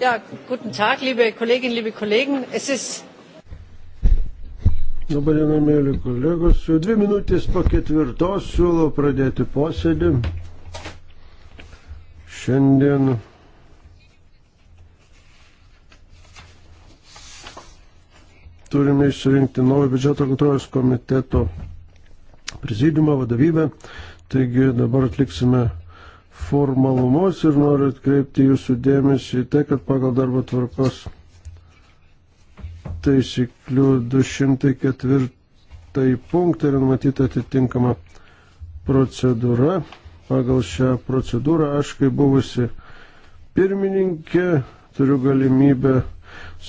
Ja, guten Tag, liebe Kolleginnen, liebe Kollegen. Es ist. Labai diena, mėly kolegos. Jau dvi minutės po ketvirtos siūlau pradėti posėdį. Šiandien turime išsirinkti naują biudžeto kontrolės komiteto prezidiumą, vadovybę. Taigi dabar atliksime formalumus ir noriu atkreipti jūsų dėmesį į tai, kad pagal darbo tvarkos taisyklių 204 punktą yra numatyta atitinkama procedūra. Pagal šią procedūrą aš, kaip buvusi pirmininkė, turiu galimybę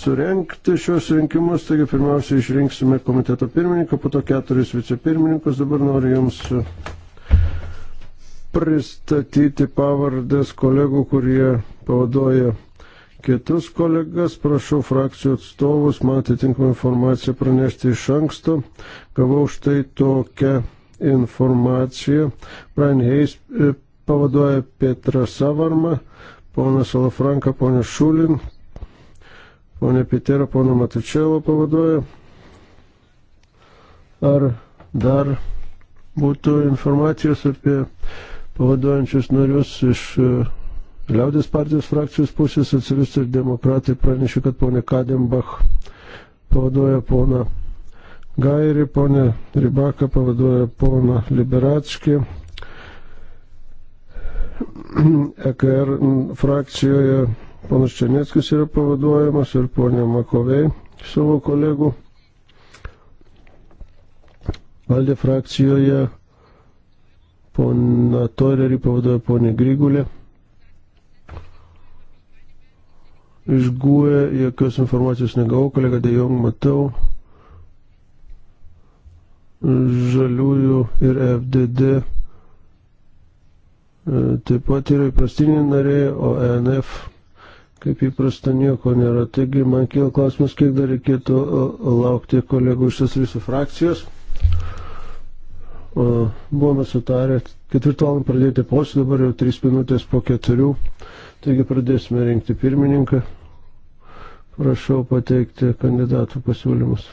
surenkti šios rinkimus. Taigi pirmiausia išrinksime komiteto pirmininką, po to keturis vicepirmininkus. Dabar noriu Jums pristatyti pavardės kolegų, kurie pavaduoja kitus kolegas. Prašau frakcijų atstovus, man atitinkamą informaciją pranešti iš anksto. Gavau štai tokią informaciją. Brian Hayes e, pavaduoja Petrą Savarmą, poną Salafranką, poną Šulin, poną Piterą, poną Matučevą pavaduoja. Ar dar būtų informacijos apie pavaduojančius narius iš e, Liaudės partijos frakcijos pusės socialistai ir demokratai pranešė, kad ponė Kadimbach pavaduoja poną Gairį, ponė Ribaka pavaduoja poną Liberatskį. EKR e frakcijoje ponas Černieckis yra pavaduojamas ir ponė Makovei savo kolegų. Valdė frakcijoje Pona Torerį pavaduoja ponė Grygulė. Iš GUE jokios informacijos negavau, kolega Dejong matau. Žaliųjų ir FDD e, taip pat yra įprastiniai nariai, o ENF kaip įprasta nieko nėra. Taigi man kyla klausimas, kiek dar reikėtų e, laukti kolegų iš visų frakcijos. Buvome sutarę ketvirtą valandą pradėti posėdį, dabar jau trys minutės po keturių. Taigi pradėsime rinkti pirmininką. Prašau pateikti kandidatų pasiūlymus.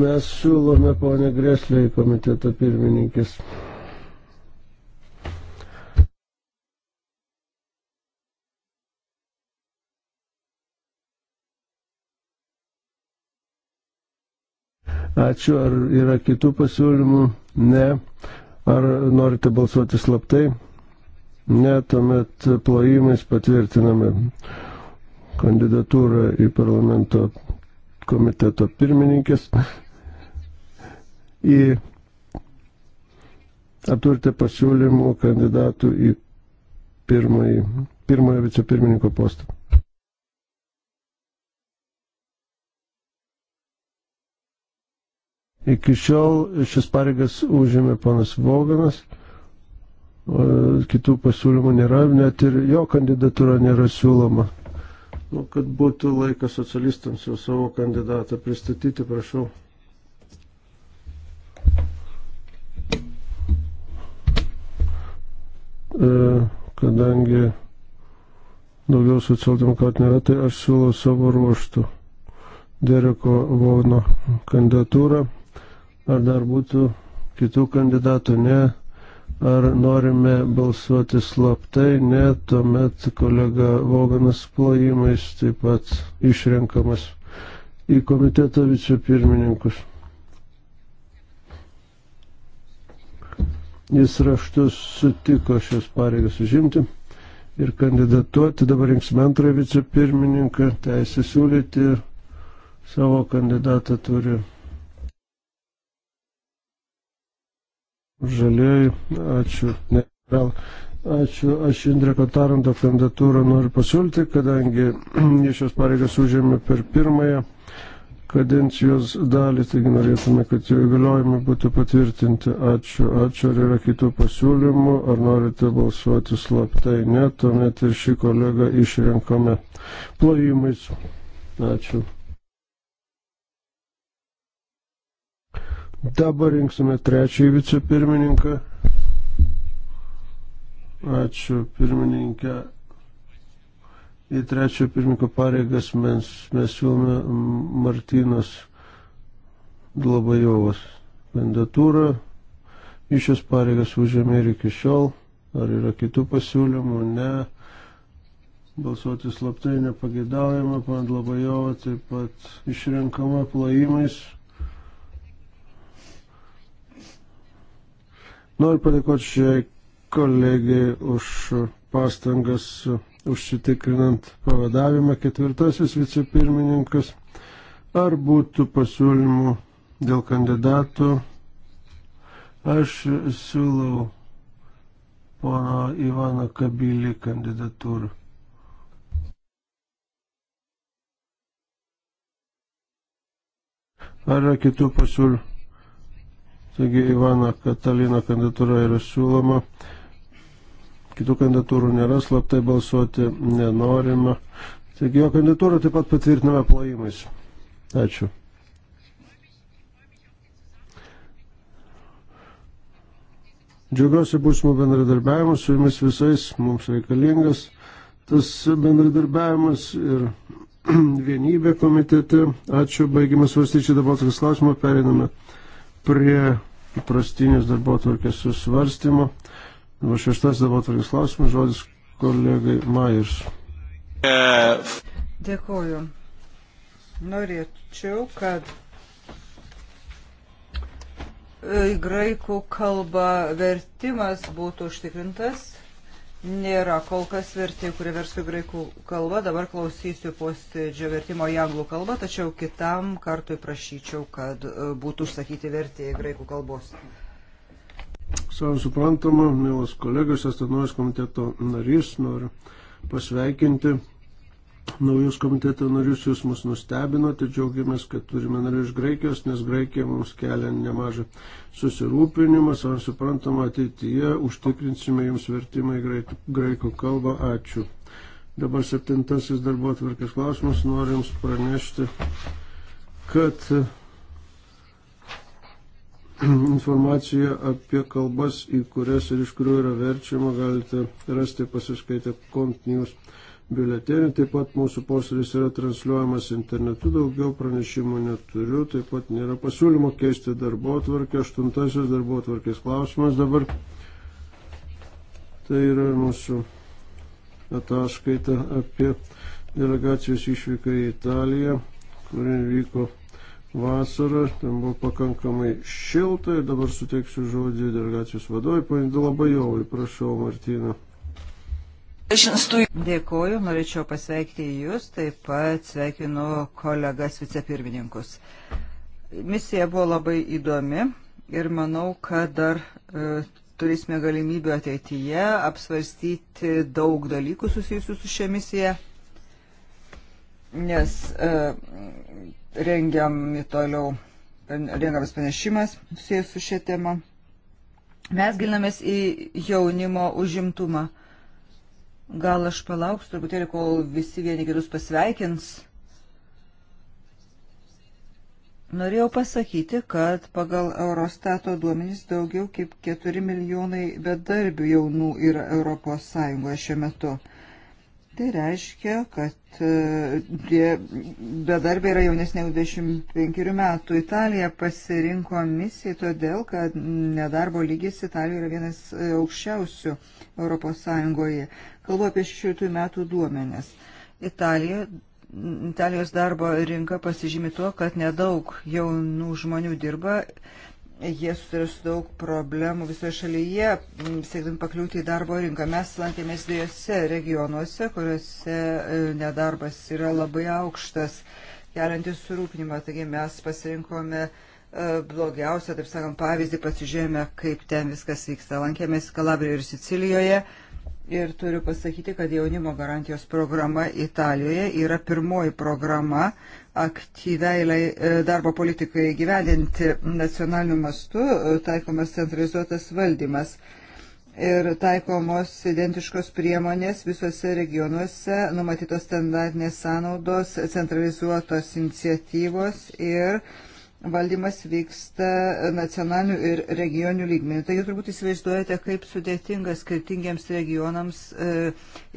Mes siūlome ponę Greslę į komitetą pirmininkės. Ačiū. Ar yra kitų pasiūlymų? Ne. Ar norite balsuoti slaptai? Ne, tuomet plojimais patvirtiname kandidatūrą į parlamento komiteto pirmininkės. Į ar turite pasiūlymų kandidatų į pirmąjį, pirmąją vicepirmininko postą? Iki šiol šis pareigas užėmė panas Voganas, kitų pasiūlymų nėra, net ir jo kandidatūra nėra siūloma. Nu, kad būtų laikas socialistams jau savo kandidatą pristatyti, prašau. E, kadangi daugiau socialdemokratų nėra, tai aš siūlau savo ruoštų Dereko Vauno kandidatūrą. Ar dar būtų kitų kandidatų? Ne. Ar norime balsuoti slaptai? Ne. Tuomet kolega Voganas plojimais taip pat išrenkamas į komiteto vicepirmininkus. Jis raštus sutiko šios pareigas užimti ir kandidatuoti. Dabar rinksime antrą vicepirmininką, teisę siūlyti savo kandidatą turi žaliai, ačiū. Ne, gal. Ačiū, aš Indreko Taranto kandidatūrą noriu pasiūlyti, kadangi jis šios pareigas užėmė per pirmąją kadencijos dalį, taigi norėtume, kad jo įgaliojimai būtų patvirtinti. Ačiū, ačiū, ar yra kitų pasiūlymų, ar norite balsuoti slaptai, ne, tuomet ir šį kolegą išrinkome plojimais. Ačiū. Dabar rinksime trečiąjį vicepirmininką. Ačiū pirmininkę. Į trečiojo pirmininko pareigas mes, mes siūlome Martinas Dlabajovas kandidatūrą. Iš šios pareigas užėmė ir iki šiol. Ar yra kitų pasiūlymų? Ne. Balsuoti slaptai nepageidaujama. Pan Dlabajova taip pat išrenkama plojimais. Noriu padėkoti šiai kolegijai už pastangas užsitikrinant pavadavimą ketvirtasis vicepirmininkas. Ar būtų pasiūlymų dėl kandidatų? Aš siūlau pono Ivano Kabylį kandidatūrą. Ar yra kitų pasiūlymų? Taigi Ivana Katalino kandidatūra yra siūloma. Kitų kandidatūrų nėra, slaptai balsuoti nenorima. Taigi jo kandidatūrą taip pat patvirtiname plojimais. Ačiū. Džiaugiuosi būsimų bendradarbiavimų su jumis visais, mums reikalingas tas bendradarbiavimas ir vienybė komitete. Ačiū, baigime svarstyti šitą balsą klausimą, periname prie įprastinės darbo atvarkės susvarstymo. Dabar šeštas darbo atvarkės klausimas, žodis kolegai Majers. Dėkuoju. Norėčiau, kad e, į graikų kalbą vertimas būtų užtikrintas Nėra kol kas vertė, kurie verstų graikų kalbą. Dabar klausysiu posėdžio vertimo į anglų kalbą, tačiau kitam kartui prašyčiau, kad e, būtų užsakyti vertėjai graikų kalbos. Savo suprantama, mielas kolegos, Astanojas komiteto narys, noriu pasveikinti naujus komiteto narius, jūs mus nustebinote, džiaugiamės, kad turime narių iš Graikijos, nes Graikija mums kelia nemažą susirūpinimą, savai suprantama, ateityje užtikrinsime jums vertimą į graikų kalbą. Ačiū. Dabar septintasis darbo atvarkės klausimas, noriu jums pranešti, kad informaciją apie kalbas, į kurias ir iš kurių yra verčiama, galite rasti pasiskaitę Kont News biuletenį. Taip pat mūsų posėdis yra transliuojamas internetu, daugiau pranešimų neturiu, taip pat nėra pasiūlymo keisti darbo atvarkę. Aštuntasis darbo atvarkės klausimas dabar. Tai yra mūsų ataskaita apie delegacijos išvyką į Italiją, kuri vyko vasarą, ten buvo pakankamai šilta ir dabar suteiksiu žodį delegacijos vadovai, panidė labai jau, prašau Martyną. Dėkuoju, norėčiau pasveikti Jūs, taip pat sveikinu kolegas vicepirmininkus. Misija buvo labai įdomi ir manau, kad dar e, turėsime galimybę ateityje apsvarstyti daug dalykų susijusių su šia misija, nes e, rengiami toliau, rengiamas panešimas susijęs su šia tema. Mes gilinamės į jaunimo užimtumą. E, Gal aš palauksiu truputėlį, kol visi vieni kitus pasveikins. Norėjau pasakyti, kad pagal Eurostato duomenys daugiau kaip 4 milijonai bedarbių jaunų yra Europos Sąjungoje šiuo metu. Tai reiškia, kad e, tie bedarbiai yra jaunesnė 25 metų. Italija pasirinko misiją todėl, kad nedarbo lygis Italijoje yra vienas aukščiausių Europos Sąjungoje. Kalbu apie 16 metų duomenis. Italija, Italijos darbo rinka pasižymi tuo, kad nedaug jaunų žmonių dirba. Jie susiduria su daug problemų visoje šalyje, siekdami pakliūti į darbo rinką. Mes lankėmės dviejose regionuose, kuriuose e, nedarbas yra labai aukštas, keliantis surūpinimą. Taigi mes pasirinkome e, blogiausią, taip sakant, pavyzdį, pasižiūrėjome, kaip ten viskas vyksta. Lankėmės Kalabrijoje ir Sicilijoje Ir turiu pasakyti, kad jaunimo garantijos programa Italijoje yra pirmoji programa aktyviai e, darbo politikai gyvendinti nacionaliniu mastu, e, taikomas centralizuotas valdymas. Ir taikomos identiškos priemonės visose regionuose, numatytos standartinės sąnaudos, centralizuotos iniciatyvos ir uh, valdymas vyksta nacionaliniu ir regioniniu lygmeniu. Taigi turbūt įsivaizduojate, kaip sudėtinga skirtingiems regionams e,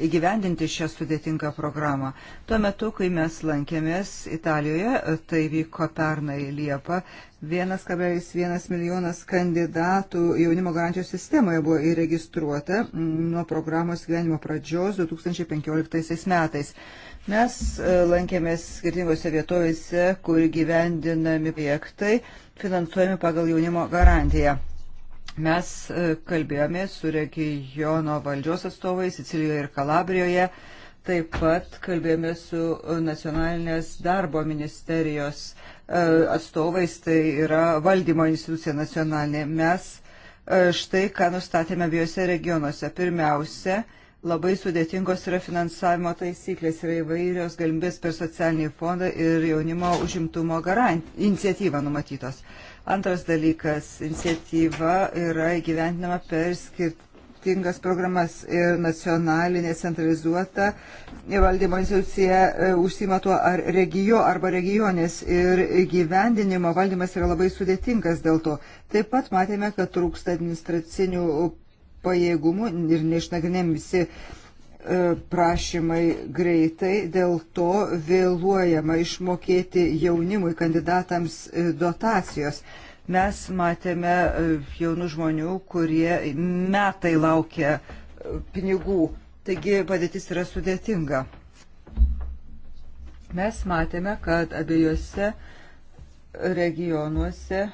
įgyvendinti šią sudėtingą programą. Tuo metu, kai mes lankėmės Italijoje, tai vyko pernai Liepą, 1,1 milijonas kandidatų jaunimo garantijos sistemoje buvo įregistruota mm, nuo programos gyvenimo pradžios 2015 metais. Mes e, lankėmės skirtingose vietovėse, kur gyvendinami projektai finansuojami pagal jaunimo garantiją. Mes e, kalbėjome su regiono valdžios atstovais Sicilijoje ir Kalabrijoje. Taip pat kalbėjome su nacionalinės darbo ministerijos atstovais E, atstovais, tai yra valdymo institucija nacionalinė. Mes e, štai ką nustatėme abiejose regionuose. Pirmiausia, labai sudėtingos yra finansavimo taisyklės, yra įvairios galimybės per socialinį fondą ir jaunimo užimtumo garant, iniciatyvą numatytos. Antras dalykas, iniciatyva yra įgyventinama per skirtingą skirtingas programas ir nacionalinė centralizuota valdymo institucija e, užsima tuo ar regio arba regionės ir gyvendinimo valdymas yra labai sudėtingas dėl to. Taip pat matėme, kad trūksta administracinių pajėgumų ir neišnagrinėjom visi e, prašymai greitai, dėl to vėluojama išmokėti jaunimui kandidatams e, dotacijos. Mes matėme e, jaunų žmonių, kurie metai laukia e, pinigų, taigi padėtis yra sudėtinga. Mes matėme, kad abiejose regionuose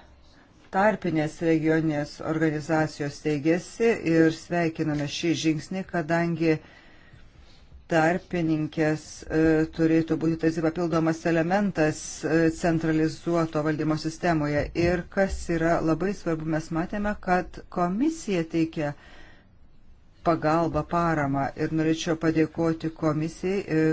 tarpinės regioninės organizacijos teigėsi ir sveikiname šį žingsnį, kadangi uh, tarpininkės e, turėtų būti tarsi papildomas elementas e, centralizuoto valdymo sistemoje. Ir kas yra labai svarbu, mes matėme, kad komisija teikia pagalbą, paramą ir norėčiau padėkoti komisijai. E,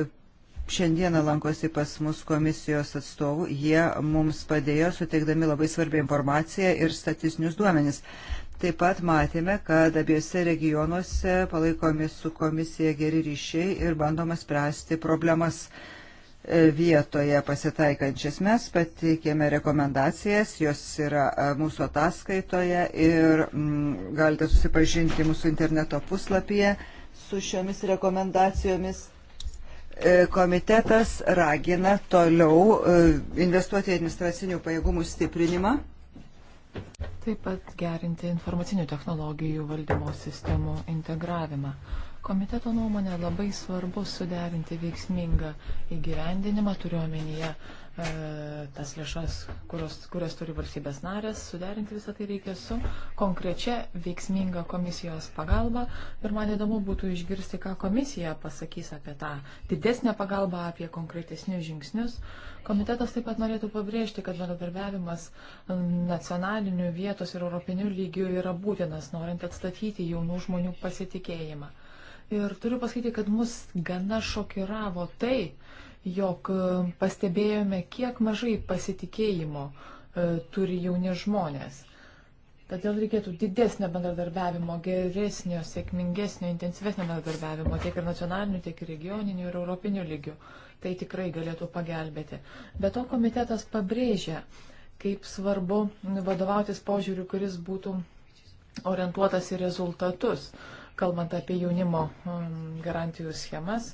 šiandieną lankosi pas mus komisijos atstovų, jie mums padėjo suteikdami labai svarbią informaciją ir statistinius duomenis. Uh, Taip pat matėme, kad abiejose regionuose palaikomi su komisija geri ryšiai ir bandoma spręsti problemas e, vietoje pasitaikančias. Mes pateikėme rekomendacijas, jos yra e, mūsų ataskaitoje ir m, mm, galite susipažinti mūsų interneto puslapyje su šiomis rekomendacijomis. E, komitetas ragina toliau investuoti į administracinių pajėgumų stiprinimą Taip pat gerinti informacinių technologijų valdymo sistemų integravimą. Komiteto nuomonė labai svarbu suderinti veiksmingą įgyvendinimą, turiuomenyje E, tas lėšas, kurios, kurias turi valstybės narės, suderinti visą tai reikia su konkrečia veiksminga komisijos pagalba. Ir man įdomu būtų išgirsti, ką komisija pasakys apie tą didesnę pagalbą, apie konkretesnius žingsnius. Komitetas taip pat norėtų pabrėžti, kad bendradarbiavimas nacionaliniu, vietos ir europiniu lygiu yra būtinas, norint atstatyti jaunų žmonių pasitikėjimą. Ir turiu pasakyti, kad mus gana šokiravo tai, jog e, pastebėjome, kiek mažai pasitikėjimo e, turi jauni žmonės. Todėl reikėtų didesnio bendradarbiavimo, geresnio, sėkmingesnio, intensyvesnio bendradarbiavimo tiek ir nacionaliniu, tiek ir regioniniu ir europiniu lygiu. Tai tikrai galėtų pagelbėti. Be to komitetas pabrėžia, kaip svarbu vadovautis požiūriu, kuris būtų orientuotas į rezultatus, kalbant apie jaunimo garantijų schemas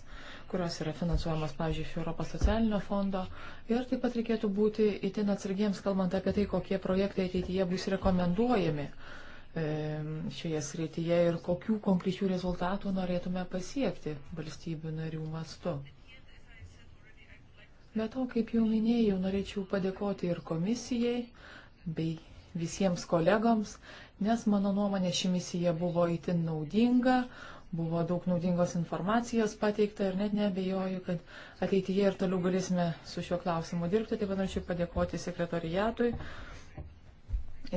kurios yra finansuojamos, pavyzdžiui, iš Europos socialinio fondo. Ir taip pat reikėtų būti itin atsargiems, kalbant apie tai, kokie projektai ateityje bus rekomenduojami e, šioje srityje ir kokių konkrečių rezultatų norėtume pasiekti valstybių narių mastu. Be to, kaip jau minėjau, norėčiau padėkoti ir komisijai bei visiems kolegoms, nes mano nuomonė ši misija buvo itin naudinga, Buvo daug naudingos informacijos pateikta ir net nebejoju, kad ateityje ir toliau galėsime su šiuo klausimu dirbti. Taip pat norėčiau padėkoti sekretariatui.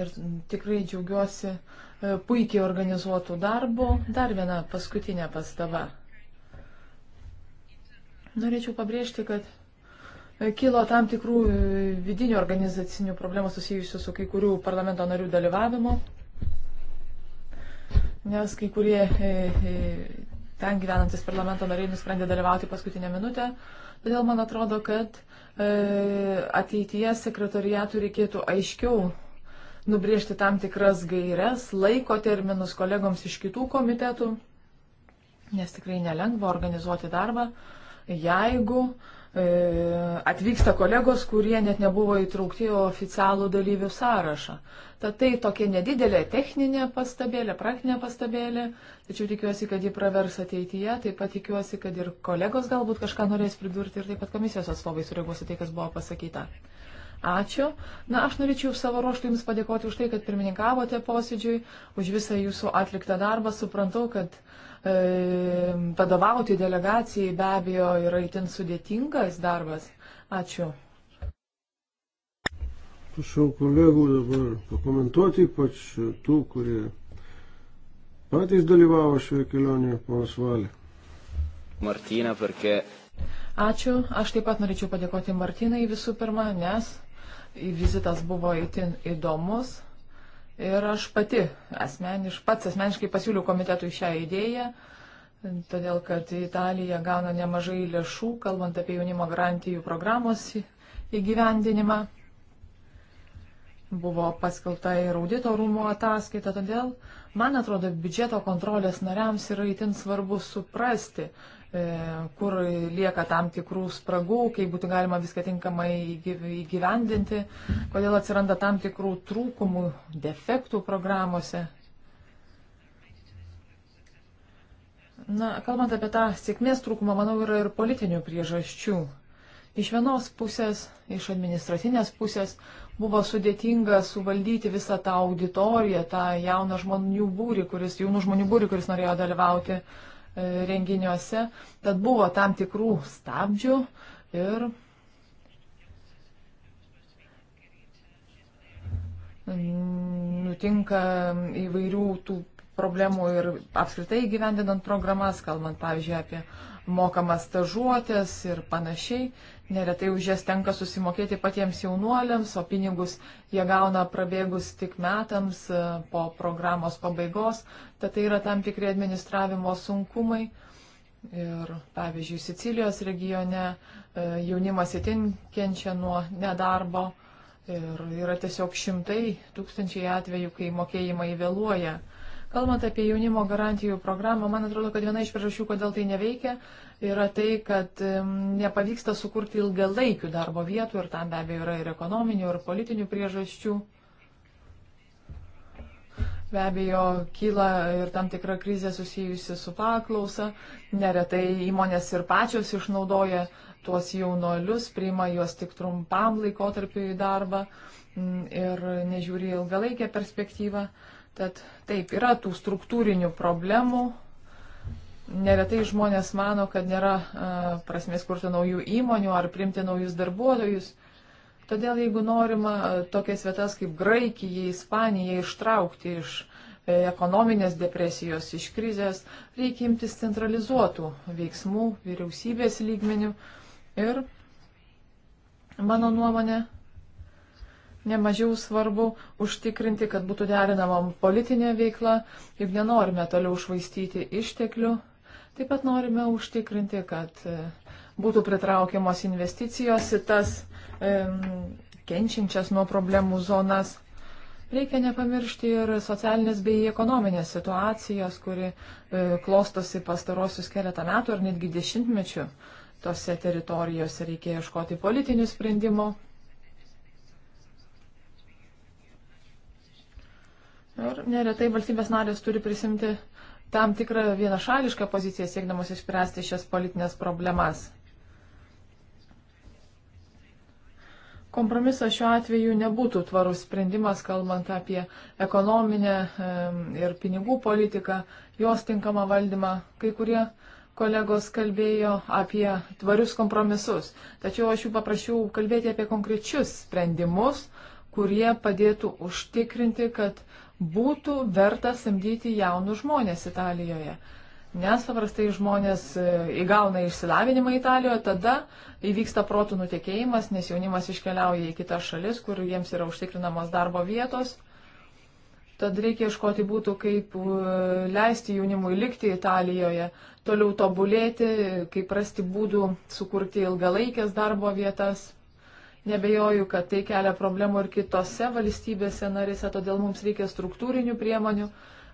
Ir tikrai džiaugiuosi e, puikiai organizuotų darbų. Dar viena paskutinė pastaba. Norėčiau pabrėžti, kad e, kilo tam tikrų e, vidinių organizacinių problemų susijusių su kai kurių parlamento narių dalyvavimu nes kai kurie e, e, ten gyvenantis parlamento nariai nusprendė dalyvauti paskutinę minutę. Todėl man atrodo, kad e, ateityje sekretoriatų reikėtų aiškiau nubriežti tam tikras gairias, laiko terminus kolegoms iš kitų komitetų, nes tikrai nelengva organizuoti darbą, jeigu uh, E, atvyksta kolegos, kurie net nebuvo įtraukti į oficialų dalyvių sąrašą. Tad tai tokia nedidelė techninė pastabėlė, praktinė pastabėlė, tačiau tikiuosi, kad ji pravers ateityje, taip pat tikiuosi, kad ir kolegos galbūt kažką norės pridurti ir taip pat komisijos atstovai sureaguosi tai, kas buvo pasakyta. Ačiū. Na, aš norėčiau savo ruoštų Jums padėkoti už tai, kad pirmininkavote posėdžiui, už visą Jūsų atliktą darbą. Suprantu, kad E, vadovauti delegacijai be abejo yra itin sudėtingas darbas. Ačiū. Prašau kolegų dabar pakomentuoti, ypač tų, kurie patys dalyvavo šioje kelionėje, ponas Valė. Martina, perke. Ačiū. Aš taip pat norėčiau padėkoti Martinai visų pirma, nes vizitas buvo itin įdomus. Ir aš pati asmeniš, pats asmeniškai pasiūliau komitetui šią idėją, todėl kad Italija gauna nemažai lėšų, kalbant apie jaunimo garantijų programos įgyvendinimą. Buvo paskelta ir audito rūmų ataskaita, todėl, man atrodo, biudžeto kontrolės nariams yra itin svarbu suprasti, E, kur lieka tam tikrų spragų, kaip būtų galima viską tinkamai įgyvendinti, kodėl atsiranda tam tikrų trūkumų, defektų programuose. Na, kalbant apie tą sėkmės trūkumą, manau, yra ir politinių priežasčių. Iš vienos pusės, iš administracinės pusės buvo sudėtinga suvaldyti visą tą auditoriją, tą jauną žmonių būrį, kuris, jaunų žmonių būrį, kuris norėjo dalyvauti uh, renginiuose, tad buvo tam tikrų stabdžių ir nutinka įvairių tų problemų ir apskritai gyvendinant programas, kalbant pavyzdžiui apie mokamas stažuotės ir panašiai. Neretai už jas tenka susimokėti patiems jaunuoliams, o pinigus jie gauna prabėgus tik metams e, po programos pabaigos. Tad tai yra tam tikri administravimo sunkumai. Ir pavyzdžiui, Sicilijos regione e, jaunimas itin kenčia nuo nedarbo ir yra tiesiog šimtai tūkstančiai atvejų, kai mokėjimai vėluoja. Kalbant apie jaunimo garantijų programą, man atrodo, kad viena iš priežasčių, kodėl tai neveikia, yra tai, kad nepavyksta sukurti ilgalaikių darbo vietų ir tam be abejo yra ir ekonominių, ir politinių priežasčių. Be abejo, kyla ir tam tikra krizė susijusi su paklausa. Neretai įmonės ir pačios išnaudoja tuos jaunolius, priima juos tik trumpam laikotarpiu į darbą mm, ir nežiūri ilgalaikę perspektyvą. Tad taip, yra tų struktūrinių problemų. Neretai žmonės mano, kad nėra a, prasmės kurti naujų įmonių ar primti naujus darbuotojus. Todėl jeigu norima tokias vietas kaip Graikija, Ispanija ištraukti iš e, ekonominės depresijos, iš krizės, reikia imtis centralizuotų veiksmų vyriausybės lygmenių. Ir mano nuomonė, nemažiau svarbu užtikrinti, kad būtų derinama politinė veikla, juk nenorime toliau švaistyti išteklių. Taip pat norime užtikrinti, kad e, būtų pritraukiamos investicijos į tas e, kenčiančias nuo problemų zonas. Reikia nepamiršti ir socialinės bei ekonominės situacijos, kuri e, klostosi pastarosius keletą metų ar netgi dešimtmečių. Tose teritorijose reikia ieškoti politinių sprendimų. Ir neretai valstybės narės turi prisimti tam tikrą vienašališką poziciją siekdamos išspręsti šias politinės problemas. Kompromisas šiuo atveju nebūtų tvarus sprendimas, kalbant apie ekonominę ir pinigų politiką, jos tinkamą valdymą. Kai kurie kolegos kalbėjo apie tvarius kompromisus, tačiau aš jų paprašiau kalbėti apie konkrečius sprendimus, kurie padėtų užtikrinti, kad uh, būtų verta samdyti jaunus žmonės Italijoje. Nes paprastai žmonės e, įgauna išsilavinimą Italijoje, tada įvyksta protų nutekėjimas, nes jaunimas iškeliauja į kitas šalis, kur jiems yra užtikrinamos darbo vietos. Tad reikia iškoti būtų, kaip e, leisti jaunimui likti Italijoje, toliau tobulėti, kaip rasti būdų sukurti ilgalaikės darbo vietas. Nebejoju, kad tai kelia problemų ir kitose valstybėse narise, todėl mums reikia struktūrinių priemonių,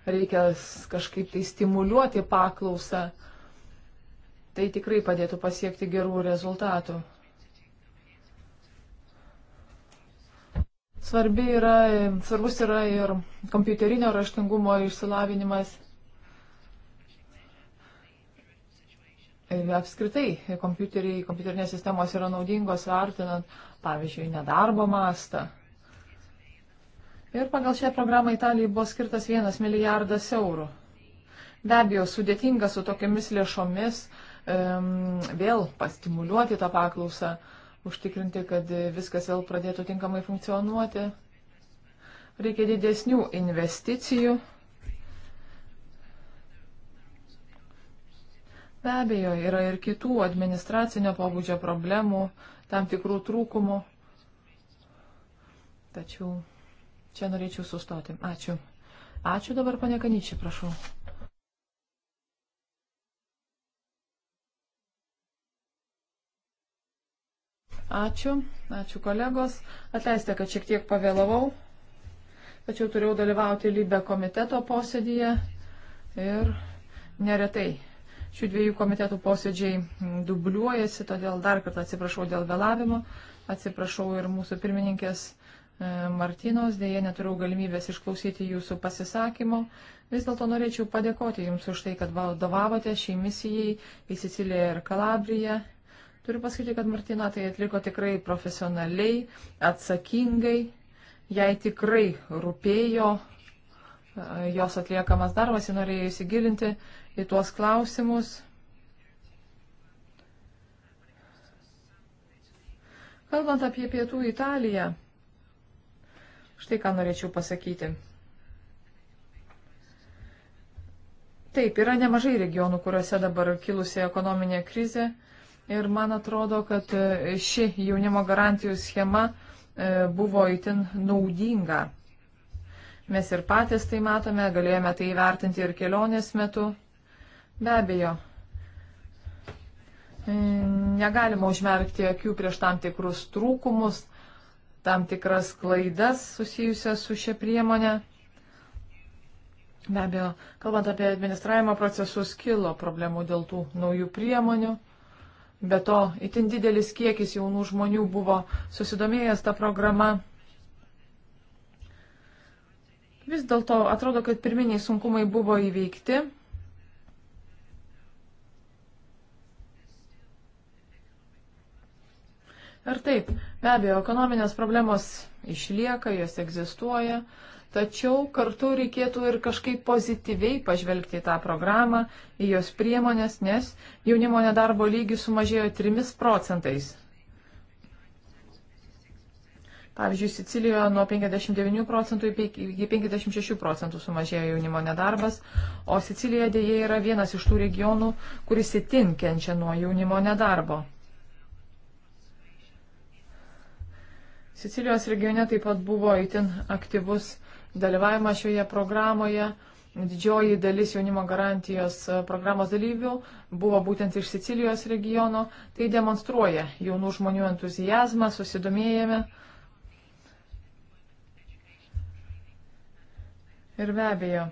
reikia kažkaip tai stimuliuoti paklausą. Tai tikrai padėtų pasiekti gerų rezultatų. Svarbi yra, svarbus yra ir kompiuterinio raštingumo išsilavinimas. Ir apskritai kompiuteriai, kompiuterinės sistemos yra naudingos vertinant pavyzdžiui, nedarbo mastą. Ir pagal šią programą Italijai buvo skirtas vienas milijardas eurų. Be abejo, sudėtinga su tokiamis lėšomis um, vėl pastimuliuoti tą paklausą, užtikrinti, kad viskas vėl pradėtų tinkamai funkcionuoti. Reikia didesnių investicijų. Be abejo, yra ir kitų administracinio pobūdžio problemų, tam tikrų trūkumų. Tačiau čia norėčiau sustoti. Ačiū. Ačiū dabar, pane Kanyčiai, prašau. Ačiū, ačiū kolegos. Atleiskite, kad šiek tiek pavėlavau, tačiau turėjau dalyvauti Libe komiteto posėdyje ir neretai šių dviejų komitetų posėdžiai dubliuojasi, todėl dar kartą atsiprašau dėl vėlavimo, atsiprašau ir mūsų pirmininkės e, Martinos, dėje neturėjau galimybės išklausyti jūsų pasisakymo. Vis dėlto norėčiau padėkoti Jums už tai, kad vadovavote šiai misijai į Siciliją ir Kalabriją. Turiu pasakyti, kad Martina tai atliko tikrai profesionaliai, atsakingai, jai tikrai rūpėjo e, jos atliekamas darbas, ji norėjo įsigilinti į tuos klausimus. Kalbant apie pietų Italiją, štai ką norėčiau pasakyti. Taip, yra nemažai regionų, kuriuose dabar kilusi ekonominė krizė ir man atrodo, kad ši jaunimo garantijų schema e, buvo itin naudinga. Mes ir patys tai matome, galėjome tai įvertinti ir kelionės metu. Be abejo, e, negalima užmerkti akių prieš tam tikrus trūkumus, tam tikras klaidas susijusias su šia priemonė. Be abejo, kalbant apie administravimo procesus, kilo problemų dėl tų naujų priemonių. Be to, itin didelis kiekis jaunų žmonių buvo susidomėjęs tą programą. Vis dėlto atrodo, kad pirminiai sunkumai buvo įveikti. Ir taip, be abejo, ekonominės problemos išlieka, jos egzistuoja, tačiau kartu reikėtų ir kažkaip pozityviai pažvelgti į tą programą, į jos priemonės, nes jaunimo nedarbo lygis sumažėjo 3 procentais. Pavyzdžiui, Sicilijoje nuo 59 procentų iki 56 procentų sumažėjo jaunimo nedarbas, o Sicilija dėje yra vienas iš tų regionų, kuris įtinkenčia nuo jaunimo nedarbo. Sicilijos regione taip pat buvo itin aktyvus dalyvavimas šioje programoje. Didžioji dalis jaunimo garantijos e, programos dalyvių buvo būtent iš Sicilijos regiono. Tai demonstruoja jaunų žmonių entuzijazmą, susidomėjimą. Ir be abejo,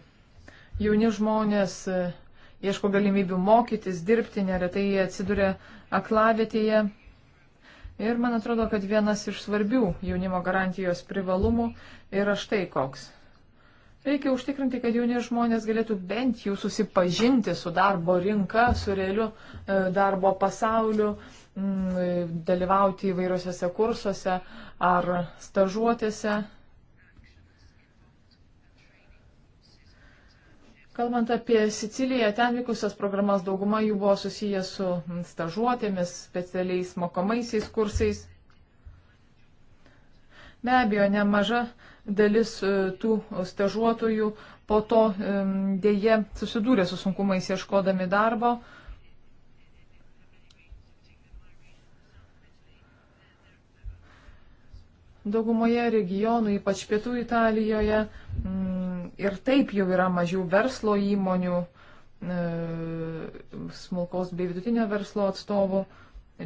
jauni žmonės e, ieško galimybių mokytis, dirbti, neretai jie atsiduria aklavietėje. Ir man atrodo, kad vienas iš svarbių jaunimo garantijos privalumų yra štai koks. Reikia užtikrinti, kad jauni žmonės galėtų bent jau susipažinti su darbo rinka, su realiu e, darbo pasauliu, dalyvauti įvairiuose kursuose ar stažuotėse. Kalbant apie Siciliją, ten vykusias programas dauguma jų buvo susijęs su stažuotėmis, specialiais mokomaisiais kursais. Be abejo, nemaža dalis e, tų stažuotojų po to dėje susidūrė su sunkumais ieškodami darbo. Daugumoje regionų, ypač pietų Italijoje, mm, ir taip jau yra mažiau verslo įmonių, e, smulkaus bei vidutinio verslo atstovų,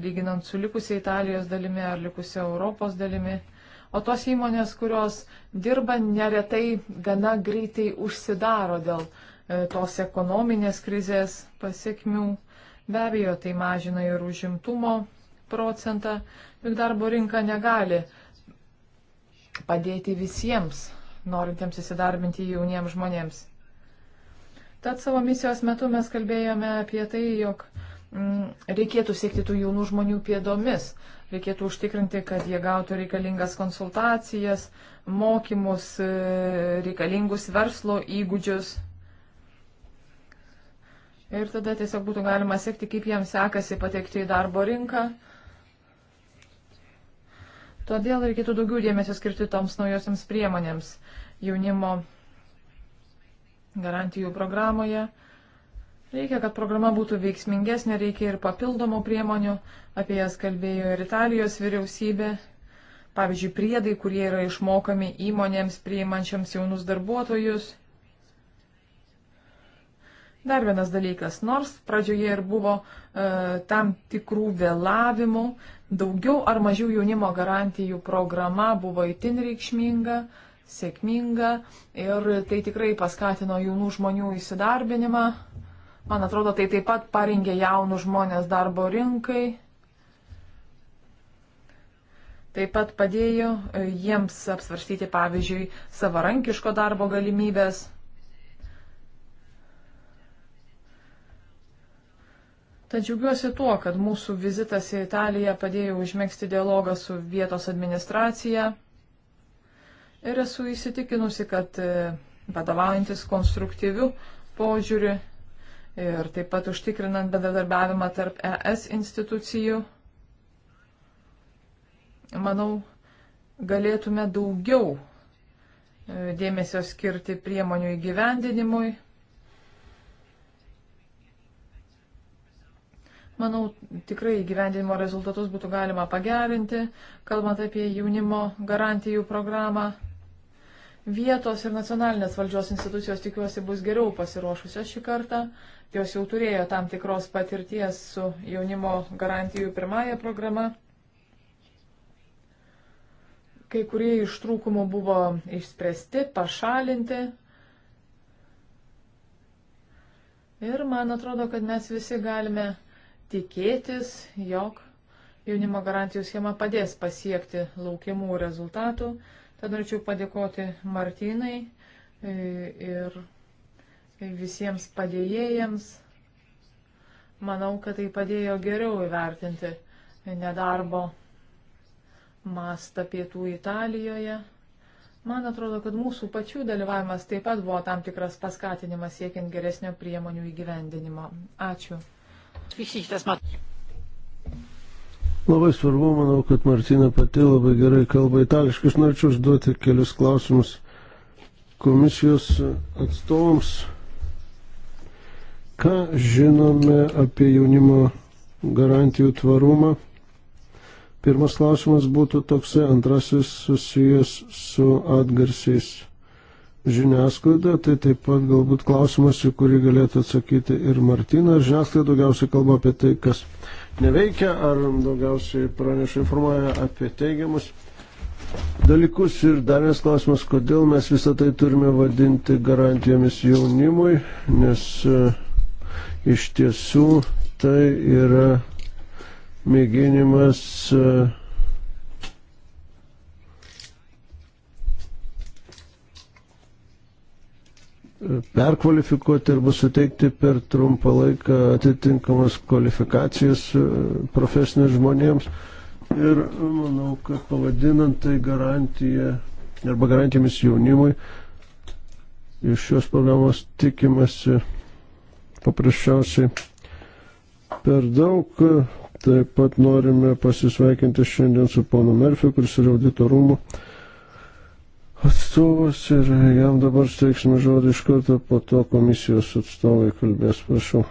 lyginant su likusia Italijos dalimi ar likusia Europos dalimi. O tos įmonės, kurios dirba, neretai gana greitai užsidaro dėl e, tos ekonominės krizės pasiekmių. Be abejo, tai mažina ir užimtumo procentą, juk darbo rinka negali padėti visiems norintiems įsidarbinti jauniems žmonėms. Tad savo misijos metu mes kalbėjome apie tai, jog mm, reikėtų siekti tų jaunų žmonių pėdomis, reikėtų užtikrinti, kad jie gautų reikalingas konsultacijas, mokymus, e, reikalingus verslo įgūdžius. Ir tada tiesiog būtų galima sekti, kaip jiems sekasi patekti į darbo rinką Todėl reikėtų daugiau dėmesio skirti toms naujosiams priemonėms jaunimo garantijų programoje. Reikia, kad programa būtų veiksmingesnė, reikia ir papildomų priemonių, apie jas kalbėjo ir Italijos vyriausybė. Pavyzdžiui, priedai, kurie yra išmokami įmonėms priimančiams jaunus darbuotojus. Dar vienas dalykas, nors pradžioje ir buvo e, tam tikrų vėlavimų, daugiau ar mažiau jaunimo garantijų programa buvo itin reikšminga, sėkminga ir tai tikrai paskatino jaunų žmonių įsidarbinimą. Man atrodo, tai taip pat parengė jaunų žmonės darbo rinkai. Taip pat padėjo e, jiems apsvarstyti, pavyzdžiui, savarankiško darbo galimybės. Tad džiaugiuosi tuo, kad mūsų vizitas į Italiją padėjo užmėgsti dialogą su vietos administracija ir esu įsitikinusi, kad e, vadovaujantis konstruktyviu požiūriu ir taip pat užtikrinant bendradarbiavimą tarp ES institucijų, manau, galėtume daugiau e, dėmesio skirti priemonių įgyvendinimui Manau, tikrai gyvendinimo rezultatus būtų galima pagerinti, kalbant apie jaunimo garantijų programą. Vietos ir nacionalinės valdžios institucijos tikiuosi bus geriau pasiruošusios šį kartą. Jos jau turėjo tam tikros patirties su jaunimo garantijų pirmąją programą. Kai kurie iš trūkumų buvo išspręsti, pašalinti. Ir man atrodo, kad mes visi galime tikėtis, jog jaunimo garantijų schema padės pasiekti laukiamų rezultatų. Tad norėčiau padėkoti Martinai e, ir visiems padėjėjams. Manau, kad tai padėjo geriau įvertinti nedarbo mastą pietų Italijoje. Man atrodo, kad mūsų pačių dalyvavimas taip pat buvo tam tikras paskatinimas siekiant geresnio priemonių įgyvendinimo. Ačiū. Labai svarbu, manau, kad Martina pati labai gerai kalba itališkai. Aš norėčiau užduoti kelius klausimus komisijos atstovams. Ką žinome apie jaunimo garantijų tvarumą? Pirmas klausimas būtų toksai, antrasis susijęs su atgarsiais žiniasklaida, tai taip pat galbūt klausimas, į kurį galėtų atsakyti ir Martinas. Žiniasklaida daugiausiai kalba apie tai, kas neveikia, ar daugiausiai praneša informuoja apie teigiamus dalykus. Ir dar vienas klausimas, kodėl mes visą tai turime vadinti garantijomis jaunimui, nes e, iš tiesų tai yra mėginimas uh, perkvalifikuoti arba suteikti per trumpą laiką atitinkamas kvalifikacijas e, profesinės žmonėms. Ir manau, kad pavadinant tai garantiją arba garantijomis jaunimui, iš šios programos tikimasi paprasčiausiai per daug. Taip pat norime pasisveikinti šiandien su ponu Merfiu, kuris yra auditorumų rūmų atstovas ir jam dabar steiksime žodį iš karto, po to komisijos atstovai kalbės, prašau.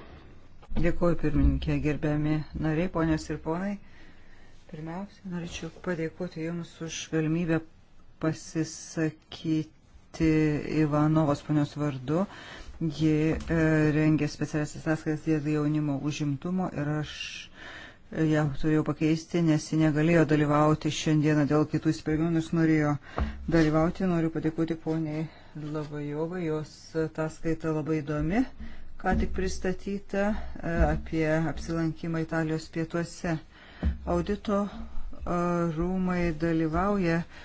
Dėkuoju pirmininkė, gerbiami nariai, ponios ir ponai. Pirmiausia, norėčiau padėkoti Jums už galimybę pasisakyti Ivanovos ponios vardu. Ji e, rengė specialias ataskaitas dėl jaunimo užimtumo ir aš ją ja, turėjau pakeisti, nes ji negalėjo dalyvauti šiandieną dėl kitų įspėjimų, nors norėjo dalyvauti. Noriu padėkoti poniai Lavajovai, jos ataskaita labai įdomi, ką tik pristatyta e, apie apsilankimą Italijos pietuose. Audito e, rūmai dalyvauja uh,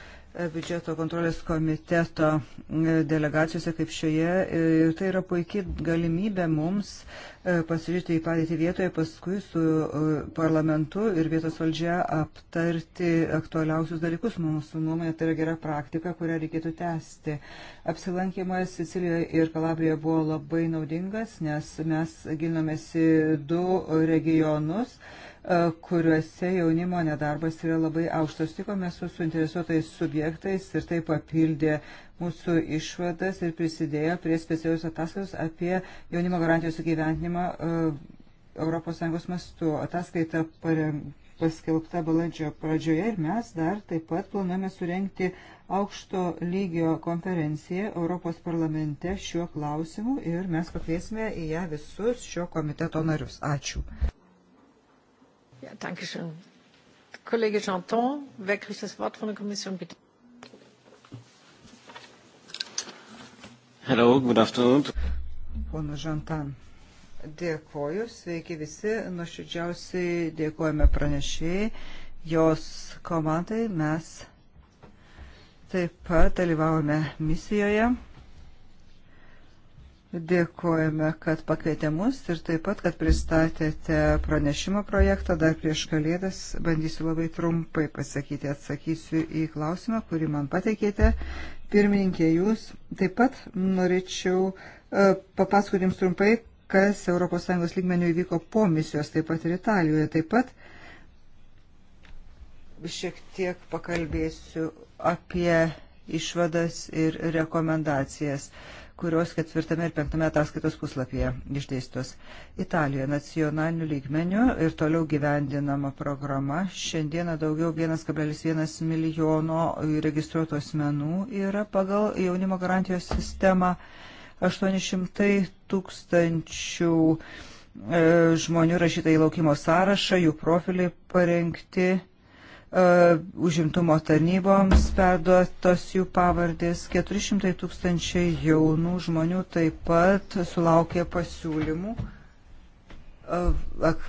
biudžeto kontrolės komiteto e, delegacijose kaip šioje. E, ir tai yra puikiai galimybė mums e, pasižiūrėti į padėtį vietoje, paskui su parlamentu ir vietos valdžia aptarti aktualiausius dalykus. Mūsų nuomonė tai yra gera praktika, kurią reikėtų tęsti. Apsilankimas Sicilijoje ir Kalabrijoje buvo labai naudingas, nes mes gilinomės į du regionus. Uh, E, kuriuose jaunimo nedarbas yra labai aukštas. Tikome su suinteresuotais subjektais ir tai papildė mūsų išvadas ir prisidėjo prie specialius ataskaitos apie jaunimo garantijos įgyventinimą ES mastu. Ataskaita paskelbta balandžio pradžioje ir mes dar taip pat planuojame surenkti aukšto lygio konferenciją Europos parlamente šiuo klausimu ir mes pakviesime į ją visus šio komiteto narius. Ačiū. Ja, danke schön. Kollege Janton, wer kriegt das Wort von der Kommission, bitte? Hello, good afternoon. Pono Žantan, dėkoju, sveiki visi, nuoširdžiausiai dėkojame pranešėjai, jos komandai mes taip pat dalyvavome misijoje. Dėkojame, kad pakvietė mus ir taip pat, kad pristatėte pranešimo projektą dar prieš kalėdas. Bandysiu labai trumpai pasakyti, atsakysiu į klausimą, kurį man pateikėte. Pirmininkė, jūs taip pat norėčiau e, papasakoti jums trumpai, kas ES lygmenių įvyko po misijos, taip pat ir Italijoje. Taip pat šiek tiek pakalbėsiu apie išvadas ir rekomendacijas. Uh, kurios ketvirtame ir penktame ataskaitos puslapyje išdėstos. Italija nacionaliniu lygmeniu ir toliau gyvendinama programa. Šiandieną daugiau 1,1 milijono registruotų asmenų yra pagal jaunimo garantijos sistemą. 800 tūkstančių e, žmonių rašyta į laukimo sąrašą, jų profiliai parengti E, užimtumo tarnyboms perduotos jų pavardės. 400 tūkstančiai jaunų žmonių taip pat sulaukė pasiūlymų e,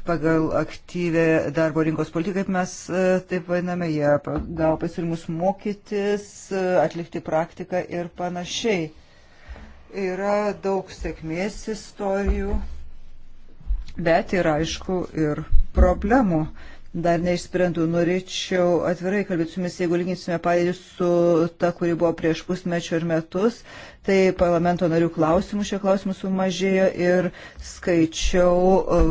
pagal aktyvę darbo rinkos politiką, kaip mes e, taip vadiname, jie gavo pasiūlymus mokytis, atlikti praktiką ir panašiai. Yra daug sėkmės istorijų, bet yra aišku ir problemų dar neišsprendų. Norėčiau atvirai kalbėti su jumis, jeigu lyginsime padėtį su ta, kuri buvo prieš pusmečio ir metus, tai parlamento narių klausimų šio klausimų sumažėjo ir skaičiau e,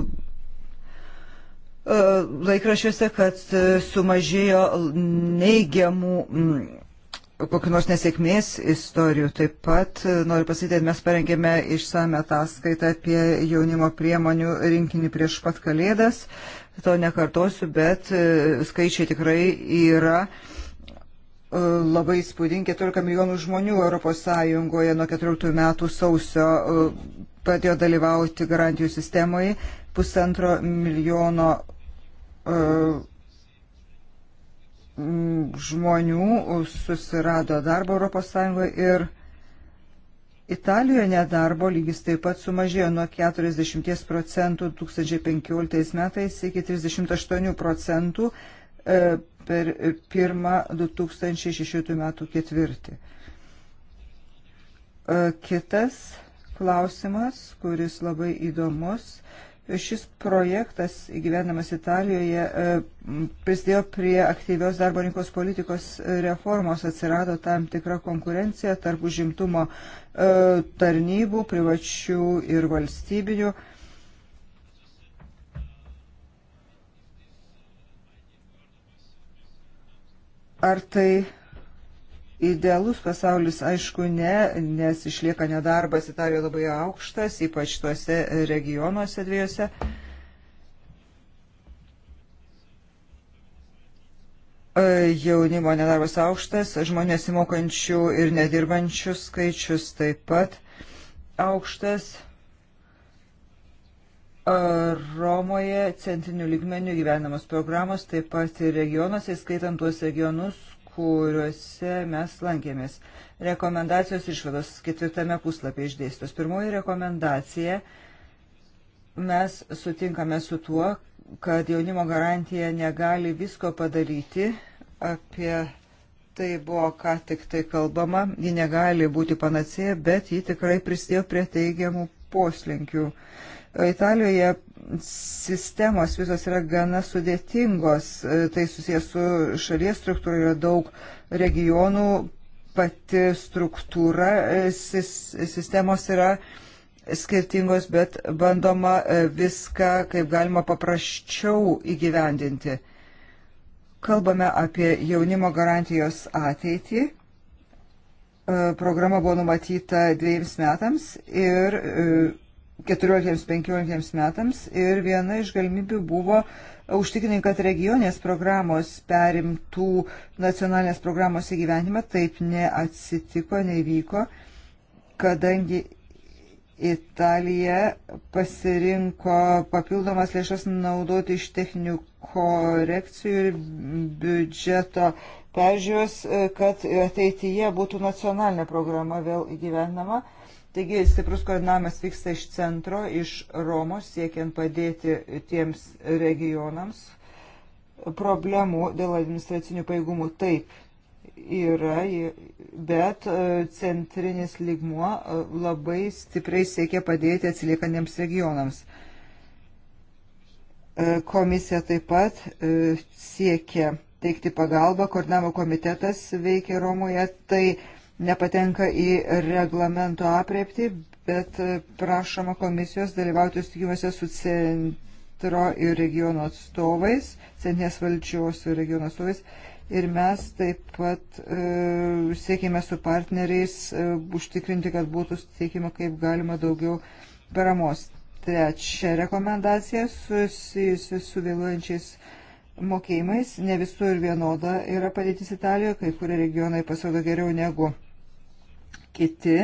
e, laikrašiuose, kad sumažėjo neigiamų kokiu nors nesėkmės istorijų. Taip pat e, noriu pasakyti, mes parengėme išsame ataskaitą apie jaunimo priemonių rinkinį prieš pat kalėdas. Uh, to nekartosiu, bet e, skaičiai tikrai yra e, labai spūdingi 14 milijonų žmonių ES nuo 14 metų sausio e, pradėjo dalyvauti garantijų sistemoje, pusantro milijono žmonių susirado darbą ES ir Italijoje nedarbo lygis taip pat sumažėjo nuo 40 procentų 2015 metais iki 38 procentų e, per pirmą 2016 metų ketvirtį. E, kitas klausimas, kuris labai įdomus, Šis projektas įgyvendamas Italijoje e, prisidėjo prie aktyvios darbo rinkos politikos reformos, atsirado tam tikra konkurencija tarp užimtumo e, tarnybų, privačių ir valstybinių. Ar tai Idealus pasaulis, aišku, ne, nes išlieka nedarbas Italijoje labai aukštas, ypač tuose regionuose dviejose. E, jaunimo nedarbas aukštas, žmonės įmokančių ir nedirbančių skaičius taip pat aukštas. E, Romoje centrinių lygmenių gyvenamos programos taip pat ir regionuose, skaitant tuos regionus, kuriuose mes lankėmės. Rekomendacijos išvados ketvirtame puslapyje išdėstos. Pirmoji rekomendacija. Mes sutinkame su tuo, kad jaunimo garantija negali visko padaryti. Apie tai buvo ką tik tai kalbama. Ji negali būti panacėja, bet ji tikrai prisidėjo prie teigiamų poslinkių. Uh, Italijoje sistemos visos yra gana sudėtingos, e, tai susijęs su šalies struktūra yra daug regionų, pati struktūra e, sistemos yra skirtingos, bet bandoma e, viską kaip galima paprasčiau įgyvendinti. Kalbame apie jaunimo garantijos ateitį programa buvo numatyta dviejams metams ir 14-15 metams ir viena iš galimybių buvo užtikrinti, kad regionės programos perimtų nacionalinės programos įgyvenimą. Taip neatsitiko, nevyko, kadangi Italija pasirinko papildomas lėšas naudoti iš techninių korekcijų ir biudžeto peržiūros, kad ateityje būtų nacionalinė programa vėl įgyvenama. Taigi stiprus koordinavimas vyksta iš centro, iš Romos, siekiant padėti tiems regionams. Problemų dėl administracinių paėgumų taip yra, bet e, centrinis ligmuo e, labai stipriai siekia padėti atsiliekantiems regionams. E, komisija taip pat siekia teikti pagalbą, koordinavo komitetas veikia Romoje, tai nepatenka į reglamento apriepti, bet prašoma komisijos dalyvauti sutikimuose su centro ir regiono atstovais, centrinės valdžios ir regiono atstovais. Ir mes taip pat e, siekime su partneriais e, užtikrinti, kad būtų suteikima kaip galima daugiau paramos. Trečia rekomendacija susijusi su vėluojančiais mokėjimais. Ne visur vienoda yra padėtis Italijoje, kai kurie regionai pasirodo geriau negu kiti.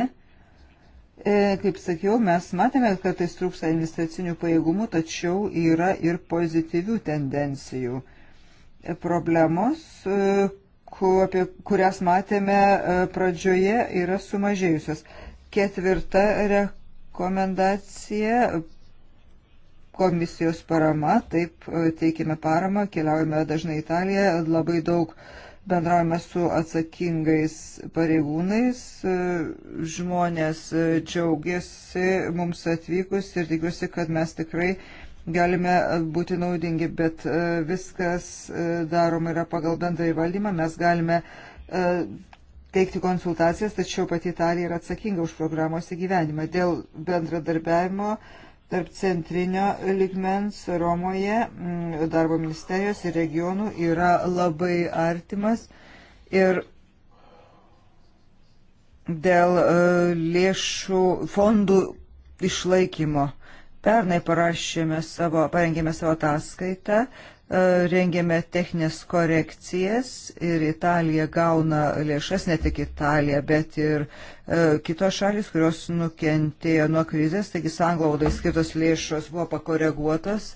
E, kaip sakiau, mes matėme, kad tai trūksta investicinių pajėgumų, tačiau yra ir pozityvių tendencijų. E, problemos, e, apie kurias matėme pradžioje, yra sumažėjusios. Ketvirta rekomendacija komisijos parama, taip teikime paramą, keliaujame dažnai į Italiją, labai daug uh, bendraujame su atsakingais pareigūnais, žmonės džiaugiasi mums atvykus ir tikiuosi, kad mes tikrai galime būti naudingi, bet e, viskas e, daroma yra pagal bendrąjį valdymą, mes galime e, teikti konsultacijas, tačiau pati Italija yra atsakinga už programos įgyvenimą. Dėl bendradarbiavimo uh, tarp centrinio ligmens Romoje mm, darbo ministerijos ir regionų yra labai artimas ir dėl e, lėšų fondų išlaikymo. Pernai parašėme savo, parengėme savo ataskaitą E, rengėme techninės korekcijas ir Italija gauna lėšas, ne tik Italija, bet ir e, kitos šalis, kurios nukentėjo nuo krizės, taigi sanglaudai skirtos lėšos buvo pakoreguotos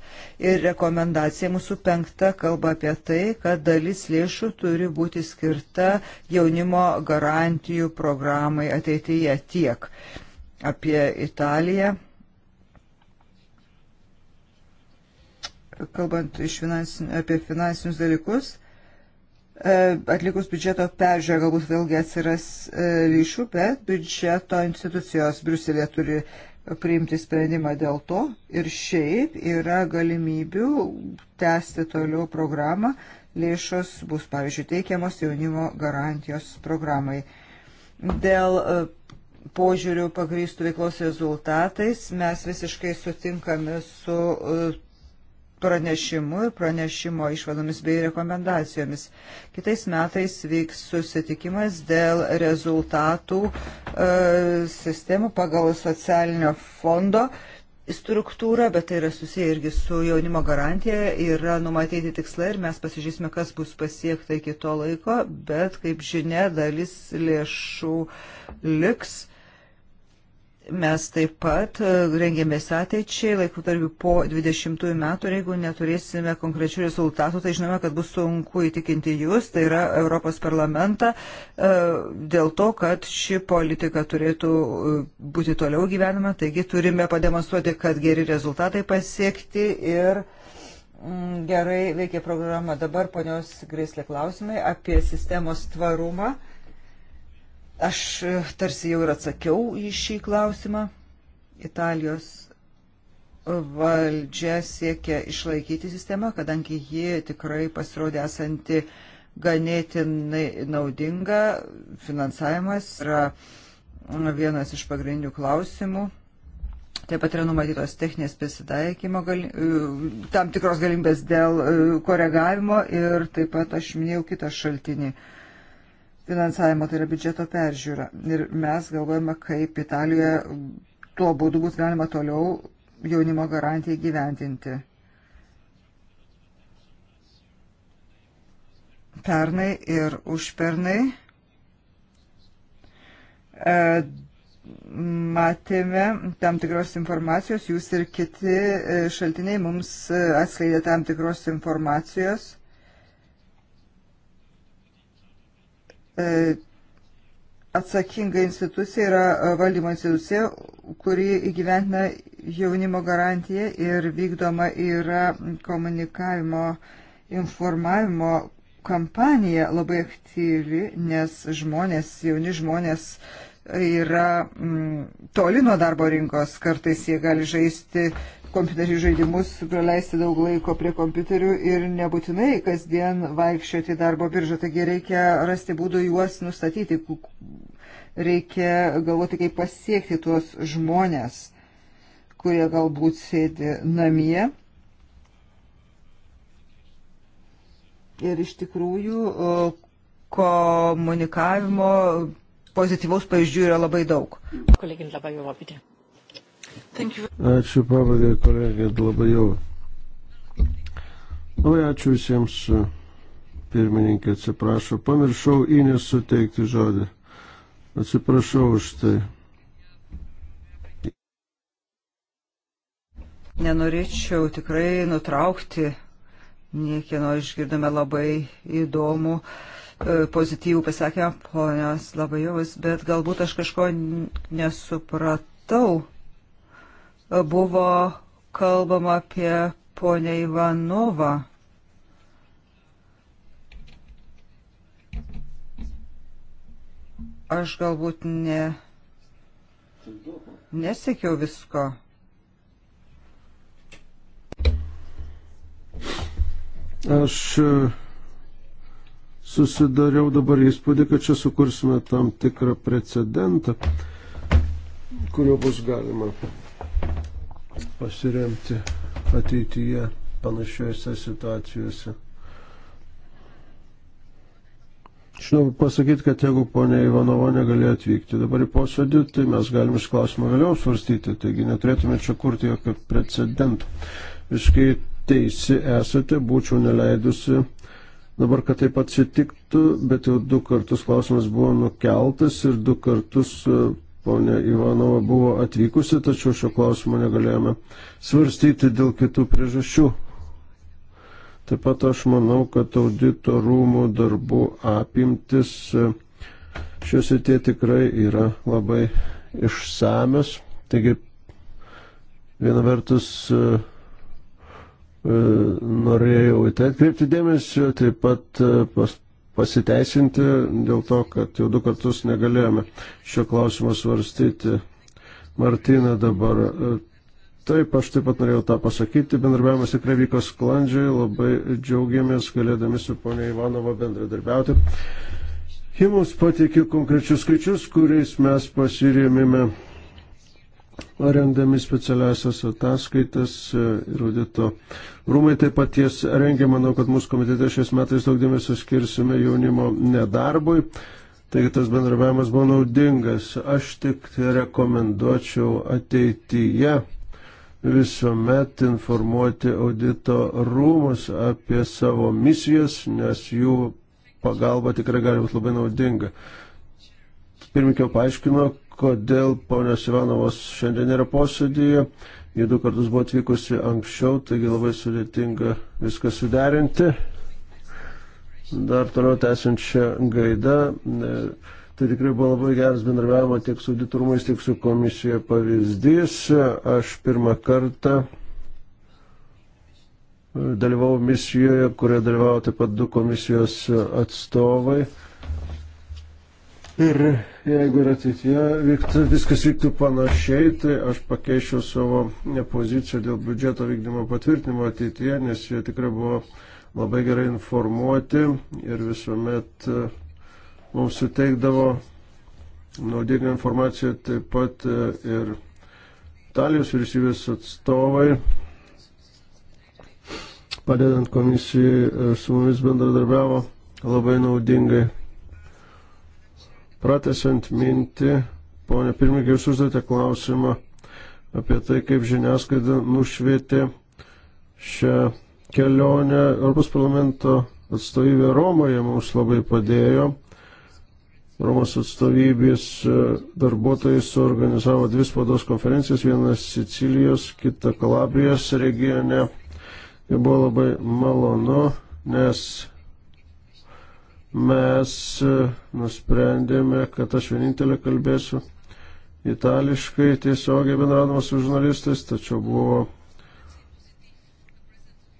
ir rekomendacija mūsų penkta kalba apie tai, kad dalis lėšų turi būti skirta jaunimo garantijų programai ateityje tiek apie Italiją kalbant finansin, apie finansinius dalykus, e, atlikus biudžeto peržiūrą galbūt vėlgi atsiras e, ryšių, bet biudžeto institucijos Briuselėje turi priimti sprendimą dėl to ir šiaip yra galimybių tęsti toliau programą, lėšos bus, pavyzdžiui, teikiamos jaunimo garantijos programai. Dėl e, požiūrių pagrįstų veiklos rezultatais mes visiškai sutinkame su pranešimu ir pranešimo išvadomis bei rekomendacijomis. Kitais metais vyks susitikimas dėl rezultatų e, sistemų pagal socialinio fondo struktūrą, bet tai yra susiję irgi su jaunimo garantija, yra numatyti tikslai ir mes pasižiūrėsime, kas bus pasiekta iki to laiko, bet kaip žinia, dalis lėšų liks. E, Mes taip pat e, rengėmės ateičiai, laikotarpiu po 20 metų, ir jeigu neturėsime konkrečių rezultatų, tai žinome, kad bus sunku įtikinti jūs, tai yra Europos parlamentą, e, dėl to, kad ši politika turėtų e, būti toliau gyvenama, taigi turime pademonstruoti, kad geri rezultatai pasiekti ir mm, gerai veikia programa. Dabar ponios Grislė klausimai apie sistemos tvarumą. Aš e, tarsi jau ir atsakiau į šį klausimą. Italijos valdžia siekia išlaikyti sistemą, kadangi ji tikrai pasirodė esanti ganėtinai naudinga. Finansavimas yra vienas iš pagrindinių klausimų. Taip pat yra numatytos techninės prisidaikymo, e, tam tikros galimybės dėl e, koregavimo ir taip pat aš minėjau kitą šaltinį. Uh, finansavimo, tai yra biudžeto peržiūra. Ir mes galvojame, kaip Italijoje tuo būdu bus galima toliau jaunimo garantiją gyventinti. Pernai ir užpernai e, matėme tam tikros informacijos, jūs ir kiti e, šaltiniai mums e, atskleidė tam tikros informacijos E, atsakinga institucija yra e, valdymo institucija, kuri įgyventina jaunimo garantiją ir vykdoma yra komunikavimo informavimo kampanija labai aktyvi, nes žmonės, jauni žmonės yra mm, toli nuo darbo rinkos, kartais jie gali žaisti kompiuterių žaidimus, praleisti daug laiko prie kompiuterių ir nebūtinai kasdien vaikščioti darbo biržą. Taigi reikia rasti būdų juos nustatyti, reikia galvoti, kaip pasiekti tuos žmonės, kurie galbūt sėdi namie. Ir iš tikrųjų komunikavimo pozityvaus pavyzdžių yra labai daug. Kolegin labai jau apitė. Ačiū pabaigai, kolegė, labai jau. Labai ačiū visiems, pirmininkė, atsiprašau. Pamiršau Inės suteikti žodį. Atsiprašau už tai. Nenorėčiau tikrai nutraukti niekieno išgirdome labai įdomų e, pozityvų pasakymą ponios labai jaus, bet galbūt aš kažko nesupratau buvo kalbama apie ponę Ivanovą. Aš galbūt ne, nesekiau visko. Aš e, susidariau dabar įspūdį, kad čia sukursime tam tikrą precedentą, kurio bus galima pasiremti ateityje panašiuose situacijose. Žinau, pasakyti, kad jeigu ponia Ivanova negalėjo atvykti dabar į posėdį, tai mes galime šį klausimą vėliau svarstyti, taigi neturėtume čia kurti jokio precedentų. Visiškai teisi esate, būčiau neleidusi dabar, kad taip atsitiktų, bet jau du kartus klausimas buvo nukeltas ir du kartus ponė Ivanova buvo atvykusi, tačiau šio klausimo negalėjome svarstyti dėl kitų priežasčių. Taip pat aš manau, kad audito rūmų darbų apimtis šios įtie tikrai yra labai išsamios. Taigi, viena vertus, e, norėjau į tai atkreipti dėmesį, taip pat e, pas, pasiteisinti dėl to, kad jau du kartus negalėjome šio klausimo svarstyti. Martina dabar. E, taip, aš taip pat norėjau tą pasakyti. Bendarbiavimas tikrai vyko sklandžiai, labai džiaugiamės galėdami su ponia Ivanova bendradarbiauti. Ji mums pateikė konkrečius skaičius, kuriais mes pasirėmėme rendami specialiasias ataskaitas e, ir audito rūmai taip pat ties rengia. Manau, kad mūsų komitete šiais metais daug dėmesio skirsime jaunimo nedarbui. Taigi tas bendravimas buvo naudingas. Aš tik rekomenduočiau ateityje visuomet informuoti audito rūmus apie savo misijas, nes jų pagalba tikrai gali būti labai naudinga. Pirmikiau paaiškino, kodėl ponios Ivanovos šiandien yra posėdėje. Jie du kartus buvo atvykusi anksčiau, taigi labai sudėtinga viską suderinti. Dar toliau tęsiant šią gaidą. E, tai tikrai buvo labai geras bendravimo tiek su auditorumais, tiek su komisija pavyzdys. Aš pirmą kartą e, dalyvau misijoje, kurioje dalyvavo taip pat du komisijos atstovai. Ir jeigu ir ateityje vyktų, viskas vyktų panašiai, tai aš pakeičiau savo poziciją dėl biudžeto vykdymo patvirtinimo ateityje, nes jie tikrai buvo labai gerai informuoti ir visuomet e, mums suteikdavo naudingą informaciją taip pat e, ir Italijos vyriausybės atstovai, padedant komisijai e, su mumis bendradarbiavo labai naudingai Pratesiant mintį, ponė pirmininkė, jūs uždavėte klausimą apie tai, kaip žiniasklaida nušvietė šią kelionę. Europos parlamento atstovybė Romoje mums labai padėjo. Romos atstovybės e, darbuotojai suorganizavo dvi spados konferencijas, vieną Sicilijos, kitą Kalabrijos regione. Ir buvo labai malonu, nes mes e, nusprendėme, kad aš vienintelė kalbėsiu itališkai tiesiogiai bendradamas su žurnalistais, tačiau buvo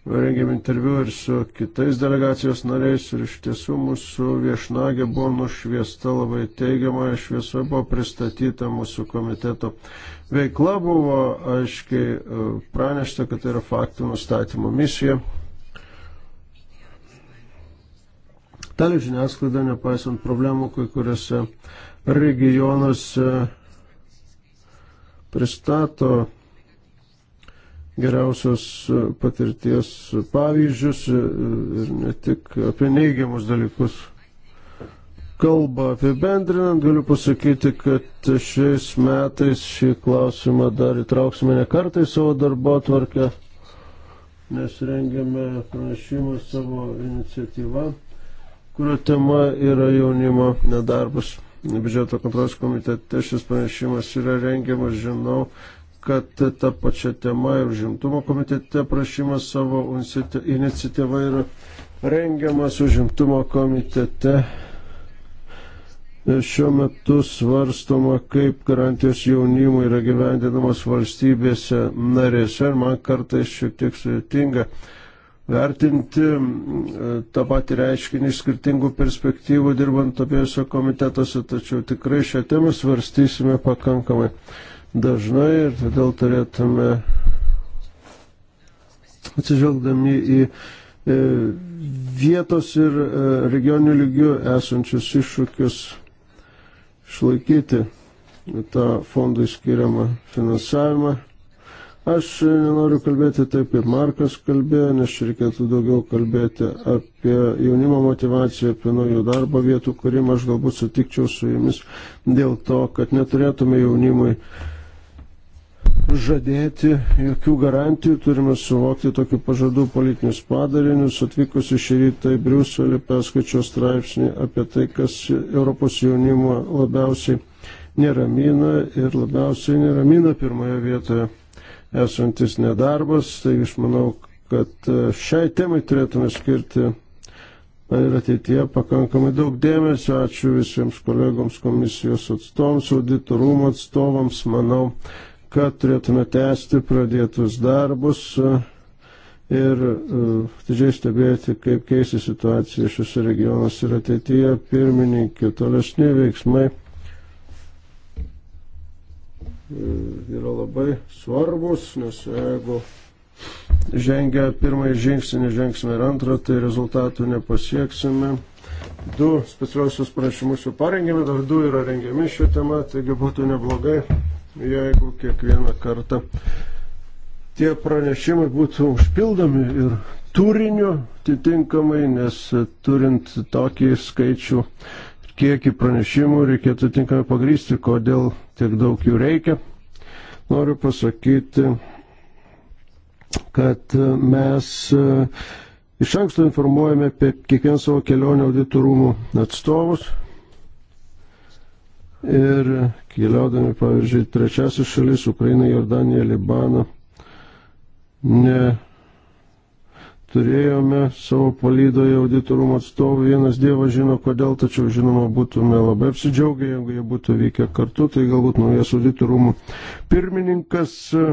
rengėm interviu ir su kitais delegacijos nariais ir iš tiesų mūsų viešnagė buvo nušviesta labai teigiamai, šviesoje buvo pristatyta mūsų komiteto veikla, buvo aiškiai e, pranešta, kad tai yra faktų nustatymo misija. Italų žiniasklaida, nepaisant problemų, kai kuriuose regionuose pristato geriausios patirties pavyzdžius ir ne tik apie neigiamus dalykus. Kalba apibendrinant, galiu pasakyti, kad šiais metais šį klausimą dar įtrauksime ne kartą į savo darbo tvarkę, nes rengiame pranešimą savo iniciatyvą kurio tema yra jaunimo nedarbas. Biudžeto kontrolės komitete šis pranešimas yra rengiamas, žinau, kad ta pačia tema ir užimtumo komitete prašymas savo iniciatyva yra rengiamas užimtumo komitete. Šiuo metu svarstoma, kaip garantijos jaunimui yra gyvendinamas valstybėse narėse ir man kartais šiek tiek sudėtinga vertinti e, tą patį reiškinį iš skirtingų perspektyvų dirbant abiejose komitetuose, tačiau tikrai šią temą svarstysime pakankamai dažnai ir todėl turėtume atsižvelgdami į e, vietos ir e, regionių lygių esančius iššūkius išlaikyti tą fondui skiriamą finansavimą Aš nenoriu kalbėti taip, kaip Markas kalbėjo, nes čia reikėtų daugiau kalbėti apie jaunimo motivaciją, apie naujų darbo vietų kūrimą. Aš galbūt sutikčiau su jumis dėl to, kad neturėtume jaunimui žadėti jokių garantijų, turime suvokti tokių pažadų politinius padarinius. Atvykus iš ryto į Briuselį perskaičiau straipsnį apie tai, kas Europos jaunimo labiausiai neramina ir labiausiai neramina pirmoje vietoje esantis nedarbas. Taigi aš manau, kad e, šiai temai turėtume skirti ir ateitie pakankamai daug dėmesio. Ačiū visiems kolegoms, komisijos atstovams, auditorumo atstovams. Manau, kad turėtume tęsti pradėtus darbus e, ir e, atidžiai stebėti, kaip keisi situacija šiuose regionuose ir ateityje pirmininkė tolesni veiksmai. Mm, yra labai svarbus, nes jeigu žengę pirmąjį žingsnį, nežengsime ir antrą, tai rezultatų nepasieksime. Du specialiosius pranešimus jau parengėme, dar du yra rengiami šią temą, taigi būtų neblogai, jeigu kiekvieną kartą tie pranešimai būtų užpildomi ir turiniu atitinkamai, nes turint tokį skaičių kiekį pranešimų reikėtų tinkamai pagrysti, kodėl tiek daug jų reikia. Noriu pasakyti, kad mes e, iš anksto informuojame apie kiekvieną savo kelionę auditorumų atstovus. Ir keliaudami, pavyzdžiui, trečiasis šalis - Ukraina, Jordanija, Libaną, ne Turėjome savo palydoje auditorumo atstovų, vienas dievas žino kodėl, tačiau žinoma būtume labai apsidžiaugę, jeigu jie būtų vykę kartu, tai galbūt naujas auditorumų pirmininkas e,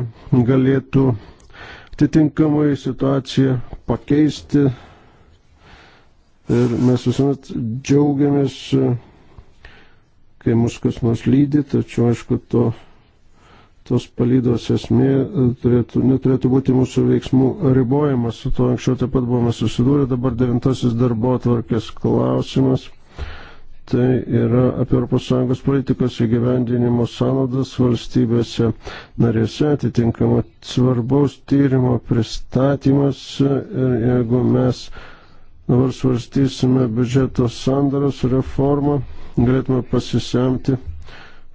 galėtų atitinkamai situaciją pakeisti. Ir mes visuomet džiaugiamės, e, kai mus kas nors lydi, tačiau aišku, to tos palydos esmė e, turėtų, neturėtų būti mūsų veiksmų ribojimas. Su to anksčiau taip pat buvome susidūrę. Dabar devintasis darbo atvarkės klausimas. Tai yra apie ES politikos įgyvendinimo sąnaudas valstybėse narėse atitinkama svarbaus tyrimo pristatymas ir jeigu mes dabar svarstysime biudžeto sandaros reformą, galėtume pasisemti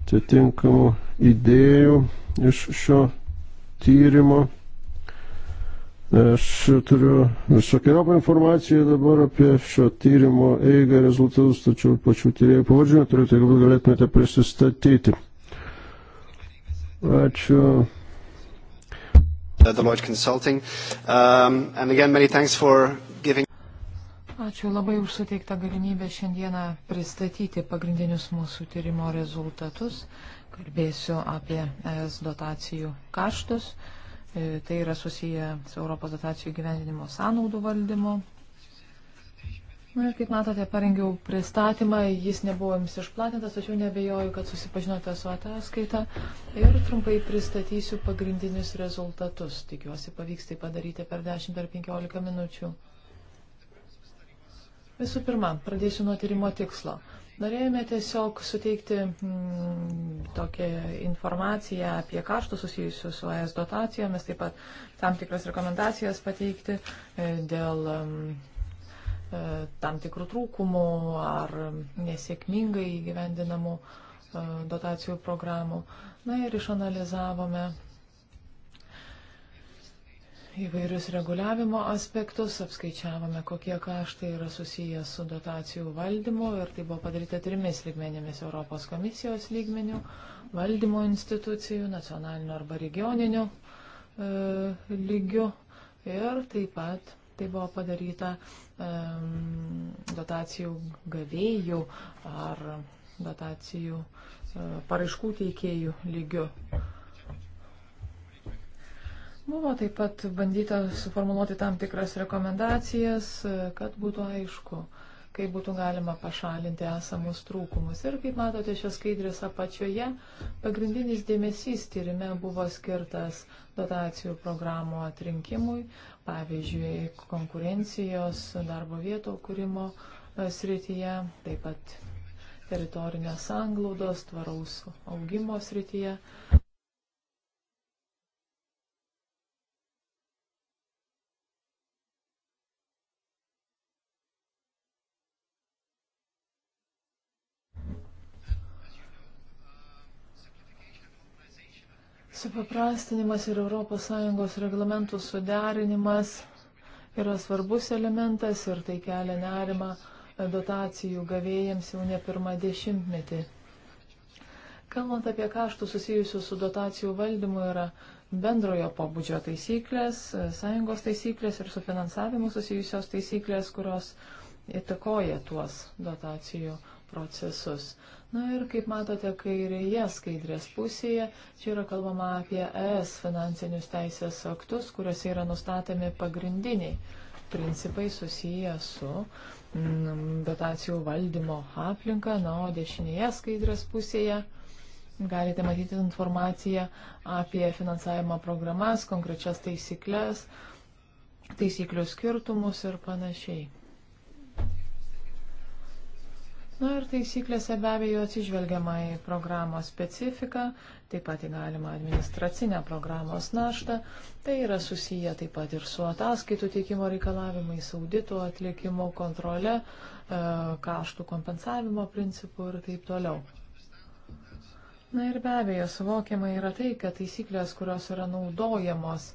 atitinkamų idėjų iš šio tyrimo. Aš turiu visokiojo informaciją dabar apie šio tyrimo eigą rezultatus, tačiau pačių tyriejų pavadžių neturiu, tai galbūt galėtumėte prisistatyti. Ačiū. Deloitte Consulting. Um, and again, many thanks for giving. Ačiū labai už suteiktą galimybę šiandieną pristatyti pagrindinius mūsų tyrimo rezultatus. Kalbėsiu apie ES dotacijų kaštus. E, tai yra susiję su Europos dotacijų gyvendinimo sąnaudų valdymu. Na ir kaip matote, parengiau pristatymą, jis nebuvo jums išplatintas, tačiau nebejoju, kad susipažinote su ataskaita ir trumpai pristatysiu pagrindinius rezultatus. Tikiuosi, pavyks tai padaryti per 10 ar 15 minučių. Visų pirma, pradėsiu nuo tyrimo tikslo. Norėjome tiesiog suteikti mm, tokią informaciją apie kaštus susijusius su ES dotacijomis, taip pat tam tikras rekomendacijas pateikti e, dėl mm, e, tam tikrų trūkumų ar nesėkmingai įgyvendinamų e, dotacijų programų. Na ir išanalizavome įvairius reguliavimo aspektus, apskaičiavome, kokie kaštai yra susijęs su dotacijų valdymu ir tai buvo padaryta trimis lygmenėmis - Europos komisijos lygmenių, valdymo institucijų, nacionalinių arba regioninių e, lygių ir taip pat tai buvo padaryta e, dotacijų gavėjų ar dotacijų e, paraiškų teikėjų lygių. E, Buvo taip pat bandyta suformuoluoti tam tikras rekomendacijas, kad būtų aišku, kaip būtų galima pašalinti esamus trūkumus. Ir kaip matote šios skaidrės apačioje, pagrindinis dėmesys tyrime buvo skirtas dotacijų programų atrinkimui, pavyzdžiui, konkurencijos darbo vieto kūrimo e, srityje, taip pat teritorinės sanglaudos, tvaraus augimo srityje. Supaprastinimas ir ES reglamentų suderinimas yra svarbus elementas ir tai kelia nerima dotacijų gavėjams jau ne pirmą dešimtmetį. Kalbant apie kaštų susijusių su dotacijų valdymu yra bendrojo pobūdžio taisyklės, sąjungos taisyklės ir su finansavimu susijusios taisyklės, kurios įtakoja tuos dotacijų procesus. Na ir kaip matote kairėje skaidrės pusėje, čia yra kalbama apie ES finansinius teisės aktus, kuriuose yra nustatomi pagrindiniai principai susiję su mm, dotacijų valdymo aplinka, na, o dešinėje skaidrės pusėje galite matyti informaciją apie finansavimo programas, konkrečias taisyklės, taisyklių skirtumus ir panašiai. Na ir taisyklėse be abejo atsižvelgiama į programos specifiką, taip pat į galimą administracinę programos naštą. Tai yra susiję taip pat ir su ataskaitų teikimo reikalavimais, audito atlikimo kontrole, e, kaštų kompensavimo principu ir taip toliau. Na ir be abejo, suvokiama yra tai, kad taisyklės, kurios yra naudojamos,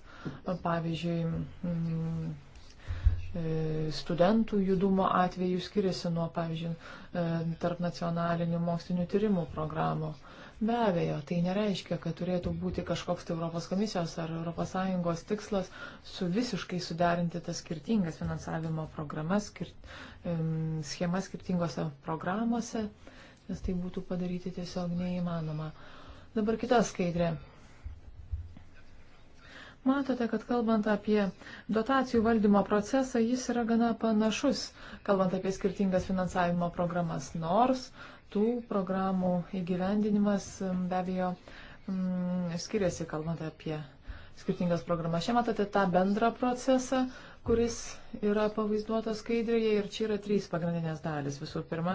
pavyzdžiui, E, studentų judumo atveju skiriasi nuo, pavyzdžiui, e, tarp nacionalinių mokslinių tyrimų programų. Be abejo, tai nereiškia, kad turėtų būti kažkoks tai Europos komisijos ar ES tikslas su visiškai suderinti tas skirtingas finansavimo programas, skir, um, schemas skirtingose programuose, nes tai būtų padaryti tiesiog neįmanoma. Dabar kita skaidrė. Matote, kad kalbant apie dotacijų valdymo procesą, jis yra gana panašus, kalbant apie skirtingas finansavimo programas, nors tų programų įgyvendinimas be abejo m, skiriasi, kalbant apie skirtingas programas. Čia matote tą bendrą procesą, kuris yra pavaizduotas skaidrėje ir čia yra trys pagrindinės dalis. Visų pirma,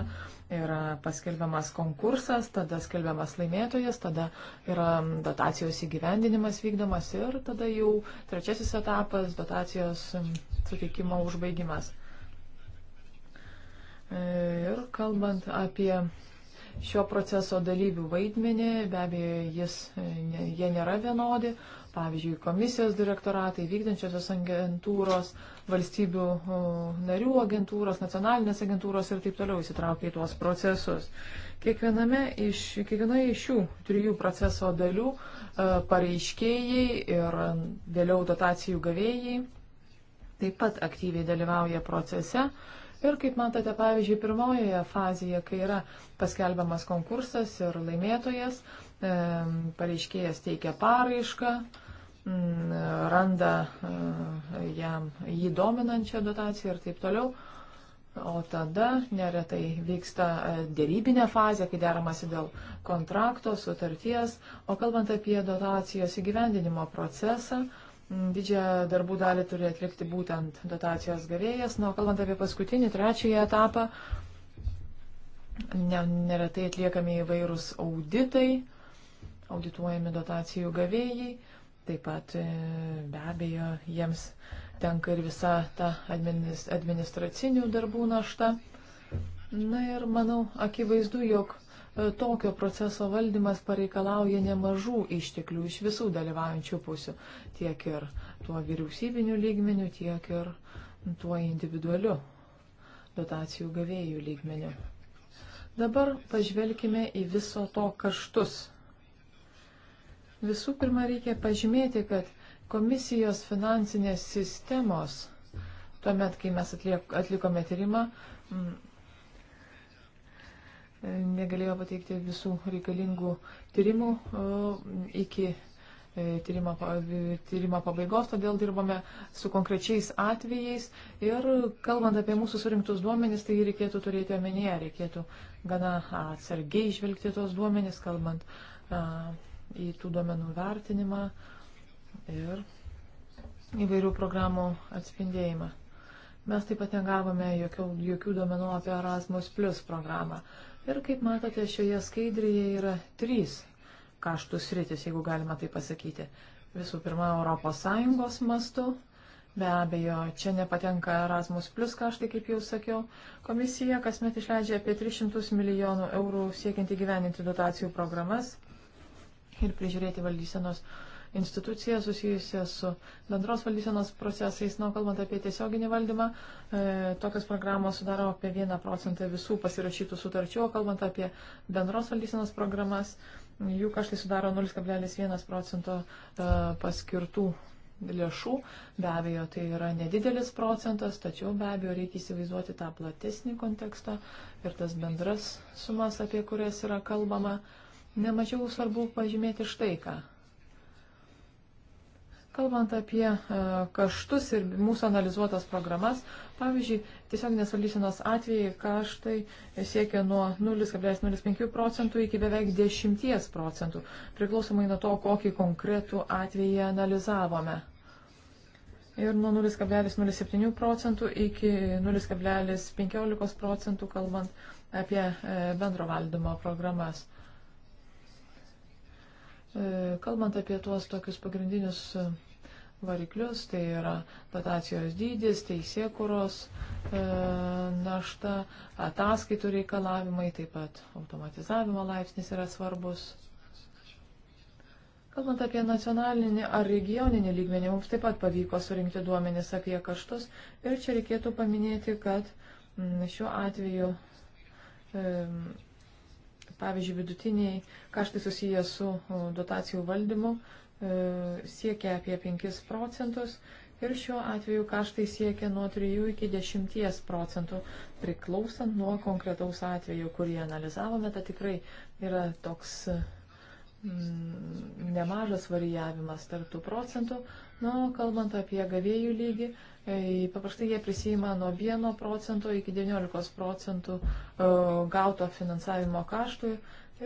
yra paskelbiamas konkursas, tada skelbiamas laimėtojas, tada yra dotacijos įgyvendinimas vykdomas ir tada jau trečiasis etapas - dotacijos suteikimo užbaigimas. Ir kalbant apie šio proceso dalyvių vaidmenį, be abejo, jis, jie nėra vienodi, pavyzdžiui, komisijos direktoratai, vykdančiosios agentūros, valstybių narių agentūros, nacionalinės agentūros ir taip toliau įsitraukia į tuos procesus. Kiekviename iš, kiekvienoje iš šių trijų proceso dalių e, pareiškėjai ir vėliau dotacijų gavėjai taip pat aktyviai dalyvauja procese. Ir kaip matote, pavyzdžiui, pirmojoje fazėje, kai yra paskelbiamas konkursas ir laimėtojas, E, pareiškėjas teikia paraišką, randa e, jam įdominančią dotaciją ir taip toliau. O tada neretai vyksta e, dėrybinė fazė, kai deramasi dėl kontrakto, sutarties. O kalbant apie dotacijos įgyvendinimo procesą, didžiąją darbų dalį turi atlikti būtent dotacijos gavėjas. Na, o kalbant apie paskutinį, trečiąjį etapą, neretai atliekami įvairūs auditai audituojami dotacijų gavėjai, taip pat e, be abejo jiems tenka ir visa ta administracinių darbų našta. Na ir manau, akivaizdu, jog e, tokio proceso valdymas pareikalauja nemažų išteklių iš visų dalyvaujančių pusių, tiek ir tuo vyriausybiniu lygmeniu, tiek ir tuo individualiu dotacijų gavėjų lygmeniu. Dabar pažvelkime į viso to kaštus. Visų pirma, reikia pažymėti, kad komisijos finansinės sistemos, tuomet, kai mes atliek, atlikome tyrimą, m, mm, negalėjo pateikti visų reikalingų tyrimų iki e, tyrimo, tyrimo pabaigos, todėl dirbome su konkrečiais atvejais ir kalbant apie mūsų surinktus duomenis, tai reikėtų turėti omenyje, reikėtų gana atsargiai išvelgti tos duomenis, kalbant į tų duomenų vertinimą ir įvairių programų atspindėjimą. Mes taip pat negavome jokių, jokių duomenų apie Erasmus Plus programą. Ir kaip matote, šioje skaidrėje yra trys kaštų sritis, jeigu galima tai pasakyti. Visų pirma, ES mastu. Be abejo, čia nepatenka Erasmus Plus kaštai, kaip jau sakiau. Komisija kasmet išleidžia apie 300 milijonų eurų siekiant įgyveninti dotacijų programas ir prižiūrėti valdysenos instituciją susijusią su bendros valdysenos procesais. Na, kalbant apie tiesioginį valdymą, e, tokios programos sudaro apie 1 procentą visų pasirašytų sutarčių, o kalbant apie bendros valdysenos programas, jų kaštai sudaro 0,1 procento e, paskirtų. Lėšų, be abejo, tai yra nedidelis procentas, tačiau be abejo reikia įsivaizduoti tą platesnį kontekstą ir tas bendras sumas, apie kurias yra kalbama. E, Nemažiau svarbu pažymėti štai ką. Kalbant apie e, kaštus ir mūsų analizuotas programas, pavyzdžiui, tiesiog nesaldysinos atvejai kaštai siekia nuo 0,05 procentų iki beveik 10 procentų, priklausomai nuo to, kokį konkretų atvejį analizavome. Ir nuo 0,07 procentų iki 0,15 procentų, kalbant apie e, bendro valdymo programas. E, kalbant apie tuos tokius pagrindinius e, variklius, tai yra dotacijos dydis, teisėkuros e, našta, ataskaitų reikalavimai, taip pat automatizavimo laipsnis yra svarbus. Kalbant apie nacionalinį ar regioninį lygmenį, mums taip pat pavyko surinkti duomenis apie kaštus ir čia reikėtų paminėti, kad mm, šiuo atveju Pavyzdžiui, vidutiniai kaštai susiję su dotacijų valdymu e, siekia apie 5 procentus ir šiuo atveju kaštai siekia nuo 3 iki 10 procentų, priklausant nuo konkretaus atveju, kurį analizavome, tai tikrai yra toks mm, nemažas varijavimas tarptų procentų. Na, nu, kalbant apie gavėjų lygį, E, paprastai jie prisima nuo 1 procento iki 19 procentų e, gauto finansavimo kaštui.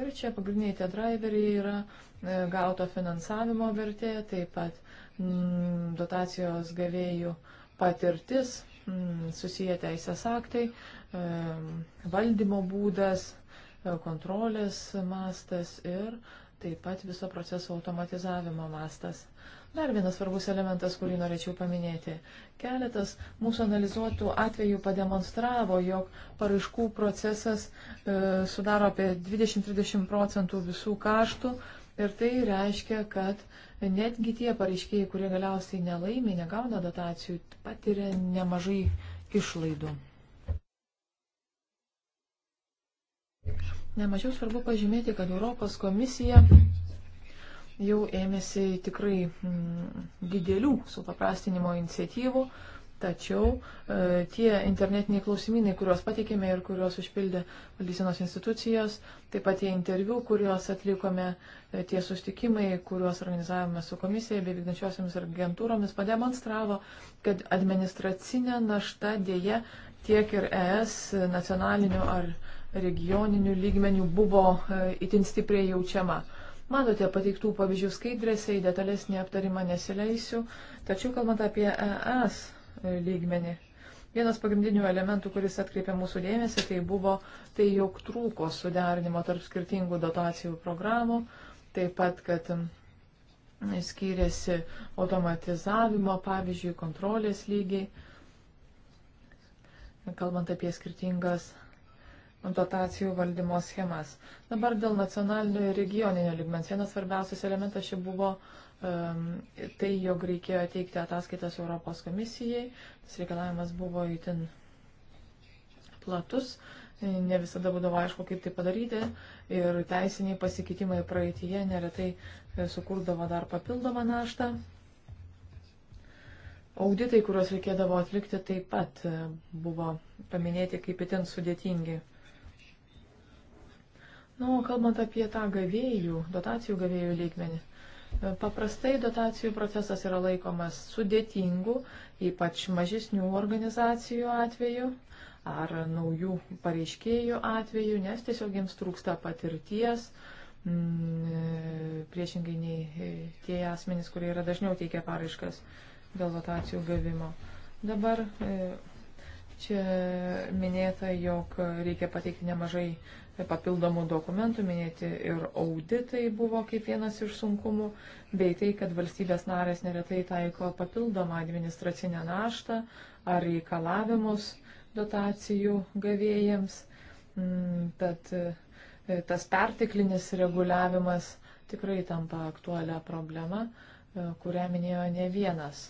Ir čia pagrindiniai tie driveriai yra e, gauto finansavimo vertė, taip pat mm, dotacijos gavėjų patirtis, mm, susiję teisės aktai, valdymo būdas, kontrolės mastas ir taip pat viso proceso automatizavimo mastas. Dar vienas svarbus elementas, kurį norėčiau paminėti. Keletas mūsų analizuotų atvejų pademonstravo, jog paraiškų procesas e, sudaro apie 20-30 procentų visų kaštų ir tai reiškia, kad netgi tie pareiškėjai, kurie galiausiai nelaimi, negauna dotacijų, patiria nemažai išlaidų. Nemažiau svarbu pažymėti, kad Europos komisija jau ėmėsi tikrai mm, didelių supaprastinimo iniciatyvų, tačiau e, tie internetiniai klausimynai, kuriuos patikėme ir kuriuos užpildė valdysenos institucijos, taip pat tie interviu, kuriuos atlikome, e, tie sustikimai, kuriuos organizavome su komisija bei vykdančiosiamis agentūromis, pademonstravo, kad administracinė našta dėje tiek ir ES nacionaliniu ar regioniniu lygmeniu buvo e, itin stipriai jaučiama. Matote pateiktų pavyzdžių skaidrėse, į detalesnį aptarimą nesileisiu, tačiau kalbant apie ES lygmenį, vienas pagrindinių elementų, kuris atkreipė mūsų dėmesį, tai buvo tai, jog trūko suderinimo tarp skirtingų dotacijų programų, taip pat, kad skiriasi automatizavimo, pavyzdžiui, kontrolės lygiai, kalbant apie skirtingas dotacijų valdymo schemas. Dabar dėl nacionalinio ir regioninio ligmens. Vienas svarbiausias elementas čia buvo um, tai, jog reikėjo teikti ataskaitas Europos komisijai. Tas reikalavimas buvo įtin platus, ne visada būdavo aišku, kaip tai padaryti ir teisiniai pasikeitimai praeitie neretai sukurdavo dar papildomą naštą. Auditai, kuriuos reikėdavo atlikti, taip pat buvo paminėti kaip itin sudėtingi. Na, nu, kalbant apie tą gavėjų, dotacijų gavėjų lygmenį. E, paprastai dotacijų procesas yra laikomas sudėtingu, ypač mažesnių organizacijų atveju ar naujų pareiškėjų atveju, nes tiesiog jiems trūksta patirties, m, mm, e, priešingai nei e, tie asmenys, kurie yra dažniau teikia paraiškas dėl dotacijų gavimo. Dabar čia minėta, jog reikia pateikti nemažai papildomų dokumentų, minėti ir auditai buvo kaip vienas iš sunkumų, bei tai, kad valstybės narės neretai taiko papildomą administracinę naštą ar reikalavimus dotacijų gavėjams. Mm, Tad e, tas perteklinis reguliavimas tikrai tampa aktualią problemą, e, kurią minėjo ne vienas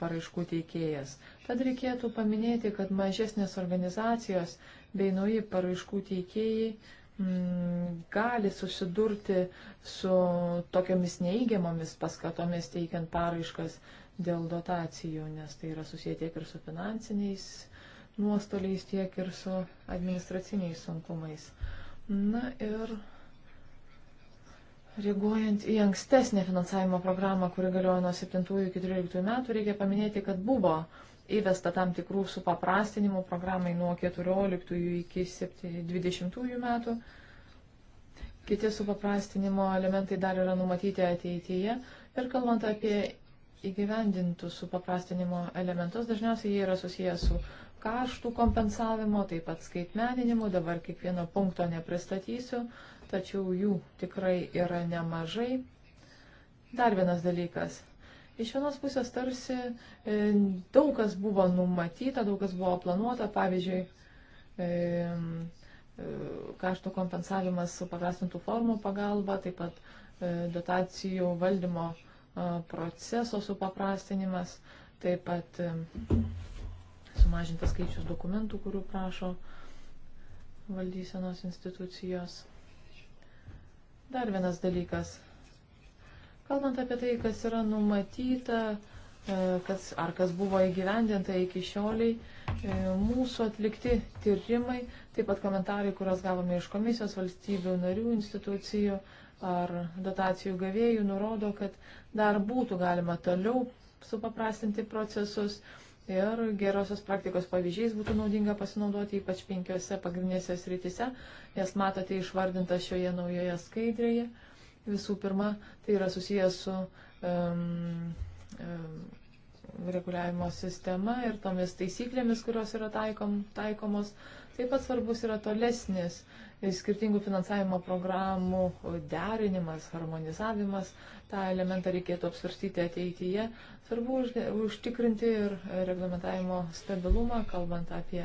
paraiškų teikėjas. Tad reikėtų paminėti, kad mažesnės organizacijos bei nauji paraiškų teikėjai m, mm, gali susidurti su tokiamis neįgiamomis paskatomis teikiant paraiškas dėl dotacijų, nes tai yra susiję tiek ir su finansiniais nuostoliais, tiek ir su administraciniais sunkumais. Na ir Reaguojant į ankstesnę finansavimo programą, kuri galiojo nuo 7 iki 13 metų, reikia paminėti, kad buvo įvesta tam tikrų supaprastinimų programai nuo 14 iki 20 metų. Kiti supaprastinimo elementai dar yra numatyti ateityje. Ir kalbant apie įgyvendintus supaprastinimo elementus, dažniausiai jie yra susijęs su kaštų kompensavimo, taip pat skaitmeninimu, dabar kiekvieno punkto nepristatysiu, tačiau jų tikrai yra nemažai. Dar vienas dalykas. Iš vienos pusės tarsi e, daug kas buvo numatyta, daug kas buvo planuota, pavyzdžiui, e, e, kaštų kompensavimas su paprastintų formų pagalba, taip pat dotacijų valdymo proceso supaprastinimas, taip pat sumažintas skaičius dokumentų, kurių prašo valdysenos institucijos. Dar vienas dalykas. Kalbant apie tai, kas yra numatyta, e, kas, ar kas buvo įgyvendinta iki šioliai, e, mūsų atlikti tyrimai, taip pat komentarai, kuriuos gavome iš komisijos valstybių narių institucijų ar dotacijų gavėjų, nurodo, kad dar būtų galima toliau supaprastinti procesus ir gerosios praktikos pavyzdžiais būtų naudinga pasinaudoti ypač penkiose pagrindinėse srityse, jas matote išvardinta šioje naujoje skaidrėje. Visų pirma, tai yra susijęs su um, um, reguliavimo sistema ir tomis taisyklėmis, kurios yra taikom, taikomos. Taip pat svarbus yra tolesnis skirtingų finansavimo programų derinimas, harmonizavimas, tą elementą reikėtų apsvarstyti ateityje. Svarbu užtikrinti ir reglamentavimo stabilumą, kalbant apie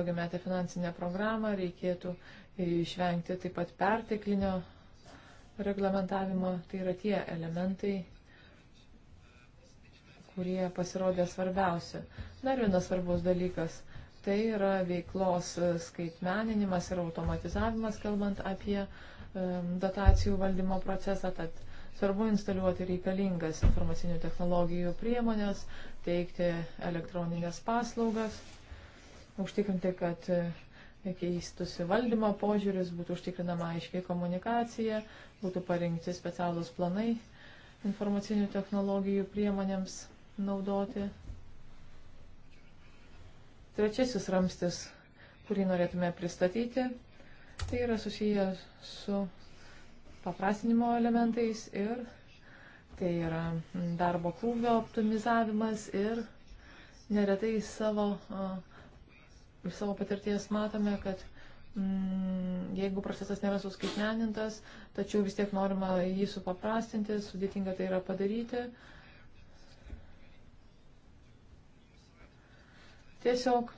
daugiametę finansinę programą, reikėtų išvengti taip pat perteklinio reglamentavimo. Tai yra tie elementai, kurie pasirodė svarbiausi. Dar vienas svarbus dalykas Tai yra veiklos e, skaitmeninimas ir automatizavimas, kalbant apie e, dotacijų valdymo procesą. Tad svarbu instaliuoti reikalingas informacinių technologijų priemonės, teikti elektroninės paslaugas, užtikrinti, kad e, keistusi valdymo požiūris, būtų užtikrinama aiškiai komunikacija, būtų parinkti specialūs planai informacinių technologijų priemonėms naudoti. Trečiasis ramstis, kurį norėtume pristatyti, tai yra susijęs su paprastinimo elementais ir tai yra darbo krūvio optimizavimas ir neretai savo, iš savo patirties matome, kad mm, jeigu procesas nėra suskaitmenintas, tačiau vis tiek norima jį supaprastinti, sudėtinga tai yra padaryti. Tiesiog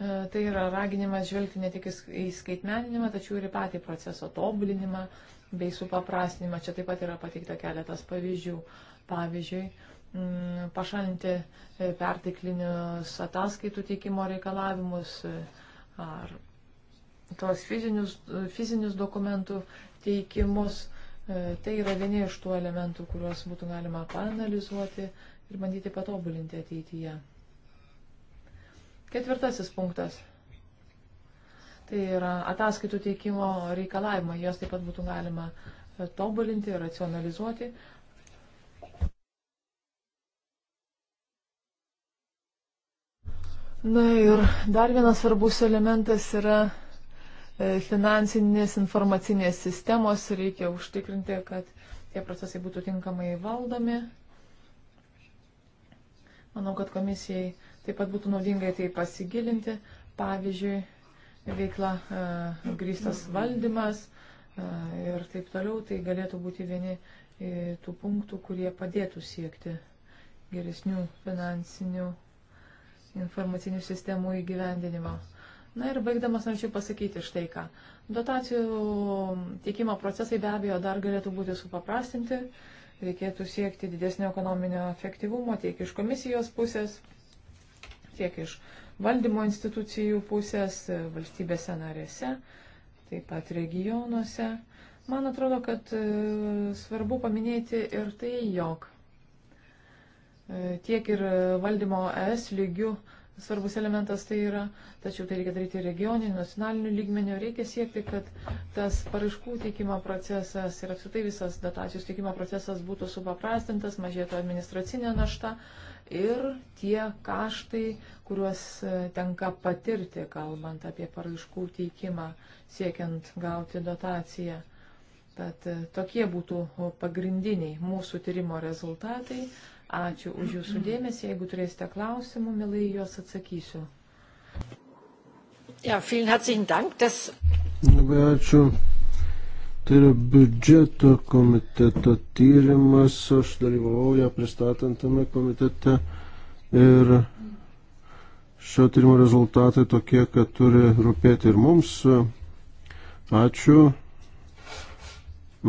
e, tai yra raginimas žvelgti ne tik į skaitmeninimą, tačiau ir į patį proceso tobulinimą bei supaprastinimą. Čia taip pat yra pateikta keletas pavyzdžių. Pavyzdžiui, pašalinti e, perteklinius ataskaitų teikimo reikalavimus e, ar tos fizinius, fizinius dokumentų teikimus. Tai yra vieni iš tų elementų, kuriuos būtų galima paanalizuoti ir bandyti patobulinti ateityje. Ketvirtasis punktas. Tai yra ataskaitų teikimo reikalavimai. Jos taip pat būtų galima e, tobulinti, racionalizuoti. Na ir dar vienas svarbus elementas yra e, finansinės informacinės sistemos. Reikia užtikrinti, kad tie procesai būtų tinkamai valdomi. Manau, kad komisijai Taip pat būtų naudingai tai pasigilinti, pavyzdžiui, veikla e, grįstas valdymas e, ir taip toliau, tai galėtų būti vieni e, tų punktų, kurie padėtų siekti geresnių finansinių informacinių sistemų įgyvendinimo. Na ir baigdamas norėčiau pasakyti štai ką. Dotacijų teikimo procesai be abejo dar galėtų būti supaprastinti, reikėtų siekti didesnio ekonominio efektyvumo tiek iš komisijos pusės, tiek iš valdymo institucijų pusės, valstybėse narėse, taip pat regionuose. Man atrodo, kad e, svarbu paminėti ir tai, jog e, tiek ir valdymo ES lygių svarbus elementas tai yra, tačiau tai reikia daryti regioniniu, nacionaliniu lygmeniu, reikia siekti, kad tas paraiškų teikimo procesas ir apskritai visas dotacijų teikimo procesas būtų supaprastintas, mažėtų administracinė našta, ir tie kaštai, kuriuos e, tenka patirti, kalbant apie paraiškų teikimą, siekiant gauti dotaciją. Tad e, tokie būtų pagrindiniai mūsų tyrimo rezultatai. Ačiū už Jūsų dėmesį. Jeigu turėsite klausimų, mielai juos atsakysiu. Ja, vielen herzlichen Dank. Das... Labai ačiū. Tai yra biudžeto komiteto tyrimas, aš dalyvavau ją pristatant tame komitete ir šio tyrimo rezultatai tokie, kad turi rūpėti ir mums. Ačiū.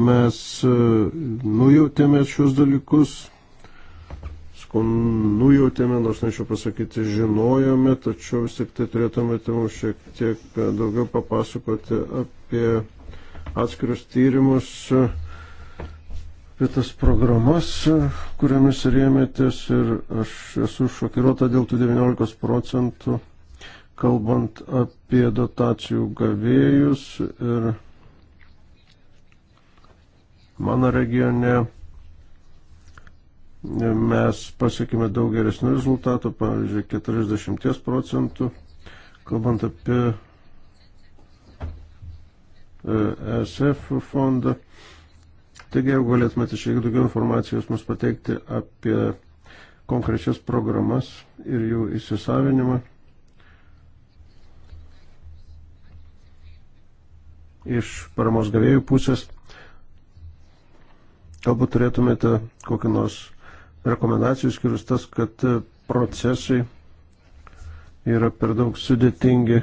Mes e, nujautėme šios dalykus, skon nujautėme, nors nešiau pasakyti, žinojome, tačiau vis tik tai turėtumėte mums šiek tiek e, daugiau papasakoti apie atskirus tyrimus apie tas programas, kuriamis rėmėtės ir aš esu šokiruota dėl tų 19 procentų, kalbant apie dotacijų gavėjus ir mano regione mes pasiekime daug geresnių rezultatų, pavyzdžiui, 40 procentų, kalbant apie ESF fondą. Taigi, jeigu galėtumėte šiek tiek daugiau informacijos mums pateikti apie konkrečias programas ir jų įsisavinimą. Iš paramos gavėjų pusės galbūt turėtumėte kokią nors rekomendacijų skirus tas, kad procesai yra per daug sudėtingi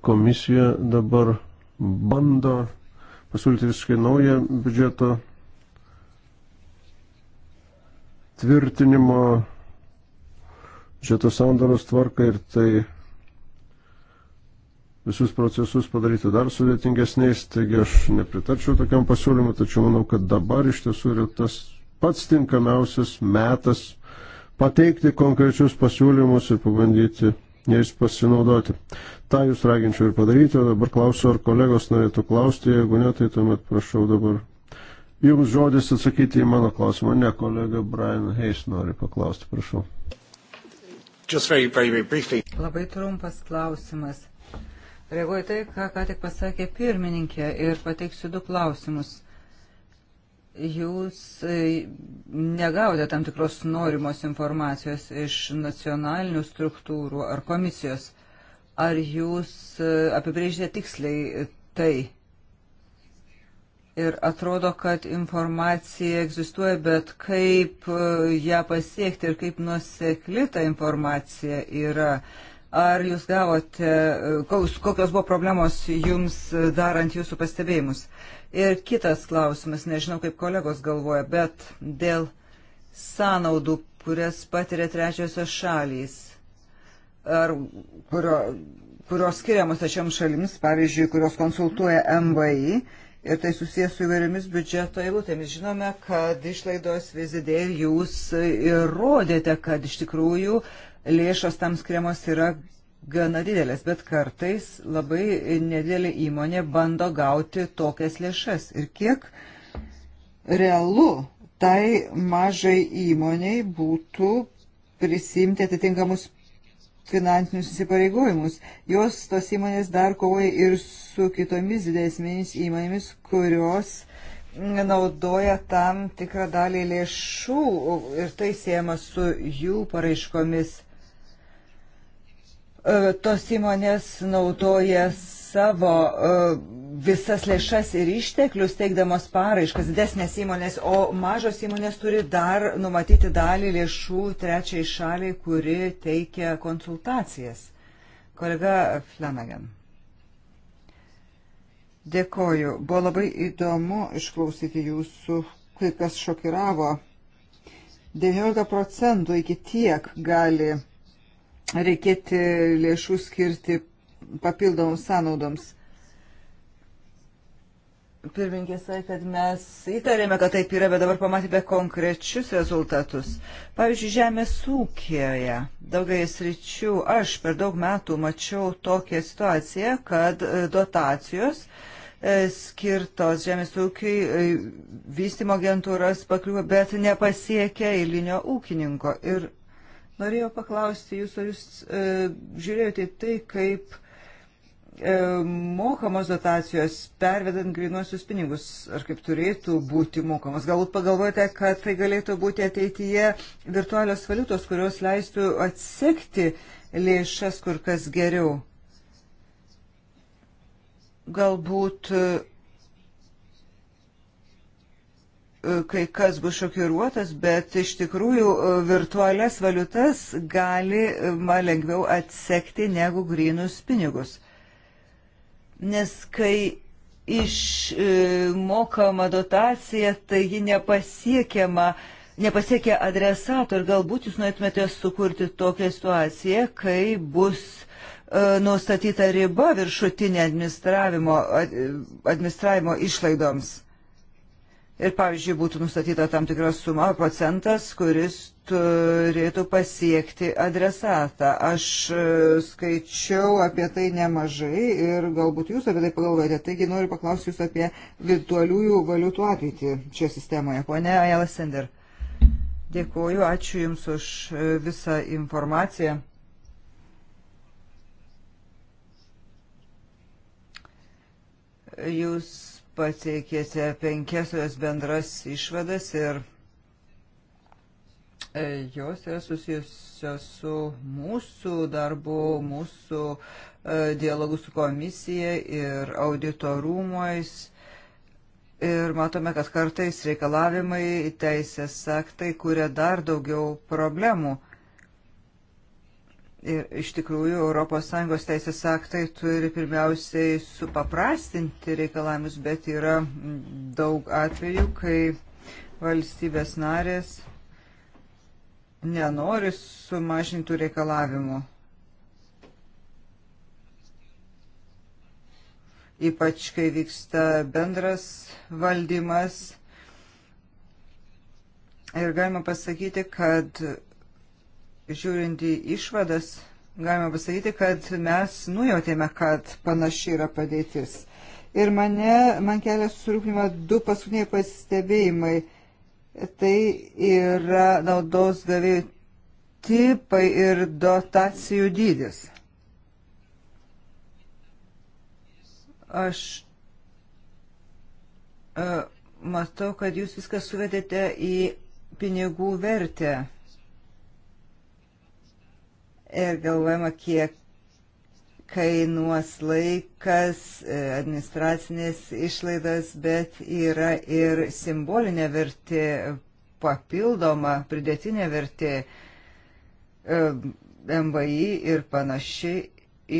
Komisija dabar bando pasiūlyti visiškai naują biudžeto tvirtinimo, biudžeto sandaros tvarką ir tai visus procesus padaryti dar sudėtingesniais, taigi aš nepritarčiau tokiam pasiūlymui, tačiau manau, kad dabar iš tiesų yra tas pats tinkamiausias metas pateikti konkrečius pasiūlymus ir pabandyti jais pasinaudoti. Ta jūs raginčiau ir padaryti, o dabar klausiu, ar kolegos norėtų klausti, jeigu ne, tai tuomet prašau dabar. Jums žodis atsakyti į mano klausimą, ne kolega Brian Hayes nori paklausti, prašau. Very, very, very Labai trumpas klausimas. Reaguoju tai, ką ką tik pasakė pirmininkė ir pateiksiu du klausimus jūs e, negavote tam tikros norimos informacijos iš nacionalinių struktūrų ar komisijos. Ar jūs e, apibrėžėte tiksliai tai? Ir atrodo, kad informacija egzistuoja, bet kaip e, ją pasiekti ir kaip nusekli ta informacija yra. Uh, Ar jūs gavote, kokios buvo problemos jums darant jūsų pastebėjimus? Ir kitas klausimas, nežinau kaip kolegos galvoja, bet dėl sąnaudų, kurias patiria trečiosios šalys, ar kurio, kurios skiriamos tačiom šalims, pavyzdžiui, kurios konsultuoja MVI, ir tai susijęs su įvairiomis biudžeto eilutėmis. Žinome, kad išlaidos vis didėja ir jūs įrodėte, kad iš tikrųjų lėšos tam skiriamos yra gana didelės, bet kartais labai nedidelė įmonė bando gauti tokias lėšas. Ir kiek realu tai mažai įmoniai būtų prisimti atitinkamus finansinius įsipareigojimus. Jos tos įmonės dar kovoja ir su kitomis didesnėmis įmonėmis, kurios naudoja tam tikrą dalį lėšų ir tai siejama su jų paraiškomis E, tos įmonės naudoja savo e, visas lėšas ir išteklius teikdamos paraiškas didesnės įmonės, o mažos įmonės turi dar numatyti dalį lėšų trečiai šaliai, kuri teikia konsultacijas. Kolega Flanagan. Dėkoju. Buvo labai įdomu išklausyti jūsų, kai kas šokiravo. 19 procentų iki tiek gali reikėti lėšų skirti papildomoms sąnaudoms. Pirmininkė sakė, kad mes įtarėme, kad taip yra, bet dabar pamatėme konkrečius rezultatus. Pavyzdžiui, žemės ūkėje daugelis ryčių aš per daug metų mačiau tokią situaciją, kad e, dotacijos e, skirtos žemės ūkiai e, vystimo agentūros pakliuvo, bet nepasiekė eilinio ūkininko. Ir Norėjau paklausti jūs, ar jūs e, žiūrėjote į tai, kaip e, mokamos dotacijos pervedant grinuosius pinigus, ar kaip turėtų būti mokamos. Galbūt pagalvojate, kad tai galėtų būti ateityje virtualios valiutos, kurios leistų atsekti lėšas kur kas geriau. Galbūt e, kai kas bus šokiruotas, bet iš tikrųjų e, virtualias valiutas galima e, lengviau atsekti negu grinus pinigus. Nes kai išmokama e, dotacija, tai ji nepasiekiama, nepasiekia adresato ir galbūt jūs norėtumėte sukurti tokią situaciją, kai bus nustatyta riba viršutinė administravimo, administravimo išlaidoms. Ir pavyzdžiui, būtų nustatyta tam tikra suma, procentas, kuris turėtų pasiekti adresatą. Aš e, skaičiau apie tai nemažai ir galbūt jūs apie tai pagalvojate. Taigi noriu paklausti jūs apie virtualiųjų valiutų ateitį čia sistemoje. Pone Ajala Sender, dėkuoju, ačiū Jums už e, visą informaciją. Jūs pateikėte penkias bendras išvadas ir e, jos yra susijusios su mūsų darbu, mūsų e, dialogu su komisija ir auditorumais. Ir matome, kad kartais reikalavimai teisės aktai kuria dar daugiau problemų. Ir iš tikrųjų ES teisės aktai turi pirmiausiai supaprastinti reikalavimus, bet yra daug atvejų, kai valstybės narės nenori sumažintų reikalavimų. Ypač kai vyksta bendras valdymas. Ir galima pasakyti, kad žiūrint į išvadas, galima pasakyti, kad mes nujautėme, kad panaši yra padėtis. Ir mane, man kelia susirūpinimą du paskutiniai pastebėjimai. Tai yra naudos gavėjų tipai ir dotacijų dydis. Aš e, matau, kad jūs viską suvedėte į pinigų vertę. E, galvojama, kiek kainuos laikas, e, administracinės išlaidas, bet yra ir simbolinė vertė, papildoma pridėtinė vertė e, MVI ir panašiai,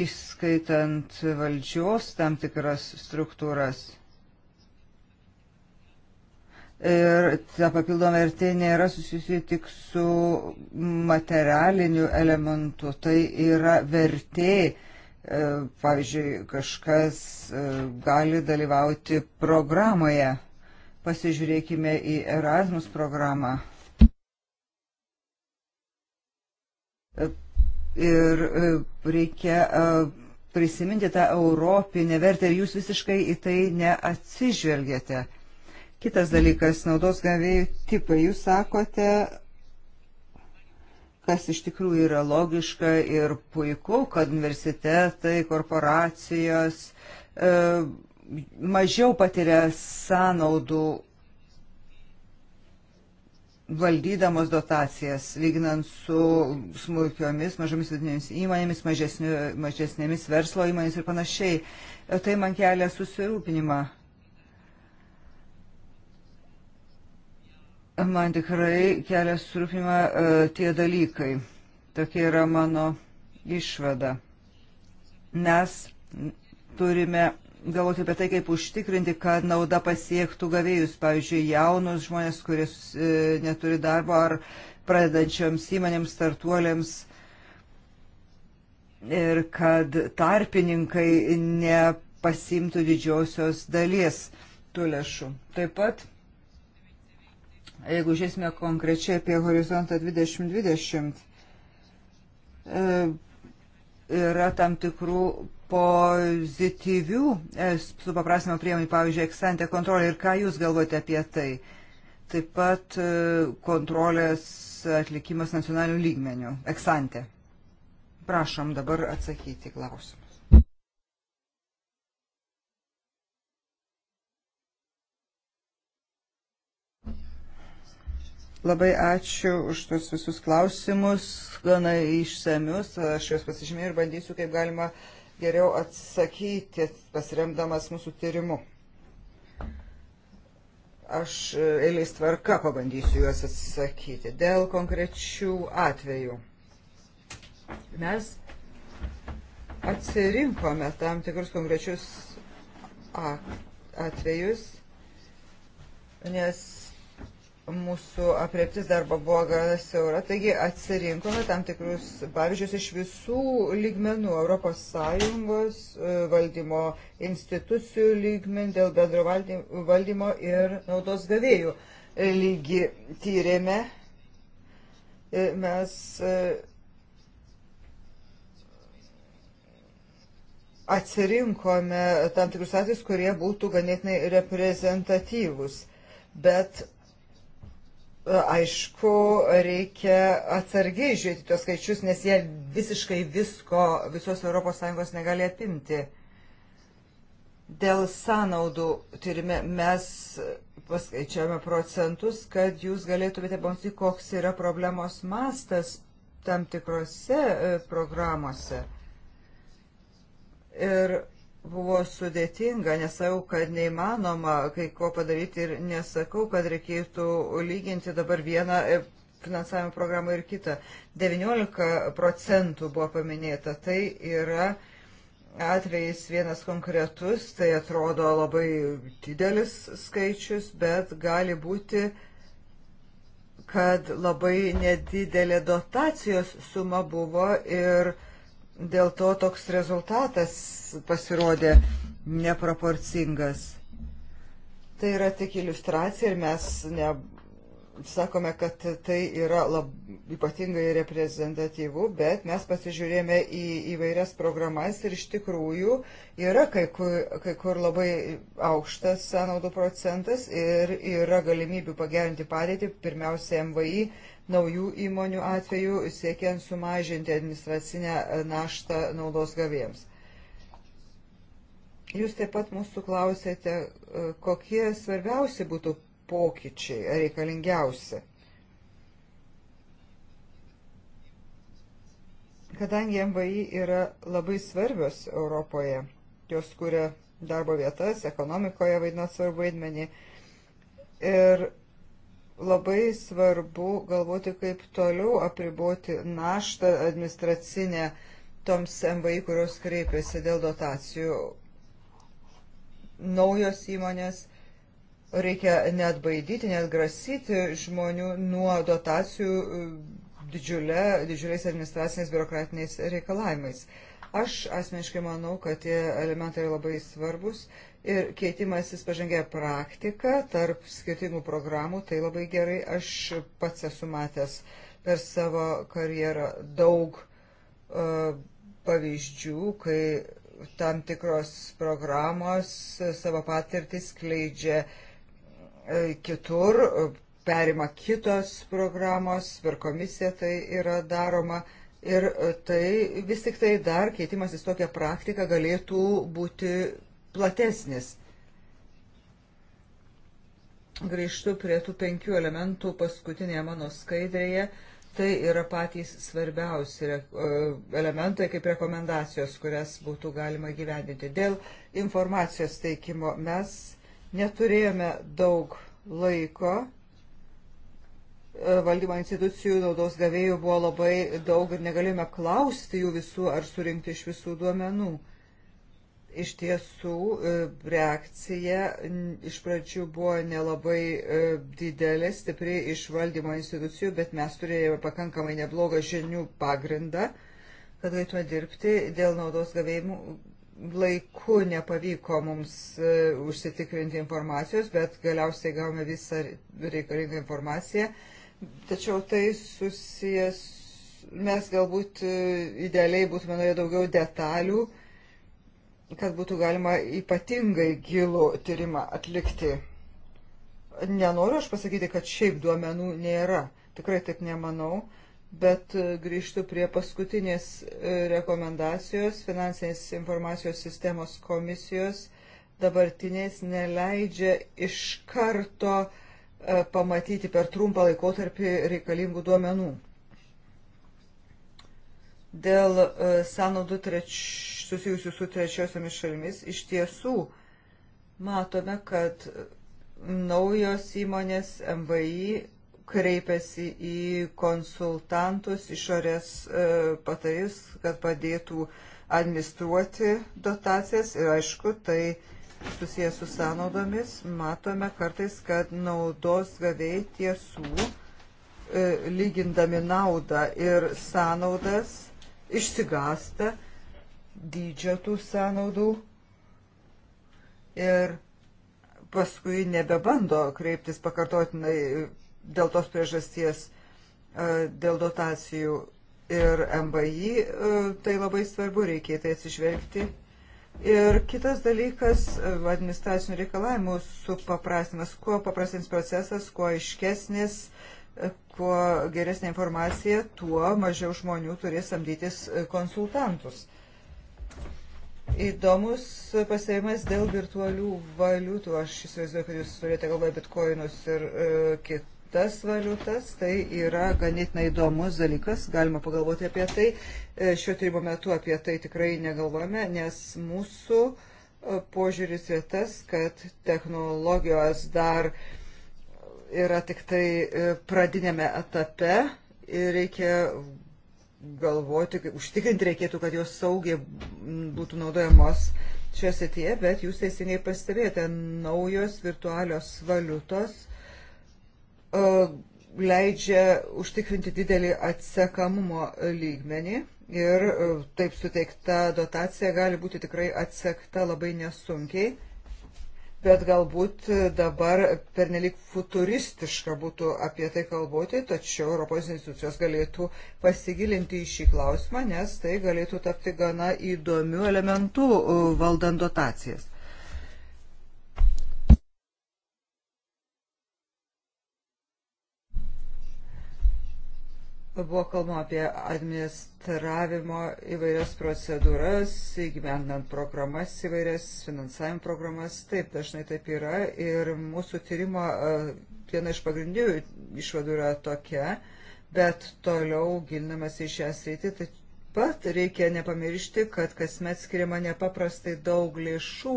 įskaitant valdžios tam tikras struktūras. Ir ta papildoma vertė nėra susijusi tik su materialiniu elementu, tai yra vertė. E, pavyzdžiui, kažkas e, gali dalyvauti programoje. Pasižiūrėkime į Erasmus programą. E, ir reikia prisiminti tą europinę vertę ir jūs visiškai į tai neatsižvelgėte. Kitas dalykas - naudos gavėjų tipai. Jūs sakote, kas iš tikrųjų yra logiška ir puiku, kad universitetai, korporacijos e, mažiau patiria sąnaudų valdydamos dotacijas, lyginant su smulkiomis, mažomis vidinėmis įmonėmis, mažesnėmis verslo įmonėmis ir panašiai. E, tai man kelia susirūpinimą. man tikrai kelia surūpimą e, tie dalykai. Tokia yra mano išvada. Mes turime galvoti apie tai, kaip užtikrinti, kad nauda pasiektų gavėjus, pavyzdžiui, jaunus žmonės, kurie e, neturi darbo ar pradedančioms įmonėms, startuolėms. Ir kad tarpininkai nepasimtų didžiosios dalies tų lėšų. Taip pat Jeigu žiūrėsime konkrečiai apie horizontą 2020, e, yra tam tikrų pozityvių e, supaprastinimo priemonių, pavyzdžiui, eksantė kontrolė ir ką jūs galvojate apie tai. Taip pat e, kontrolės atlikimas nacionalinių lygmenių, eksantė. Prašom dabar atsakyti klausimą. Labai ačiū už tos visus klausimus, gana išsamius. Aš juos pasižymėjau ir bandysiu, kaip galima geriau atsakyti, pasiremdamas mūsų tyrimu. Aš e, eilės tvarka pabandysiu juos atsakyti dėl konkrečių atvejų. Mes atsirinkome tam tikrus konkrečius atvejus, nes mūsų apreptis darbo buvo gana siaura, taigi atsirinkome tam tikrus pavyzdžius iš visų lygmenų ES e, valdymo institucijų lygmen dėl bendro valdymo ir naudos gavėjų e, lygi tyrėme. E, mes atsirinkome tam tikrus atvejus, kurie būtų ganėtinai reprezentatyvus. Bet Aišku, reikia atsargiai žiūrėti tos skaičius, nes jie visiškai visko, visos ES negali apimti. Dėl sąnaudų tyrime mes paskaičiavome procentus, kad jūs galėtumėte pamatyti, koks yra problemos mastas tam tikrose e, programuose. Ir buvo sudėtinga, nesakau, kad neįmanoma kai ko padaryti ir nesakau, kad reikėtų lyginti dabar vieną e, finansavimo programą ir kitą. 19 procentų buvo paminėta, tai yra atvejais vienas konkretus, tai atrodo labai didelis skaičius, bet gali būti kad labai nedidelė dotacijos suma buvo ir uh, dėl to toks rezultatas pasirodė neproporcingas. Tai yra tik iliustracija ir mes ne, sakome, kad tai yra lab, ypatingai reprezentatyvu, bet mes pasižiūrėjome į įvairias programas ir iš tikrųjų yra kai kur, kai kur labai aukštas sąnaudų procentas ir yra galimybių pagerinti padėtį, pirmiausia MVI naujų įmonių atveju, siekiant sumažinti administracinę naštą naudos gavėjams. Jūs taip pat mūsų klausėte, e, kokie svarbiausi būtų pokyčiai, reikalingiausi. Kadangi MVI yra labai svarbios Europoje, jos kuria darbo vietas, ekonomikoje vaidina svarbu vaidmenį ir labai svarbu galvoti, kaip toliau apriboti naštą administracinę toms MVI, kurios kreipiasi dėl dotacijų. Naujos įmonės reikia net baidyti, net grasyti žmonių nuo dotacijų e, didžiulė, didžiuliais administraciniais biurokratiniais reikalavimais. Aš asmeniškai manau, kad tie elementai labai svarbus ir keitimasis pažangė praktika tarp skirtingų programų, tai labai gerai. Aš pats esu matęs per savo karjerą daug uh, pavyzdžių, kai tam tikros programos savo patirtis kleidžia e, kitur, perima kitos programos, per komisiją tai yra daroma. Ir e, tai vis tik tai dar keitimasis tokia praktika galėtų būti platesnis. Grįžtu prie tų penkių elementų paskutinėje mano skaidrėje. Tai yra patys svarbiausi e, elementai kaip rekomendacijos, kurias būtų galima gyvendinti. Dėl informacijos teikimo mes neturėjome daug laiko. E, valdymo institucijų naudos gavėjų buvo labai daug ir negalėjome klausti jų visų ar surinkti iš visų duomenų. Iš tiesų, e, reakcija iš pradžių buvo nelabai e, didelė, stipri iš valdymo institucijų, bet mes turėjome pakankamai neblogą žinių pagrindą, kad galėtume dirbti dėl naudos gavėjimų. Laiku nepavyko mums e, užsitikrinti informacijos, bet galiausiai gavome visą reikalingą informaciją. Tačiau tai susijęs, mes galbūt idealiai būtume norėję daugiau detalių kad būtų galima ypatingai gilų tyrimą atlikti. Nenoriu aš pasakyti, kad šiaip duomenų nėra. Tikrai taip nemanau. Bet e, grįžtu prie paskutinės e, rekomendacijos finansinės informacijos sistemos komisijos dabartinės neleidžia iš karto e, pamatyti per trumpą laikotarpį reikalingų duomenų. Dėl sąnaudų trečių susijusių su trečiosiomis šalimis, iš tiesų matome, kad naujos įmonės MVI kreipiasi į konsultantus, išorės e, patarėjus, kad padėtų administruoti dotacijas ir aišku, tai susijęs su sąnaudomis. Matome kartais, kad naudos gavėjai tiesų e, lygindami naudą ir sąnaudas išsigasta dydžio tų sąnaudų ir paskui nebebando kreiptis pakartotinai dėl tos priežasties, e, dėl dotacijų ir MBI, e, tai labai svarbu, reikia į tai atsižvelgti. Ir kitas dalykas e, - administracinių reikalavimų supaprastinimas. Kuo paprastins procesas, kuo aiškesnis, kuo geresnė informacija, tuo mažiau žmonių turės samdytis konsultantus. Įdomus pasėjimas dėl virtualių valiutų. Aš įsivaizduoju, kad jūs turite galvoje bitkoinus ir e, kitas valiutas. Tai yra ganėtinai įdomus dalykas. Galima pagalvoti apie tai. E, šio tyrimo metu apie tai tikrai negalvojame, nes mūsų e, požiūris yra tas, kad technologijos dar yra tik tai e, pradinėme etape ir reikia galvoti, užtikrinti reikėtų, kad jos saugiai būtų naudojamos šioje srityje, bet jūs teisingai pastebėjote, naujos virtualios valiutos e, leidžia užtikrinti didelį atsekamumo lygmenį ir e, taip suteikta dotacija gali būti tikrai atsekta labai nesunkiai bet galbūt e, dabar pernelik futuristiška būtų apie tai kalboti, tačiau Europos institucijos galėtų pasigilinti į šį klausimą, nes tai galėtų tapti gana įdomių elementų e, valdant dotacijas. Buvo kalbama apie administravimo įvairias procedūras, įgyvendant programas įvairias, finansavimo programas. Taip, dažnai taip yra. Ir mūsų tyrimo e, viena iš pagrindinių išvadų yra tokia, bet toliau gilinamas į šią sritį. Taip pat reikia nepamiršti, kad kasmet skiriama nepaprastai daug lėšų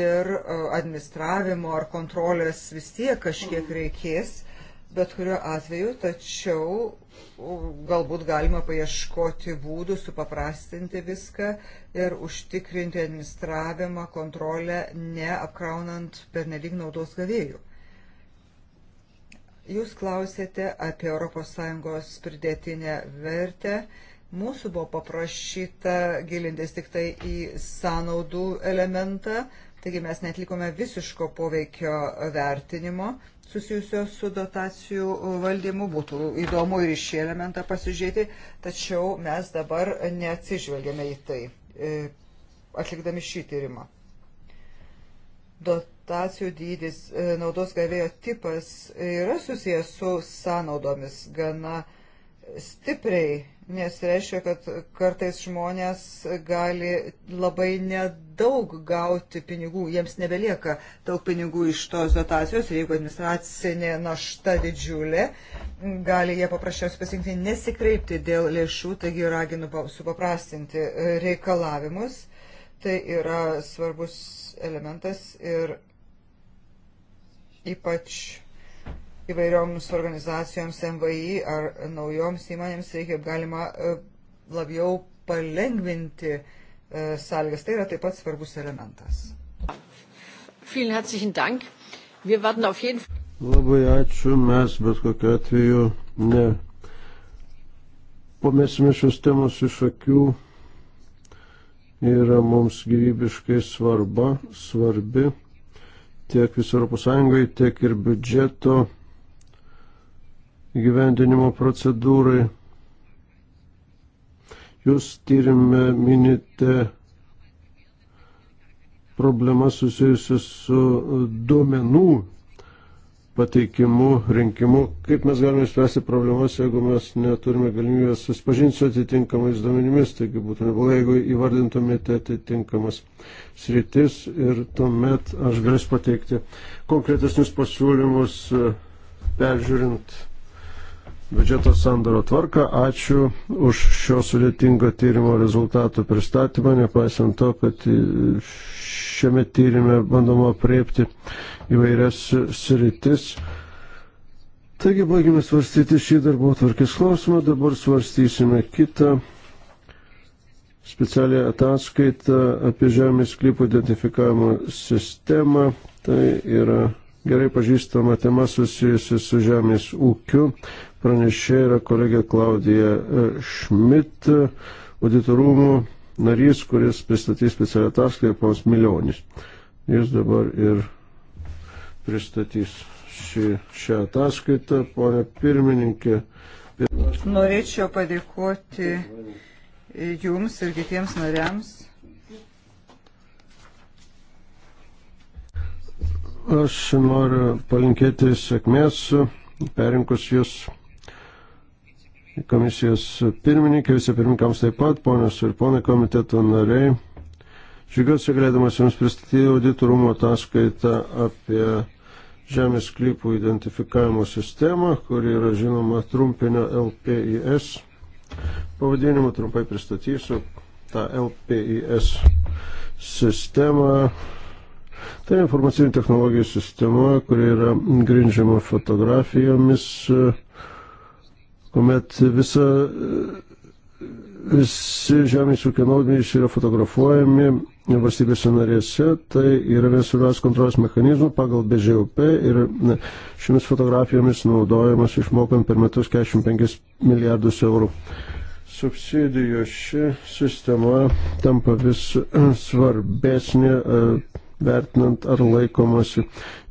ir e, administravimo ar kontrolės vis tiek kažkiek reikės bet kuriuo atveju, tačiau galbūt galima paieškoti būdų, supaprastinti viską ir užtikrinti administravimą, kontrolę, neapkraunant pernelyg naudos gavėjų. Jūs klausėte apie ES pridėtinę vertę. Mūsų buvo paprašyta gilintis tik tai į sąnaudų elementą, taigi mes netlikome visiško poveikio vertinimo susijusios su dotacijų valdymu. Būtų įdomu ir šį elementą pasižiūrėti, tačiau mes dabar neatsižvelgiame į tai, e, atlikdami šį tyrimą. Dotacijų dydis, e, naudos gavėjo tipas yra susijęs su sąnaudomis gana stipriai nes reiškia, kad kartais žmonės gali labai nedaug gauti pinigų, jiems nebelieka daug pinigų iš tos dotacijos ir jeigu administracinė našta didžiulė, gali jie paprasčiausiai pasirinkti nesikreipti dėl lėšų, taigi raginu supaprastinti reikalavimus. Tai yra svarbus elementas ir ypač įvairioms organizacijoms MVI ar naujoms įmonėms reikia galima e, labiau palengvinti e, sąlygas. Tai yra taip pat svarbus elementas. Labai ačiū, mes bet kokiu atveju ne. Pamėsime šios temos iš akių. Yra mums gyvybiškai svarba, svarbi tiek visų Europos Sąjungai, tiek ir biudžeto gyvendinimo procedūrai. Jūs tyrimė minite problemas susijusius su duomenų pateikimu, rinkimu. Kaip mes galime išspręsti problemas, jeigu mes neturime galimybės susipažinti su atitinkamais duomenimis, taigi būtų neblogai, jeigu įvardintumėte atitinkamas sritis ir tuomet aš galės pateikti konkretesnius pasiūlymus peržiūrint biudžeto sandaro tvarką. Ačiū už šio sudėtingo tyrimo rezultatų pristatymą, nepaisant to, kad šiame tyrimė bandoma priepti įvairias sritis. Taigi baigime svarstyti šį darbo tvarkės klausimą, dabar svarstysime kitą specialią ataskaitą apie žemės klipų identifikavimo sistemą. Tai yra gerai pažįstama tema susijusi su žemės ūkiu. Pranešė yra kolegė Klaudija e, Šmit, auditorumų narys, kuris pristatys specialią ataskaitą paus milijonis. Jis dabar ir pristatys šį, šią ataskaitą, ponė pirmininkė. Norėčiau padėkoti Jums ir kitiems nariams Aš noriu palinkėti sėkmės, perinkus jūs komisijos pirmininkai, vicepirmininkams taip pat, ponios ir ponai komiteto nariai. Žiūrėsiu, galėdamas Jums pristatyti auditorumo ataskaitą apie žemės klypų identifikavimo sistemą, kuri yra žinoma trumpinio LPIS. Pavadinimu trumpai pristatysiu tą LPIS sistemą Tai informacinių technologijų sistema, kuri yra grindžiama fotografijomis, kuomet visa, visi žemės ūkio naudmenys yra fotografuojami valstybėse narėse, tai yra vienas svarbiausių kontrolės mechanizmų pagal BŽUP ir šiomis fotografijomis naudojamas išmokant per metus 45 milijardus eurų subsidijų ši sistema tampa vis svarbesnė vertinant ar laikomasi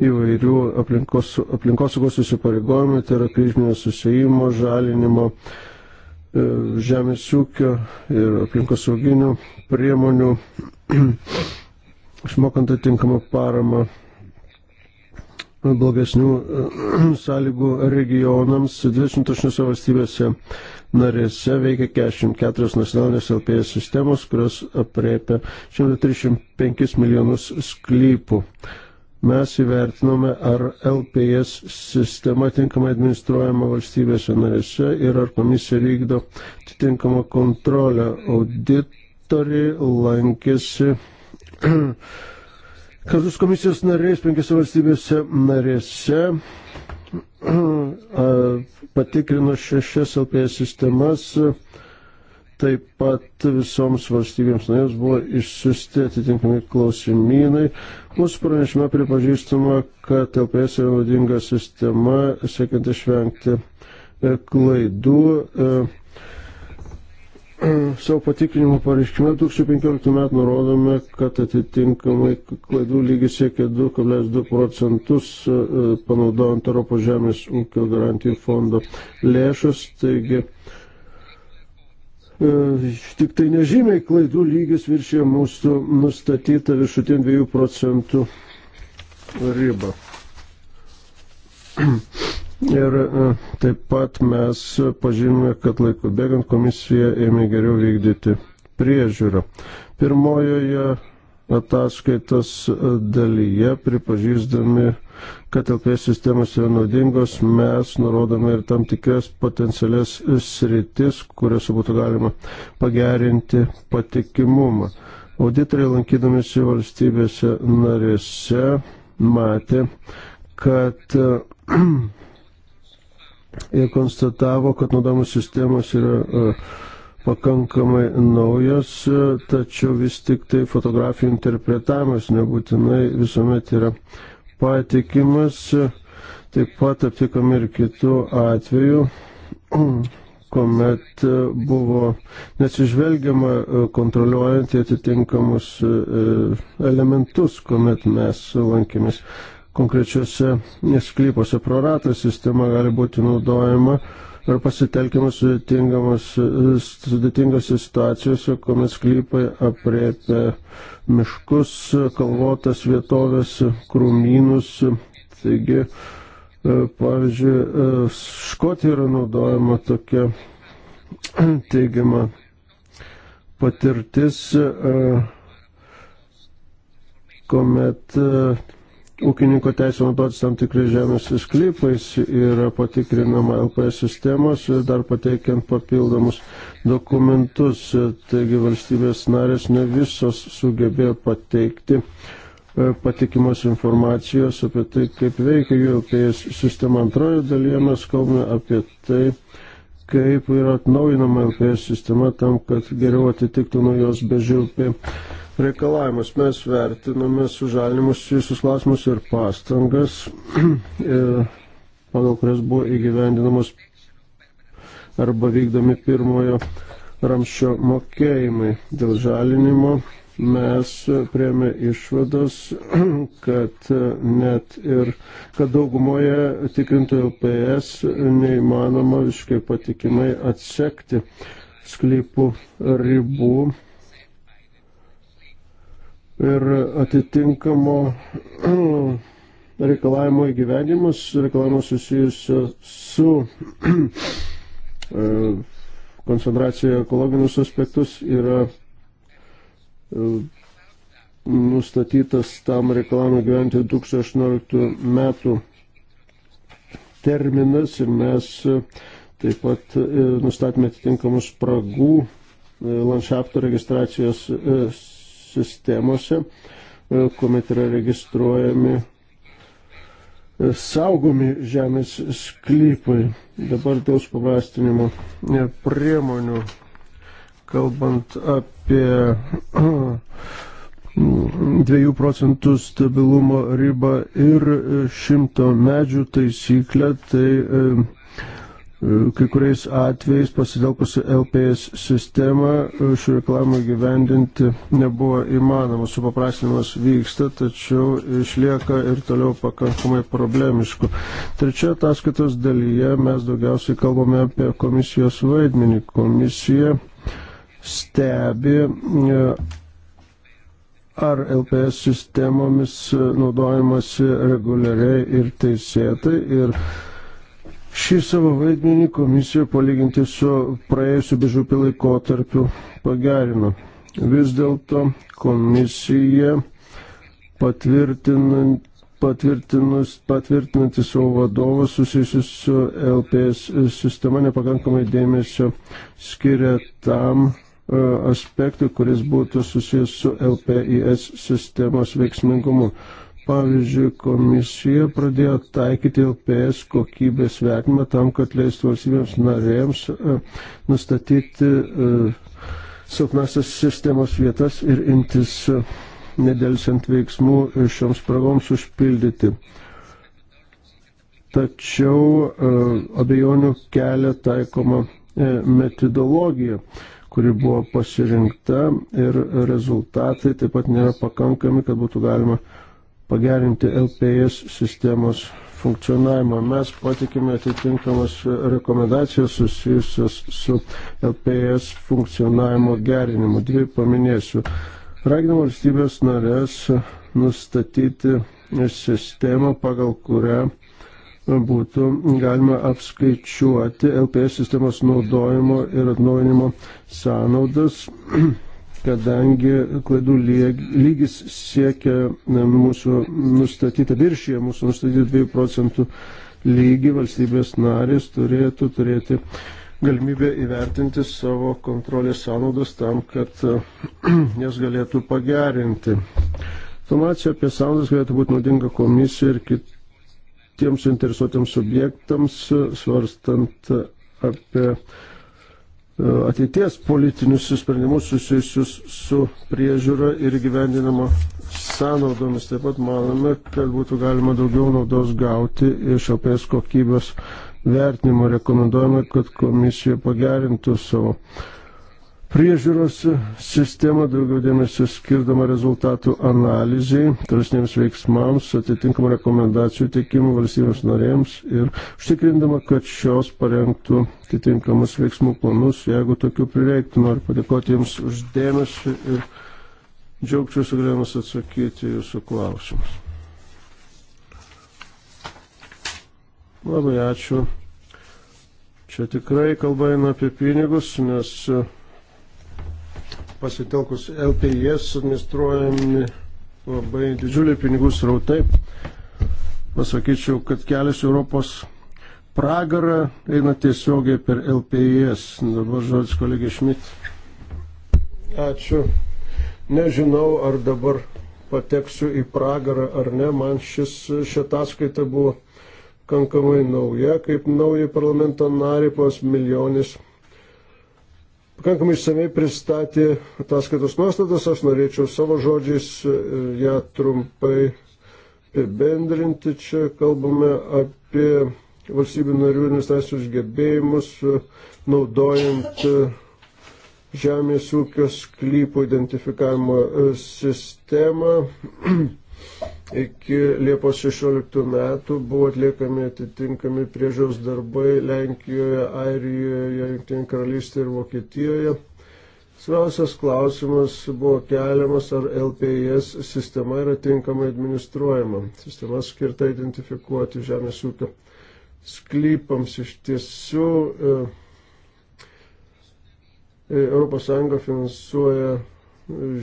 įvairių aplinkos, aplinkosaugos susipareigojimų, tai yra kryžminio susijimo, žalinimo, e, žemės ūkio ir aplinkosauginių priemonių, išmokant atitinkamą paramą blogesnių e, sąlygų regionams 28 valstybėse narėse veikia 44 nacionalinės LPS sistemos, kurios apriepia 135 milijonus sklypų. Mes įvertinome, ar LPS sistema tinkamai administruojama valstybėse narėse ir ar komisija vykdo atitinkamą kontrolę. Auditoriai lankėsi kartu su komisijos nariais penkiose valstybėse narėse patikrino šešias LPS sistemas, taip pat visoms valstybėms narėms buvo išsiusti atitinkami klausimynai. Mūsų pranešime pripažįstama, kad LPS yra naudinga sistema, siekiant išvengti e, klaidų e, savo patikrinimo pareiškime 2015 metų nurodome, kad atitinkamai klaidų lygis siekia 2,2 procentus e, panaudojant Europos žemės ūkio garantijų fondo lėšas. Taigi, e, Tik tai nežymiai klaidų lygis viršė mūsų nustatytą viršutin 2 procentų ribą. Ir e, taip pat mes pažymime, kad laiko bėgant komisija ėmė geriau vykdyti priežiūrą. Pirmojoje ataskaitos e, dalyje pripažįsdami, kad LP sistemos yra naudingos, mes nurodome ir tam tikras potencialias sritis, kuriuose būtų galima pagerinti patikimumą. Auditoriai lankydamėsi valstybėse narėse matė, kad e, Jie konstatavo, kad naudojamos sistemos yra e, pakankamai naujas, e, tačiau vis tik tai fotografijų interpretavimas nebūtinai visuomet yra patikimas. Taip pat aptikome ir kitų atvejų, kuomet e, buvo nesižvelgiama kontroliuojant atitinkamus elementus, kuomet mes lankėmės konkrečiose sklypose. Prorata sistema gali būti naudojama ir pasitelkiamas sudėtingose situacijose, kuomet sklypai apriepia miškus, kalvotas vietovės, krūmynus. Taigi, e, pavyzdžiui, e, Škotija yra naudojama tokia teigiama patirtis, e, kuomet ūkininko teisė naudotis tam tikrais žemės sklypais yra patikrinama LPS sistemos ir dar pateikiant papildomus dokumentus. Taigi valstybės narės ne visos sugebėjo pateikti e, patikimos informacijos apie tai, kaip veikia jų LPS sistema. Antrojo dalyje mes kalbame apie tai, kaip yra atnaujinama LPS sistema tam, kad geriau atitiktų naujos bežilpį reikalavimus. Mes vertiname sužalimus visus klausimus ir pastangas, e, pagal kurias buvo įgyvendinamos arba vykdomi pirmojo ramščio mokėjimai dėl žalinimo mes prieėmė išvados, kad net ir, kad daugumoje tikrintojų PS neįmanoma visiškai patikimai atsekti sklypų ribų ir atitinkamo reikalavimo įgyvenimus, reikalavimo susijusio su e, koncentracija ekologinius aspektus yra nustatytas tam reikalavimui gyventi 2018 metų terminas ir mes e, taip pat e, nustatėme atitinkamus spragų e, landšafto registracijos sistemose, kuomet yra registruojami saugomi žemės sklypai. Dabar dėl supaprastinimo priemonių, kalbant apie apie 2 procentų stabilumo ribą ir 100 medžių taisyklę, tai e, e, kai kuriais atvejais pasidelkusi LPS sistema e, šių reklamų gyvendinti nebuvo įmanoma. Supaprastinimas vyksta, tačiau išlieka ir toliau pakankamai problemiškų. Trečia ataskaitos dalyje mes daugiausiai kalbame apie komisijos vaidmenį. Komisija stebi, e, ar LPS sistemomis e, naudojamasi reguliariai ir teisėtai. Ir Šį savo vaidmenį komisija palyginti su praėjusiu bežupį laikotarpiu pagerino. Vis dėlto komisija patvirtinant patvirtinantį savo vadovą susijusius su LPS sistema nepakankamai dėmesio skiria tam, E, aspektui, kuris būtų susijęs su LPIS sistemos veiksmingumu. Pavyzdžiui, komisija pradėjo taikyti LPS kokybės vertimą tam, kad leistų valstybėms narėms e, nustatyti e, silpnasias sistemos vietas ir imtis nedelsiant veiksmų šioms spragoms užpildyti. Tačiau abejonių kelia taikoma metodologija kuri buvo pasirinkta ir rezultatai taip pat nėra pakankami, kad būtų galima pagerinti LPS sistemos funkcionavimą. Mes patikime atitinkamas rekomendacijas susijusios su LPS funkcionavimo gerinimu. Dvi paminėsiu. Raginam valstybės narės nustatyti sistemą, pagal kurią būtų galima apskaičiuoti LPS sistemos naudojimo ir atnaujinimo sąnaudas, kadangi klaidų lygis siekia e, mūsų nustatytą viršyje, mūsų nustatytą 2 procentų lygį valstybės narės turėtų turėti galimybę įvertinti savo kontrolės sąnaudas tam, kad e, jas galėtų pagerinti. Informacija apie sąnaudas galėtų būti naudinga komisija ir kitų tiems suinteresuotiems subjektams, svarstant apie e, ateities politinius sprendimus susijusius su priežiūra ir gyvendinama sąnaudomis. Taip pat manome, kad būtų galima daugiau naudos gauti iš OPS kokybės vertinimo. Rekomenduojame, kad komisija pagerintų savo priežiūros sistemą, daugiau dėmesio skirdama rezultatų analizai, tolesniems veiksmams, atitinkamų rekomendacijų teikimų valstybės norėms ir užtikrindama, kad šios parengtų atitinkamus veiksmų planus, jeigu tokių prireiktų. Noriu padėkoti Jums uždėmesį ir džiaugčiausi galėdamas atsakyti Jūsų klausimus. Labai ačiū. Čia tikrai kalba eina apie pinigus, nes pasitelkus LPIS administruojami labai didžiuliai pinigų srautai. Pasakyčiau, kad kelias Europos pragarą eina tiesiogiai per LPIS. Dabar žodis kolegė Šmit. Ačiū. Nežinau, ar dabar pateksiu į pragarą ar ne. Man šis šitaskaita buvo kankamai nauja, kaip naujai parlamento narį pas milijonis pakankamai išsamei pristatė ataskaitos nuostatas, aš norėčiau savo žodžiais e, ją trumpai apibendrinti. Čia kalbame apie valstybių narių administracijos gebėjimus, e, naudojant e, žemės ūkio sklypų identifikavimo sistemą. Iki Liepos 16 metų buvo atliekami atitinkami priežiaus darbai Lenkijoje, Airijoje, Junktinė karalystė ir Vokietijoje. Svarbiausias klausimas buvo keliamas, ar LPIS sistema yra tinkamai administruojama. Sistema skirta identifikuoti žemės ūkio sklypams iš tiesų. ES e, finansuoja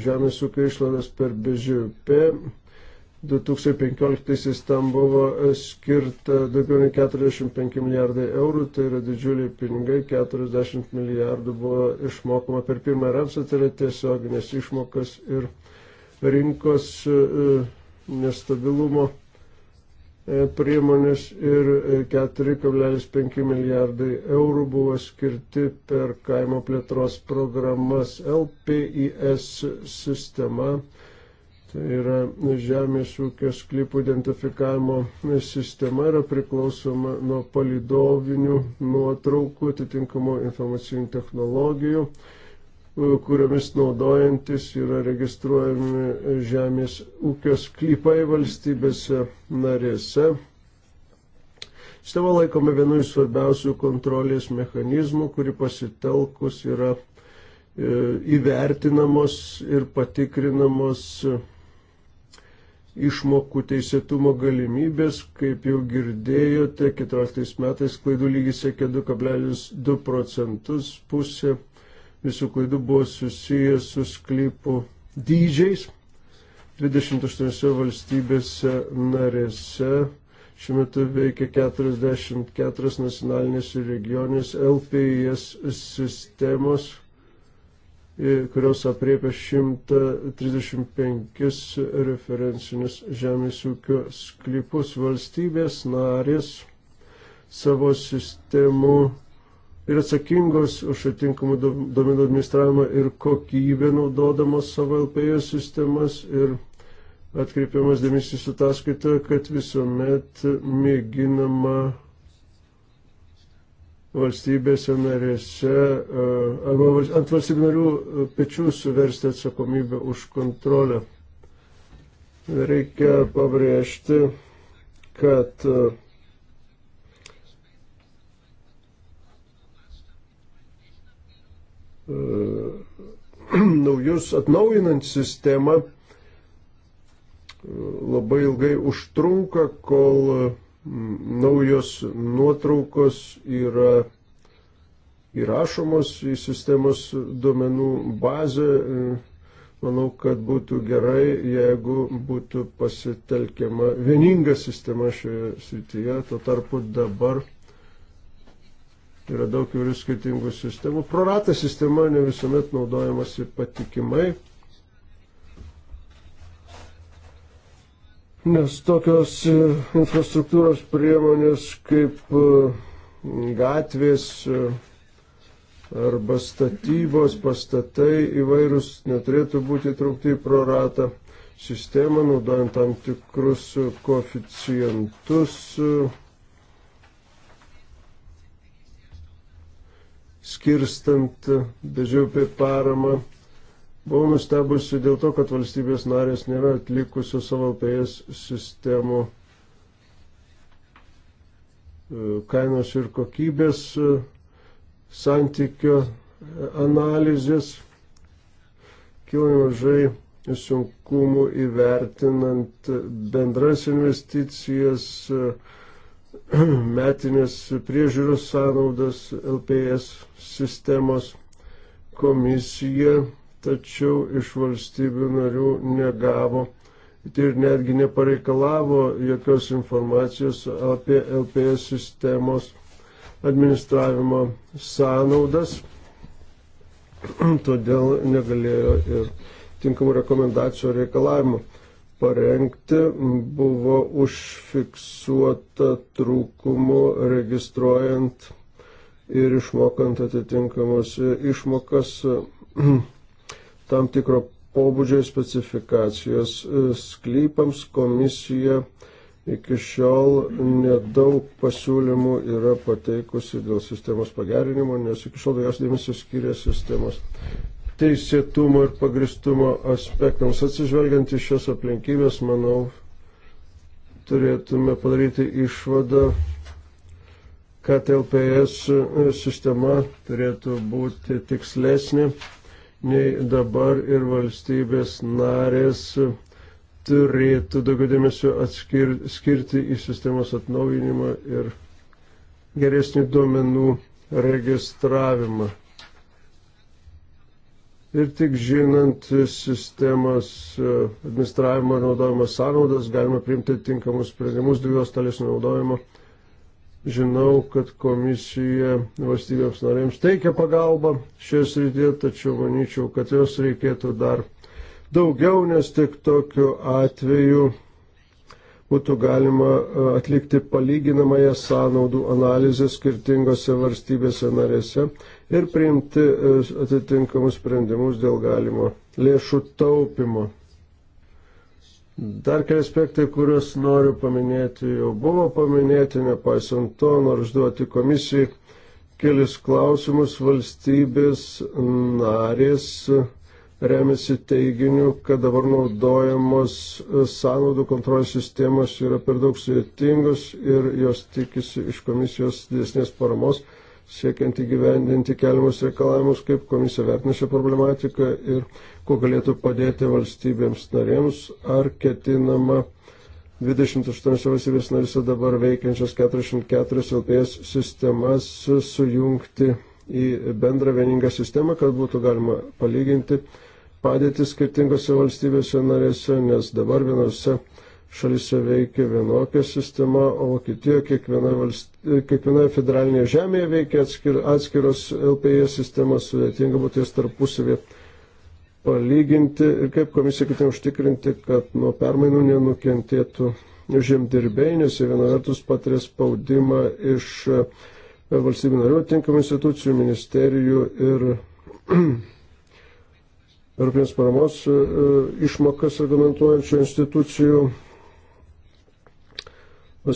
žemės ūkio išlaidas per BŽP 2015 tam buvo e, skirta daugiau nei 45 milijardai eurų, tai yra didžiuliai pinigai, 40 milijardų buvo išmokama per pirmą ramsą, tai yra tiesioginės išmokas ir rinkos e, nestabilumo e, priemonės ir 4,5 milijardai eurų buvo skirti per kaimo plėtros programas LPIS sistema Tai yra žemės ūkio sklypų identifikavimo sistema yra priklausoma nuo palidovinių nuotraukų, atitinkamų informacinių technologijų, kuriomis naudojantis yra registruojami žemės ūkio sklypai valstybėse narėse. Sistema laikoma vienu iš svarbiausių kontrolės mechanizmų, kuri pasitelkus yra e, įvertinamos ir patikrinamos išmokų teisėtumo galimybės, kaip jau girdėjote, 14 metais klaidų lygis siekė 2,2 procentus, pusė visų klaidų buvo susijęs su sklypų dydžiais. 28 valstybėse narėse šiuo metu veikia 44 nacionalinės ir regioninės LPIS sistemos E, kurios apriepia 135 referencinius žemės ūkio sklypus valstybės narės savo sistemų ir atsakingos už atinkamų domenų administravimą ir kokybę naudodamos savo LPS e sistemas ir atkreipiamas dėmesys ataskaitoje, kad visuomet mėginama valstybėse narėse, e, ant valstybių narių e, pečių suversti atsakomybę už kontrolę. Reikia pabrėžti, kad e, naujus atnaujinant sistemą labai ilgai užtrunka, kol naujos nuotraukos yra įrašomos į sistemos duomenų bazę. Manau, kad būtų gerai, jeigu būtų pasitelkiama vieninga sistema šioje srityje. Tuo tarpu dabar yra daug įvairių skirtingų sistemų. Prorata sistema ne visuomet naudojamasi patikimai. nes tokios e, infrastruktūros priemonės kaip e, gatvės e, arba statybos pastatai įvairūs neturėtų būti traukti į proratą sistemą, naudojant tam tikrus koficijantus. Skirstant bežiaupį paramą Buvau nustebusi dėl to, kad valstybės narės nėra atlikusių savo PS sistemų e, kainos ir kokybės e, santykio e, analizės. Kilo nemažai sunkumų įvertinant bendras investicijas, metinės priežiūros sąnaudas LPS sistemos komisija tačiau iš valstybių narių negavo ir netgi nepareikalavo jokios informacijos apie LPS sistemos administravimo sąnaudas, todėl negalėjo ir tinkamų rekomendacijų reikalavimų parengti buvo užfiksuota trūkumų registruojant ir išmokant atitinkamas išmokas tam tikro pobūdžio specifikacijos e, sklypams komisija iki šiol nedaug pasiūlymų yra pateikusi dėl sistemos pagerinimo, nes iki šiol daugiausiai dėmesio skiria sistemos teisėtumo ir pagristumo aspektams. Atsižvelgiant į šias aplinkybės, manau, turėtume padaryti išvadą, kad LPS sistema turėtų būti tikslesnė nei dabar ir valstybės narės turėtų daugiau dėmesio atskir, skirti į sistemos atnaujinimą ir geresnį duomenų registravimą. Ir tik žinant sistemos e, administravimo ir naudojimo sąnaudas galima priimti tinkamus sprendimus dėl jos talesnio naudojimo Žinau, kad komisija valstybėms norėms teikia pagalbą šioje srityje, tačiau manyčiau, kad jos reikėtų dar daugiau, nes tik tokiu atveju būtų galima e, atlikti palyginamąją sąnaudų analizę skirtingose valstybėse narėse ir priimti e, atitinkamus sprendimus dėl galimo lėšų taupimo. Dar keli aspektai, kuriuos noriu paminėti, jau buvo paminėti, nepaisant to, noriu užduoti komisijai kelis klausimus. Valstybės narės remiasi teiginiu, kad dabar naudojamos sąnaudų kontrolės sistemos yra per daug sudėtingos ir jos tikisi iš komisijos didesnės paramos siekiant įgyvendinti keliamus reikalavimus, kaip komisija vertina šią problematiką ir kuo galėtų padėti valstybėms narėms, ar ketinama 28 valstybės narėse dabar veikiančias 44 LPS sistemas sujungti į bendrą vieningą sistemą, kad būtų galima palyginti padėti skirtingose valstybėse narėse, nes dabar vienose šalise veikia vienokia sistema, o Vokietijoje kiekvienoje valst... kiekvienoje federalinėje žemėje veikia atskir... atskiros LPE sistemos, sudėtinga būtų jas tarpusavėje palyginti ir kaip komisija ketina užtikrinti, kad nuo permainų nenukentėtų žemdirbiai, nes jie viena vertus patiria spaudimą iš e, valstybių narių atinkamų institucijų, ministerijų ir Europinės paramos e, e, išmokas reglamentuojančių institucijų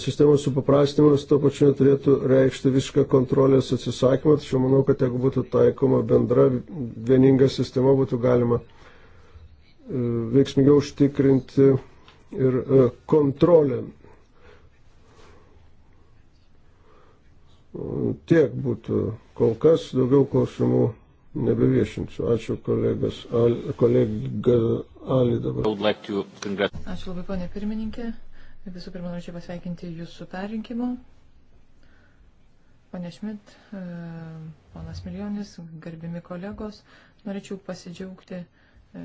sistemos supaprastinimas to pačiu neturėtų reikšti viską kontrolės atsisakymą, tačiau manau, kad jeigu būtų taikoma bendra vieninga sistema, būtų galima e, veiksmingiau užtikrinti ir e, kontrolę. Tiek būtų kol kas, daugiau klausimų nebeviešinsiu. Ačiū kolegas, al, kolega Ali dabar. Ačiū labai, ponė pirmininkė. Visų pirma, norėčiau pasveikinti jūsų perrinkimu. Pane Šmit, e, ponas Miljonis, garbimi kolegos, norėčiau pasidžiaugti e,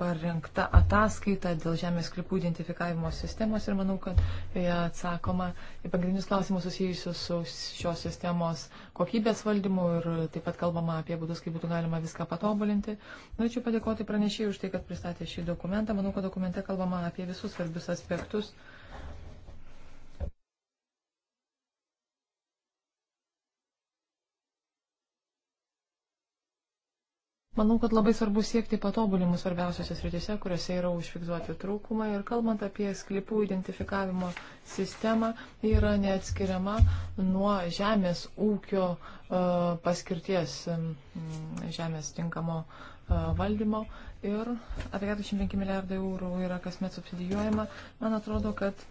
parengta ataskaita dėl žemės klipų identifikavimo sistemos ir manau, kad joje atsakoma į pagrindinius klausimus susijusius su šios sistemos kokybės valdymu ir taip pat kalbama apie būdus, kaip būtų galima viską patobulinti. Norėčiau padėkoti pranešėjui už tai, kad pristatė šį dokumentą. Manau, kad dokumente kalbama apie visus svarbius aspektus Manau, kad labai svarbu siekti patobulimų svarbiausiose srityse, kuriuose yra užfiksuoti trūkumai. Ir kalbant apie sklypų identifikavimo sistemą, yra neatskiriama nuo žemės ūkio e, paskirties, žemės tinkamo e, valdymo. Ir apie 45 milijardai eurų yra kasmet subsidijuojama. Man atrodo, kad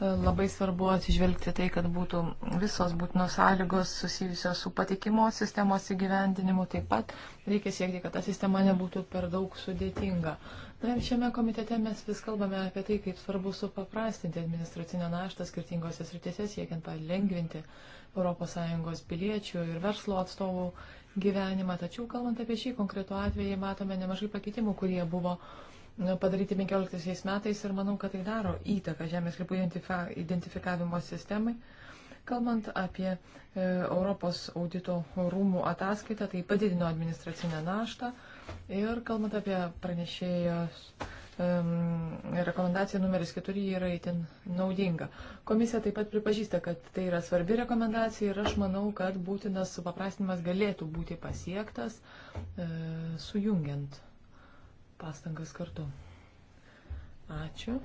labai svarbu atsižvelgti tai, kad būtų visos būtinos sąlygos susijusios su patikimo sistemos įgyvendinimu. Taip pat reikia siekti, kad ta sistema nebūtų per daug sudėtinga. Na ir šiame komitete mes vis kalbame apie tai, kaip svarbu supaprastinti administracinę naštą skirtingose sritise, siekiant palengvinti ES piliečių ir verslo atstovų gyvenimą. Tačiau, kalbant apie šį konkretų atvejį, matome nemažai pakeitimų, kurie buvo uh, padaryti 15 metais ir manau, kad tai daro įtaką žemės klipų identifikavimo sistemai. Kalbant apie e, Europos audito rūmų ataskaitą, tai padidino administracinę naštą ir kalbant apie pranešėjos rekomendacija numeris 4 yra itin naudinga. Komisija taip pat pripažįsta, kad tai yra svarbi rekomendacija ir aš manau, kad būtinas supaprastinimas galėtų būti pasiektas e, sujungiant pastangas kartu. Ačiū.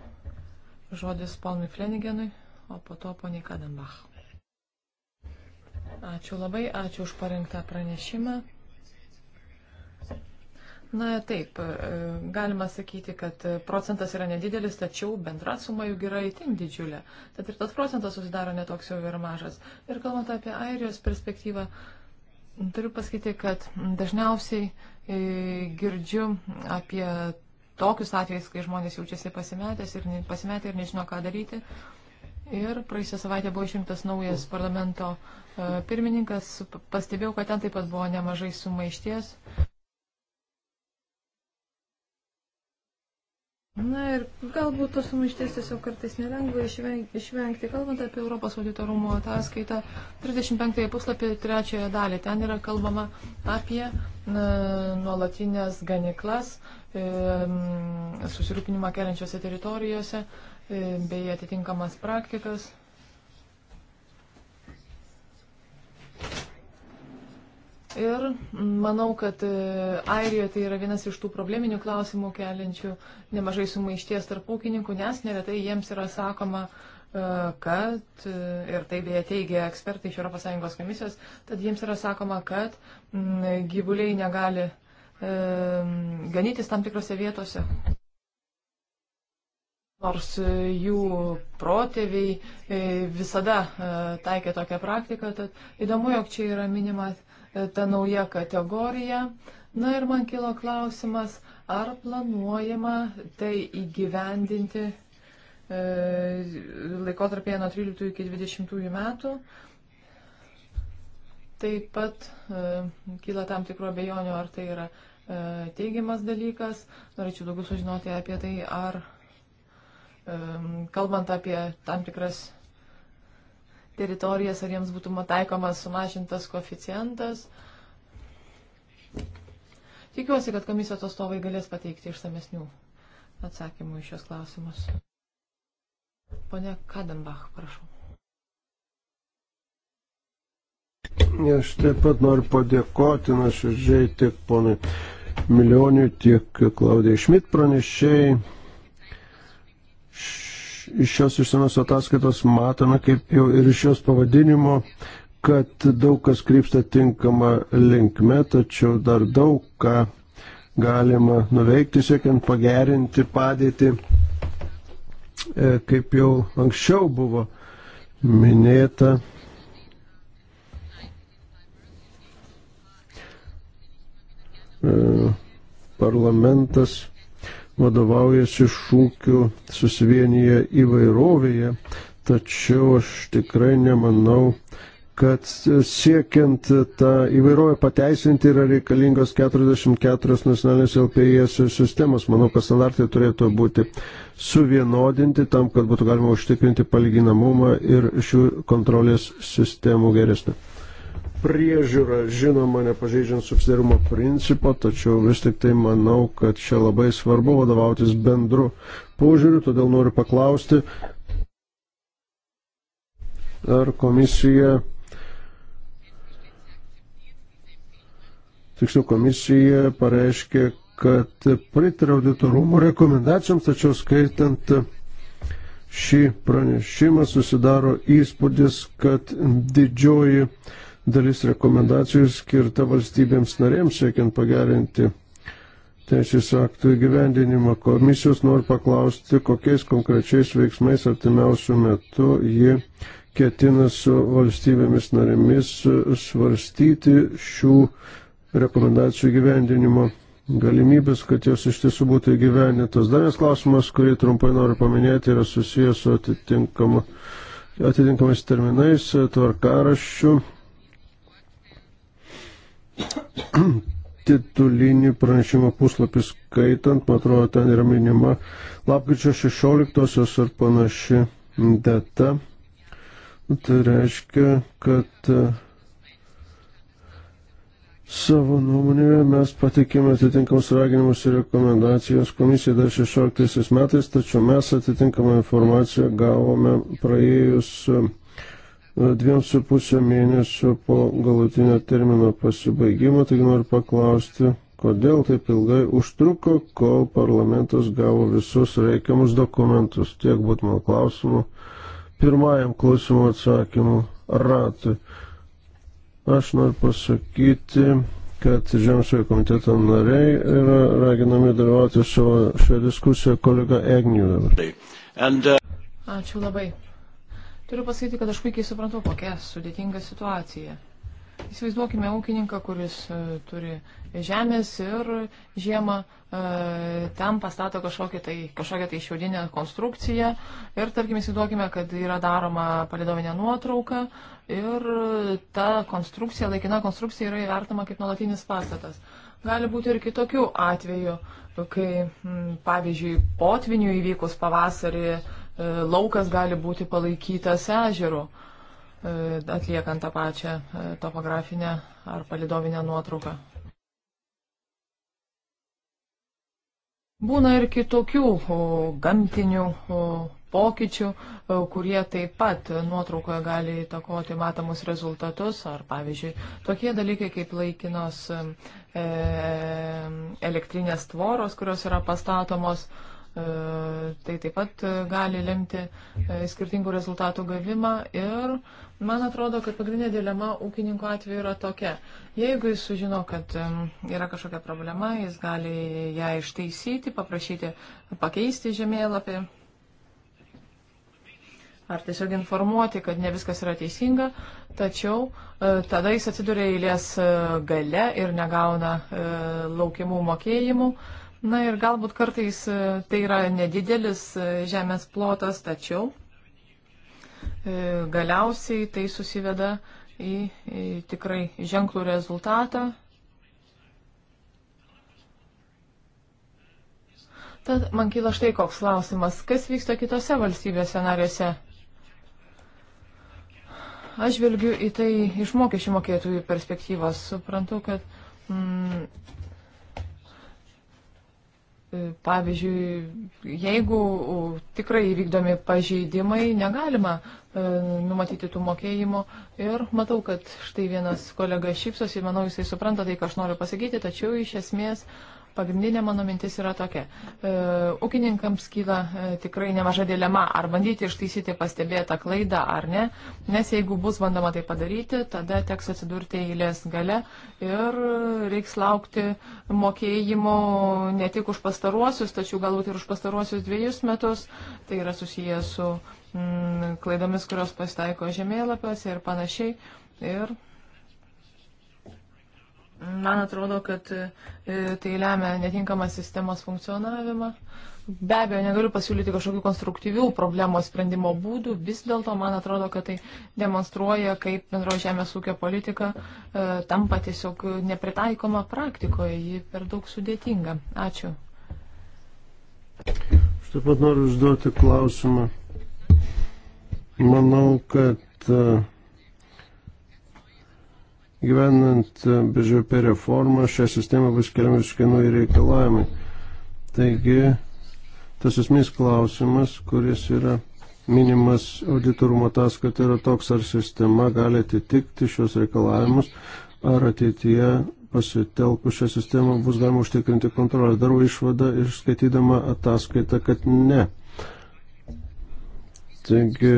Žodis ponui Flenigenui, o po to poniai Kadenbach. Ačiū labai, ačiū už parengtą pranešimą. Na taip, e, galima sakyti, kad procentas yra nedidelis, tačiau bendra suma juk yra itin didžiulė. Tad ir tas procentas susidaro netoks jau ir mažas. Ir kalbant apie Airijos perspektyvą, turiu pasakyti, kad dažniausiai E, girdžiu apie tokius atvejus, kai žmonės jaučiasi pasimetęs ir pasimetę ir nežino, ką daryti. Ir praėjusią savaitę buvo išrinktas naujas parlamento e, pirmininkas. Pastebėjau, kad ten taip pat buvo nemažai sumaišties. Na ir galbūt tos sumaišties tiesiog kartais nelengva išvengti. Kalbant apie Europos audito rūmų ataskaitą, 35 puslapį trečioje dalį, ten yra kalbama apie e, nuolatinės ganiklas e, susirūpinimą keliančiose teritorijose e, bei atitinkamas praktikas. Ir manau, kad e, Airijoje tai yra vienas iš tų probleminių klausimų keliančių nemažai sumaišties tarp ūkininkų, nes neretai jiems yra sakoma, e, kad, e, ir tai beje teigia ekspertai iš ES komisijos, tad jiems yra sakoma, kad mm, gyvuliai negali ganytis tam tikrose vietose. Nors jų protėviai visada taikė tokią praktiką, tad įdomu, jog čia yra minimas E, ta nauja kategorija. Na ir man kilo klausimas, ar planuojama tai įgyvendinti e, laikotarpėje nuo 13 iki 20 metų. Taip pat e, kyla tam tikro abejonių, ar tai yra e, teigiamas dalykas. Norėčiau daugiau sužinoti apie tai, ar e, kalbant apie tam tikras teritorijas, ar jiems būtų taikomas sumažintas koficijantas. Tikiuosi, kad komisijos atstovai galės pateikti išsamesnių atsakymų iš šios klausimus. Pone Kadenbach, prašau. Aš taip pat noriu padėkoti nuoširdžiai tiek ponui Milioniui, tiek Klaudijai Šmit pranešėjai iš šios išsamios ataskaitos matome, kaip jau ir iš jos pavadinimo, kad daug kas krypsta tinkama linkme, tačiau dar daug ką galima nuveikti, siekiant pagerinti padėtį, e, kaip jau anksčiau buvo minėta. E, parlamentas vadovaujasi šūkiu susivienyje įvairovėje, tačiau aš tikrai nemanau, kad siekiant tą įvairovę pateisinti yra reikalingos 44 nacionalinės LPIS sistemos. Manau, kad standartai turėtų būti suvienodinti tam, kad būtų galima užtikrinti palyginamumą ir šių kontrolės sistemų geresnį priežiūra, žinoma, nepažeidžiant subsidarumo principo, tačiau vis tik tai manau, kad čia labai svarbu vadovautis bendru požiūriu, todėl noriu paklausti, ar komisija, tiksliau komisija pareiškė, kad pritarė auditorumo rekomendacijoms, tačiau skaitant šį pranešimą susidaro įspūdis, kad didžioji dalis rekomendacijų skirta valstybėms narėms, siekiant pagerinti teisės aktų įgyvendinimą. Komisijos nori paklausti, kokiais konkrečiais veiksmais artimiausių metų ji ketina su valstybėmis narėmis svarstyti šių rekomendacijų įgyvendinimo galimybės, kad jos iš tiesų būtų įgyvendintos. Dar vienas klausimas, kurį trumpai noriu paminėti, yra susijęs su atitinkamu atitinkamais terminais, tvarkaraščių titulinį pranešimo puslapį skaitant, man atrodo, ten yra minima lapkričio 16-osios ar panaši data. Nu, tai reiškia, kad e, savo nuomonėje mes patikėme atitinkamus raginimus ir rekomendacijas komisijai dar 16 metais, tačiau mes atitinkamą informaciją gavome praėjus dviem su pusė mėnesio po galutinio termino pasibaigimo, taigi noriu paklausti, kodėl taip ilgai užtruko, kol parlamentas gavo visus reikiamus dokumentus. Tiek būtų mano klausimų. Pirmajam klausimų atsakymų ratui. Aš noriu pasakyti, kad Žemsvėjo komiteto nariai yra raginami dalyvauti savo šioje diskusijoje kolega Egniu dabar. And, uh... Ačiū labai. Turiu pasakyti, kad aš puikiai suprantu, kokia sudėtinga situacija. Įsivaizduokime ūkininką, kuris e, turi žemės ir žiemą e, ten pastato kažkokią tai, kažkokią tai šiaudinę konstrukciją ir tarkim įsivaizduokime, kad yra daroma palidovinė nuotrauka ir ta konstrukcija, laikina konstrukcija yra įvertama kaip nuolatinis pastatas. Gali būti ir kitokių atvejų, kai pavyzdžiui potvinių įvykus pavasarį E, laukas gali būti palaikytas ežeru, e, atliekant tą pačią e, topografinę ar palidovinę nuotrauką. Būna ir kitokių gamtinių pokyčių, kurie taip pat nuotraukoje gali įtakoti matomus rezultatus, ar pavyzdžiui, tokie dalykai kaip laikinos e, elektrinės tvoros, kurios yra pastatomos e, E, tai taip pat gali lemti e, skirtingų rezultatų gavimą. Ir man atrodo, kad pagrindinė dilema ūkininko atveju yra tokia. Jeigu jis sužino, kad yra kažkokia problema, jis gali ją ištaisyti, paprašyti pakeisti žemėlapį ar tiesiog informuoti, kad ne viskas yra teisinga, tačiau e, tada jis atsiduria eilės e, gale ir negauna e, laukiamų mokėjimų. E, Na ir galbūt kartais e, tai yra nedidelis e, žemės plotas, tačiau e, galiausiai tai susiveda į, į tikrai ženklų rezultatą. Tad man kyla štai koks klausimas, kas vyksta kitose valstybėse narėse? Aš žvelgiu į tai iš mokesčių mokėtųjų perspektyvos. Suprantu, kad mm, Pavyzdžiui, jeigu tikrai įvykdomi pažeidimai, negalima e, numatyti tų mokėjimų. Ir matau, kad štai vienas kolega šypsosi, manau, jisai supranta tai, ką aš noriu pasakyti, tačiau iš esmės Pagrindinė mano mintis yra tokia. E, ūkininkams kyla e, tikrai nemaža dilema, ar bandyti ištaisyti pastebėtą klaidą ar ne, nes jeigu bus bandoma tai padaryti, tada teks atsidurti eilės gale ir reiks laukti mokėjimo ne tik už pastaruosius, tačiau galbūt ir už pastaruosius dviejus metus. Tai yra susijęs su mm, klaidomis, kurios pasitaiko žemėlapiuose ir panašiai. Ir Man atrodo, kad e, tai lemia netinkamą sistemos funkcionavimą. Be abejo, negaliu pasiūlyti kažkokių konstruktyvių problemos sprendimo būdų, vis dėlto man atrodo, kad tai demonstruoja, kaip bendro žemės ūkio politika e, tampa tiesiog nepritaikoma praktikoje, ji per daug sudėtinga. Ačiū. Aš taip pat noriu užduoti klausimą. Manau, kad e, gyvenant e, BŽP reformą, šią sistemą bus keliami visiškai nauji reikalavimai. Taigi, tas esminis klausimas, kuris yra minimas auditorumo ataskaita, yra toks, ar sistema gali atitikti šios reikalavimus, ar ateityje pasitelkus šią sistemą bus galima užtikrinti kontrolę. Darau išvadą ir skaitydama ataskaitą, kad ne. Taigi,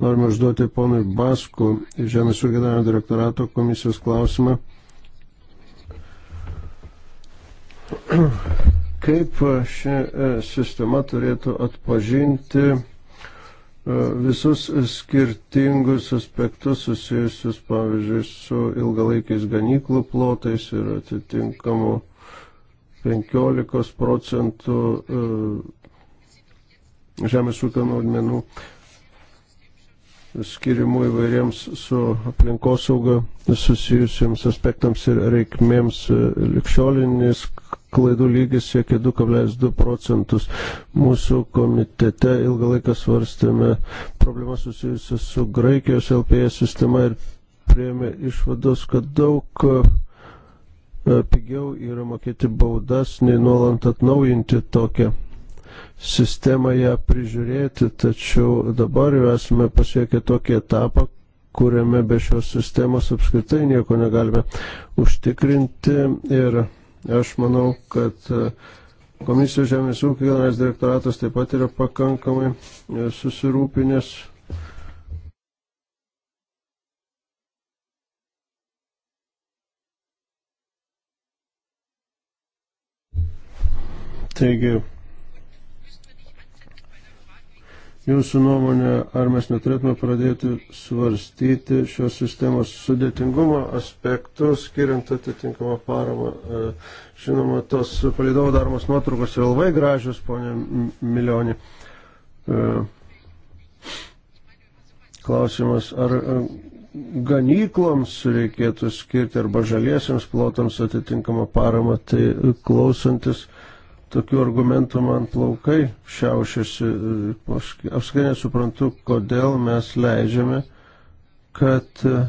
Norime užduoti ponui Basku Žemės ūkio generalinio direktorato komisijos klausimą. Kaip ši e, sistema turėtų atpažinti e, visus skirtingus aspektus susijusius, pavyzdžiui, su ilgalaikiais ganyklų plotais ir atitinkamu 15 procentų e, žemės ūkio naudmenų skirimų įvairiems su aplinkosauga susijusiems aspektams ir reikmėms likščiolinis klaidų lygis siekia 2,2 procentus. Mūsų komitete ilgą laiką svarstėme problemas susijusias su Graikijos LPS sistema ir prieėmė išvados, kad daug e, pigiau yra mokėti baudas, nei nuolant atnaujinti tokią sistemą ją prižiūrėti, tačiau dabar jau esame pasiekę tokį etapą, kuriame be šios sistemos apskritai nieko negalime užtikrinti. Ir aš manau, kad e, Komisijos žemės ūkio generalinis direktoratas taip pat yra pakankamai e, susirūpinęs. Taigi, Jūsų nuomonė, ar mes neturėtume pradėti svarstyti šios sistemos sudėtingumo aspektus, skiriant atitinkamą paramą. E, žinoma, tos palidovo daromos nuotraukos yra labai gražios, ponė Milionė. E, klausimas, ar e, ganykloms reikėtų skirti arba žaliesiams plotams atitinkamą paramą, tai klausantis tokių argumentų man plaukai šiaušiasi. Aš apskritai nesuprantu, kodėl mes leidžiame, kad e,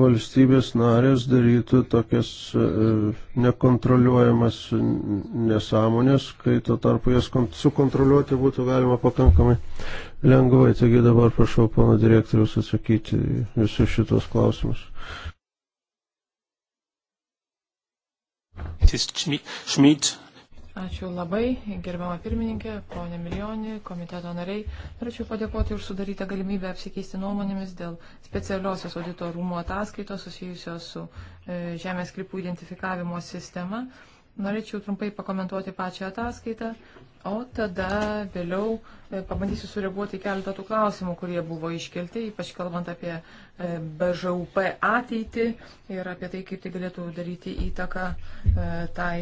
valstybės narės darytų tokias e, nekontroliuojamas nesąmonės, kai tuo tarpu jas sukontroliuoti būtų galima pakankamai lengvai. Taigi dabar prašau pono direktorius atsakyti visus šitos klausimus. Ačiū labai, gerbiama pirmininkė, ponė Milijonį, komiteto nariai. Norėčiau padėkoti už sudarytą galimybę apsikeisti nuomonėmis dėl specialiosios audito rūmų ataskaitos susijusios su e, žemės sklypų identifikavimo sistema. E, Norėčiau trumpai pakomentuoti pačią ataskaitą, o tada vėliau e, pabandysiu sureaguoti keletą tų klausimų, kurie buvo iškelti, ypač kalbant apie e, BŽUP ateitį ir apie tai, kaip tai galėtų daryti įtaką e, tai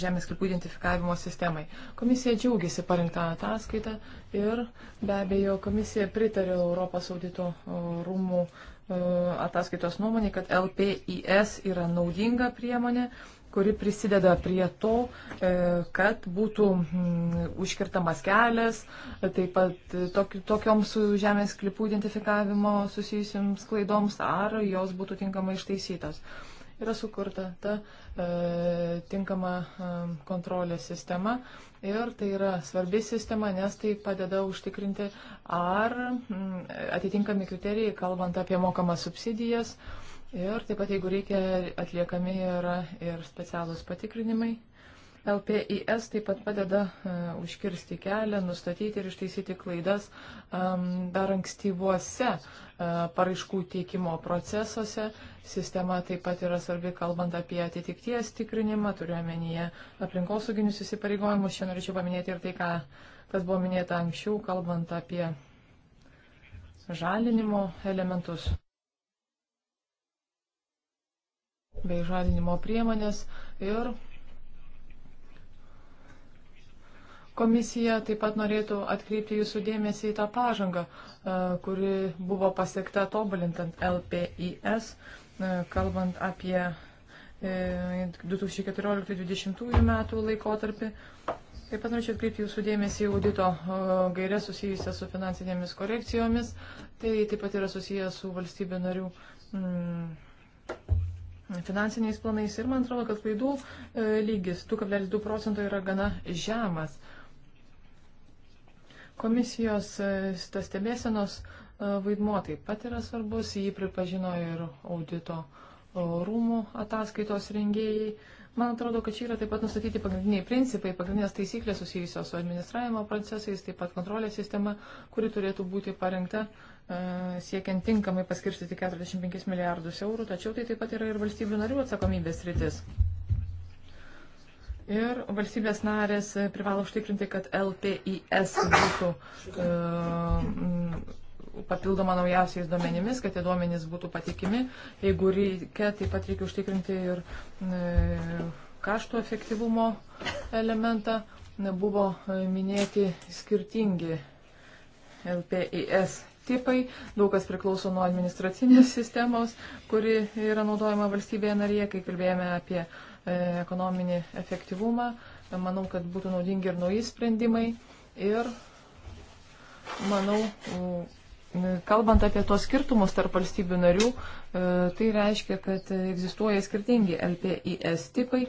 žemės sklypų identifikavimo sistemai. Komisija džiaugiasi parinktą ataskaitą ir be abejo komisija pritarė Europos audito rūmų ataskaitos nuomonė, kad LPIS yra naudinga priemonė kuri prisideda prie to, e, kad būtų mm, užkirtamas kelias, taip pat tokioms su žemės klipų identifikavimo susijusiams klaidoms, ar jos būtų tinkamai ištaisytos. Yra sukurta ta e, tinkama e, kontrolės sistema ir tai yra svarbi sistema, nes tai padeda užtikrinti, ar m, mm, atitinkami kriterijai, kalbant apie mokamas subsidijas, e, Ir taip pat, jeigu reikia, atliekami yra ir specialūs patikrinimai. LPIS taip pat padeda uh, užkirsti kelią, nustatyti ir ištaisyti klaidas um, dar ankstyvuose uh, paraiškų teikimo procesuose. Sistema taip pat yra svarbi, kalbant apie atitikties tikrinimą, turiuomenyje aplinkosauginius įsipareigojimus. Šiandien norėčiau paminėti ir tai, ką, kas buvo minėta anksčiau, kalbant apie žalinimo elementus. bei žalinimo priemonės ir Komisija taip pat norėtų atkreipti jūsų dėmesį į tą pažangą, e, kuri buvo pasiekta tobulintant LPIS, e, kalbant apie 2014-2020 e, metų laikotarpį. Taip pat norėčiau atkreipti jūsų dėmesį į audito gairę susijusią su finansinėmis korekcijomis. Tai taip pat yra susiję su valstybė narių mm, finansiniais planais ir man atrodo, kad klaidų e, lygis 2,2 procento yra gana žemas. Komisijos e, tas stebėsenos e, vaidmuo taip pat yra svarbus, jį pripažino ir audito rūmų ataskaitos rengėjai. Man atrodo, kad čia yra taip pat nustatyti pagrindiniai principai, pagrindinės taisyklės susijusios su administravimo procesais, taip pat kontrolės sistema, kuri turėtų būti parengta uh, E, siekiant tinkamai paskirstyti 45 milijardus eurų, tačiau tai taip pat yra ir valstybių narių atsakomybės rytis. Ir valstybės narės privalo užtikrinti, kad LPIS būtų e, papildoma naujausiais duomenimis, kad tie duomenys būtų patikimi. Jeigu reikia, taip pat reikia užtikrinti ir e, kaštų efektyvumo elementą. Buvo e, minėti skirtingi LPIS tipai, daug kas priklauso nuo administracinės sistemos, kuri yra naudojama valstybėje narėje, kai kalbėjome apie e, ekonominį efektyvumą. Manau, kad būtų naudingi ir nauji sprendimai. Ir manau, Kalbant apie tos skirtumus tarp valstybių narių, e, tai reiškia, kad egzistuoja skirtingi LPIS tipai,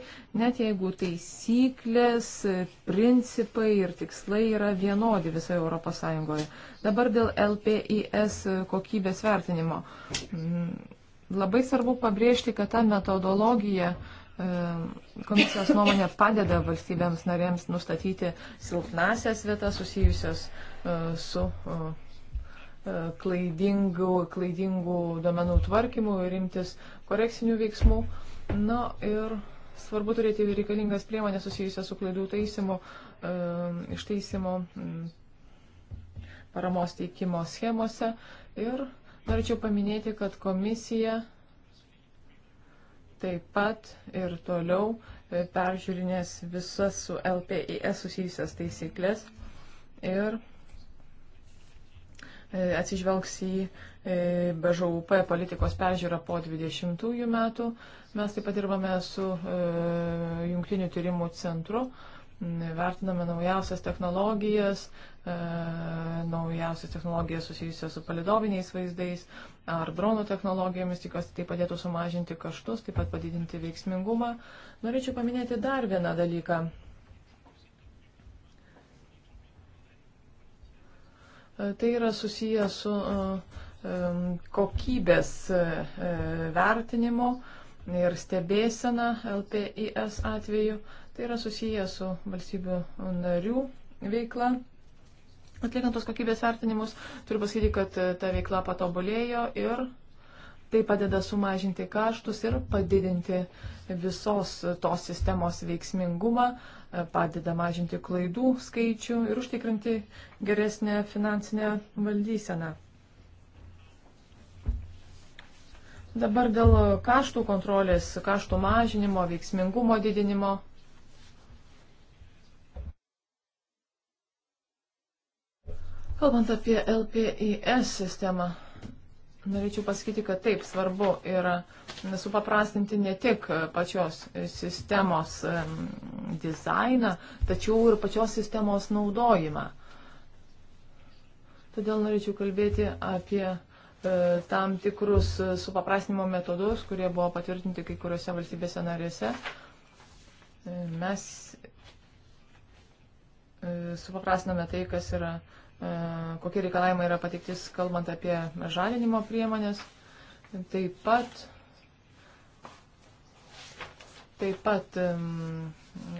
net jeigu taisyklės, principai ir tikslai yra vienodi visoje ES. Dabar dėl LPIS kokybės vertinimo. Mm, labai svarbu pabrėžti, kad ta metodologija e, komisijos nuomonė padeda valstybėms narėms nustatyti silpnasias vietas susijusios e, su E, klaidingų, klaidingų duomenų tvarkymų ir imtis korekcinių veiksmų. Na ir svarbu turėti reikalingas priemonės susijusias su klaidų taisymu, e, išteisimo mm, paramos teikimo schemose. Ir norėčiau paminėti, kad komisija taip pat ir toliau e, peržiūrinės visas su LPIS susijusias taisyklės ir E, atsižvelgs į e, BŽUP politikos peržiūrą po 20 metų. Mes taip pat dirbame su e, Junktiniu tyrimų centru, mm, vertiname naujausias technologijas, naujausias technologijas susijusias su palidoviniais vaizdais ar dronų technologijomis, tikiuosi tai padėtų sumažinti kaštus, taip pat padidinti veiksmingumą. Norėčiau paminėti dar vieną dalyką Tai yra susiję su e, kokybės e, e, vertinimo ir stebėsena LPIS atveju. Tai yra susiję su valstybių narių veikla. Atliekant tos kokybės vertinimus, turiu pasakyti, kad ta veikla patobulėjo ir Tai padeda sumažinti kaštus ir padidinti visos tos sistemos veiksmingumą, padeda mažinti klaidų skaičių ir užtikrinti geresnę finansinę valdyseną. Dabar dėl kaštų kontrolės, kaštų mažinimo, veiksmingumo didinimo. Kalbant apie LPIS sistemą, Norėčiau pasakyti, kad taip svarbu yra supaprastinti ne tik pačios sistemos dizainą, tačiau ir pačios sistemos naudojimą. Todėl norėčiau kalbėti apie e, tam tikrus supaprastinimo metodus, kurie buvo patvirtinti kai kuriuose valstybėse narėse. E, mes e, supaprastiname tai, kas yra uh, E, kokie reikalavimai yra patiktis, kalbant apie žalinimo priemonės. Taip pat, taip pat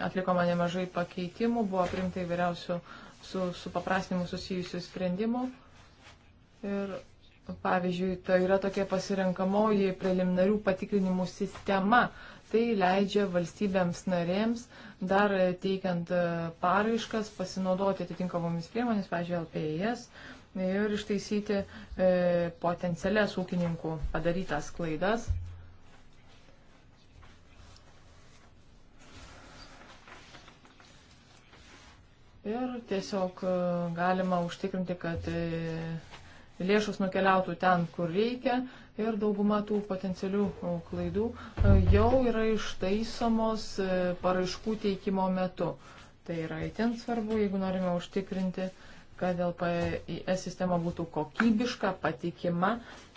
atlikoma nemažai pakeitimų, buvo primta įvairiausių su, su paprastinimu susijusių sprendimų. Ir pavyzdžiui, tai yra tokia pasirenkamoji preliminarių patikrinimų sistema. Tai leidžia valstybėms narėms uh, dar teikiant paraiškas, pasinaudoti atitinkamomis priemonės, pažiūrėjau, LPIS ir ištaisyti e, potencialias ūkininkų padarytas klaidas. Ir tiesiog e, galima užtikrinti, kad e, lėšus nukeliautų ten, kur reikia ir dauguma tų potencialių klaidų e, jau yra ištaisomos e, paraiškų teikimo metu. Tai yra itin svarbu, jeigu norime užtikrinti, kad LPIS sistema būtų kokybiška, patikima.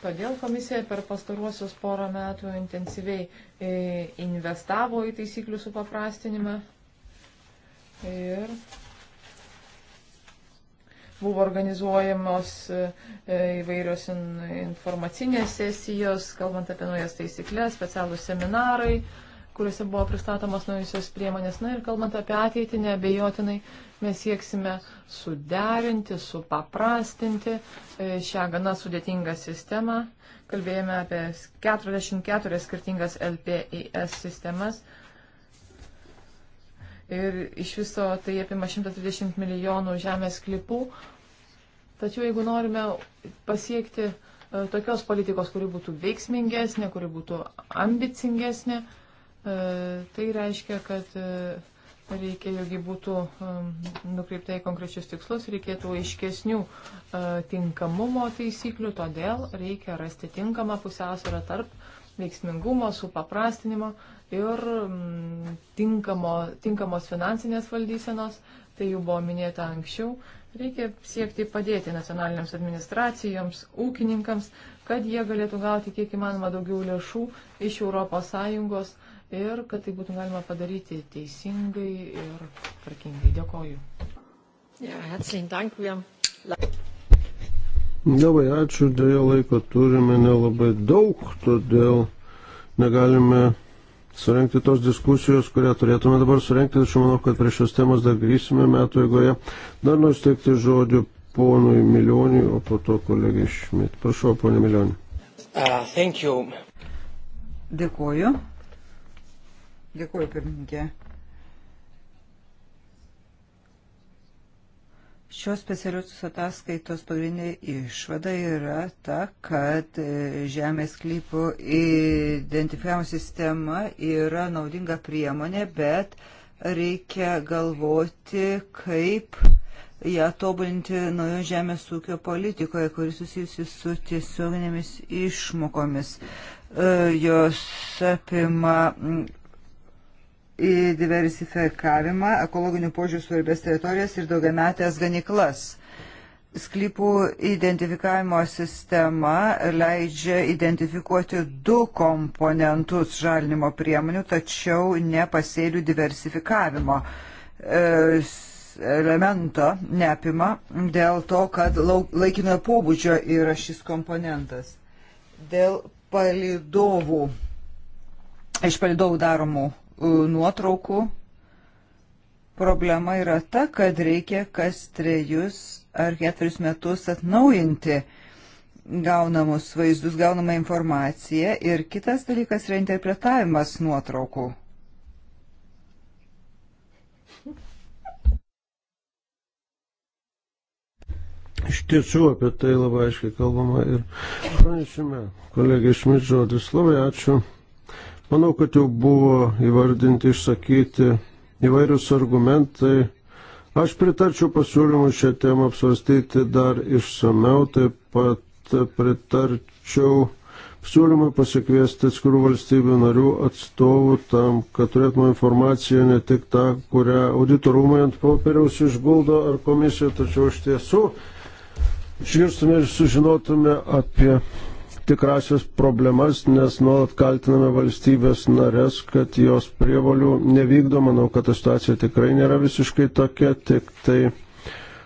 Todėl komisija per pastaruosius porą metų intensyviai e, investavo į taisyklių supaprastinimą. Ir buvo organizuojamos e, e, įvairios informacinės sesijos, kalbant apie naujas taisyklės, specialūs seminarai, kuriuose buvo pristatomos naujusios priemonės. Na ir kalbant apie ateitį, nebejotinai mes sieksime suderinti, supaprastinti e, šią gana sudėtingą sistemą. Kalbėjome apie 44 skirtingas LPIS sistemas. Ir iš viso tai apima 120 milijonų žemės klipų, Tačiau jeigu norime pasiekti e, tokios politikos, kuri būtų veiksmingesnė, kuri būtų ambicingesnė, e, tai reiškia, kad e, reikia, jog ji būtų nukreipta į konkrečius tikslus, reikėtų aiškesnių tinkamumo taisyklių, todėl reikia rasti tinkamą pusiausvyrą tarp veiksmingumo, supaprastinimo ir mm, tinkamo, tinkamos finansinės valdysenos, tai jau buvo minėta anksčiau, Reikia siekti padėti nacionaliniams administracijoms, ūkininkams, kad jie galėtų gauti kiek įmanoma daugiau lėšų iš ES ir kad tai būtų galima padaryti teisingai ir tvarkingai. Dėkoju. Ja, herzlichen Dank. Wir... Labai ačiū, dėja laiko turime nelabai daug, todėl negalime surenkti tos diskusijos, kurią turėtume dabar surenkti. Aš manau, kad prie šios temos dar grįsime metų eigoje. Dar noriu steigti žodžių ponui Milioniui, o po to kolegai Šmit. Prašau, ponė Milioniui. Uh, Dėkuoju. Dėkuoju, pirmininkė. Šios specialiosios ataskaitos pagrindinė išvada yra ta, kad e, žemės klypų identifikavimo sistema yra naudinga priemonė, bet reikia galvoti, kaip ją tobulinti naujo žemės ūkio politikoje, kuris susijusi su tiesioginėmis išmokomis. E, jos apima į diversifikavimą, ekologinių požiūrį svarbės teritorijas ir daugiametės ganiklas. Sklypų identifikavimo sistema leidžia identifikuoti du komponentus žalinimo priemonių, tačiau ne pasėlių diversifikavimo e, elemento neapima dėl to, kad laikinojo pobūdžio yra šis komponentas. Dėl palidovų, iš palidovų daromų E, nuotraukų. Problema yra ta, kad reikia kas trejus ar ketverius metus atnaujinti gaunamus vaizdus, gaunamą informaciją ir kitas dalykas yra interpretavimas nuotraukų. Iš tiesų apie tai labai aiškiai kalbama ir pranešime. Kolegai Šmidžodis, labai ačiū. Manau, kad jau buvo įvardinti išsakyti įvairius argumentai. Aš pritarčiau pasiūlymui šią temą apsvarstyti dar išsameu, taip pat pritarčiau siūlymui pasikviesti atskirų valstybių narių atstovų tam, kad turėtume informaciją ne tik tą, kurią auditorumai ant popieriaus išguldo ar komisija, tačiau iš tiesų išgirstume ir sužinotume apie tikrasias problemas, nes nuolat kaltiname valstybės narės, kad jos prievolių nevykdo. Manau, kad ta situacija tikrai nėra visiškai tokia, tik tai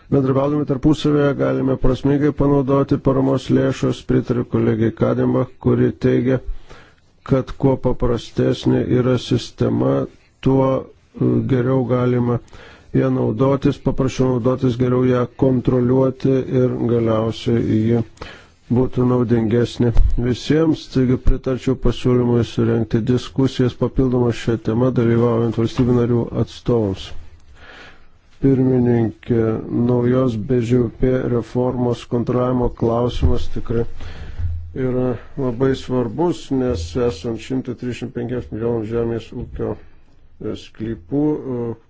Bendrabiaudami tarpusavėje galime prasmingai panaudoti paramos lėšos, pritariu kolegiai Kadimba, kuri teigia, kad kuo paprastesnė yra sistema, tuo e, geriau galima ją naudotis, paprašiau naudotis, geriau ją kontroliuoti ir galiausiai ji būtų naudingesnė visiems. Taigi pritarčiau pasiūlymui surenkti diskusijas papildomas šią temą dalyvaujant valstybių narių atstovams. Pirmininkė, naujos BŽUP reformos kontroliavimo klausimas tikrai yra labai svarbus, nes esant 135 milijonų žemės ūkio sklypų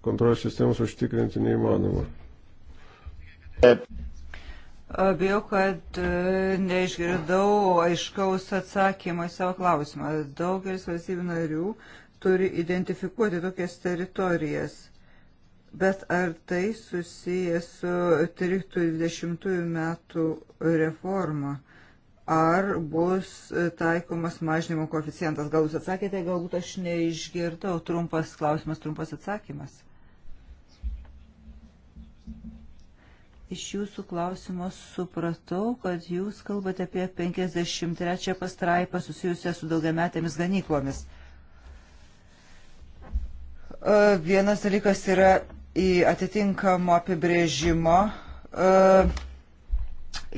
kontrolės sistemos užtikrinti neįmanoma. E, Bijau, kad e, neišgirdau aiškaus atsakymą į savo klausimą. Daugelis valstybių narių turi identifikuoti tokias teritorijas. Bet ar tai susiję su 30 metų reforma? Ar bus taikomas mažinimo koeficientas? Gal jūs atsakėte, galbūt aš neišgirdau. Trumpas klausimas, trumpas atsakymas. Iš jūsų klausimo supratau, kad jūs kalbate apie 53 pastraipą susijusią su daugiametėmis ganyklomis. E, vienas dalykas yra į atitinkamo apibrėžimo e,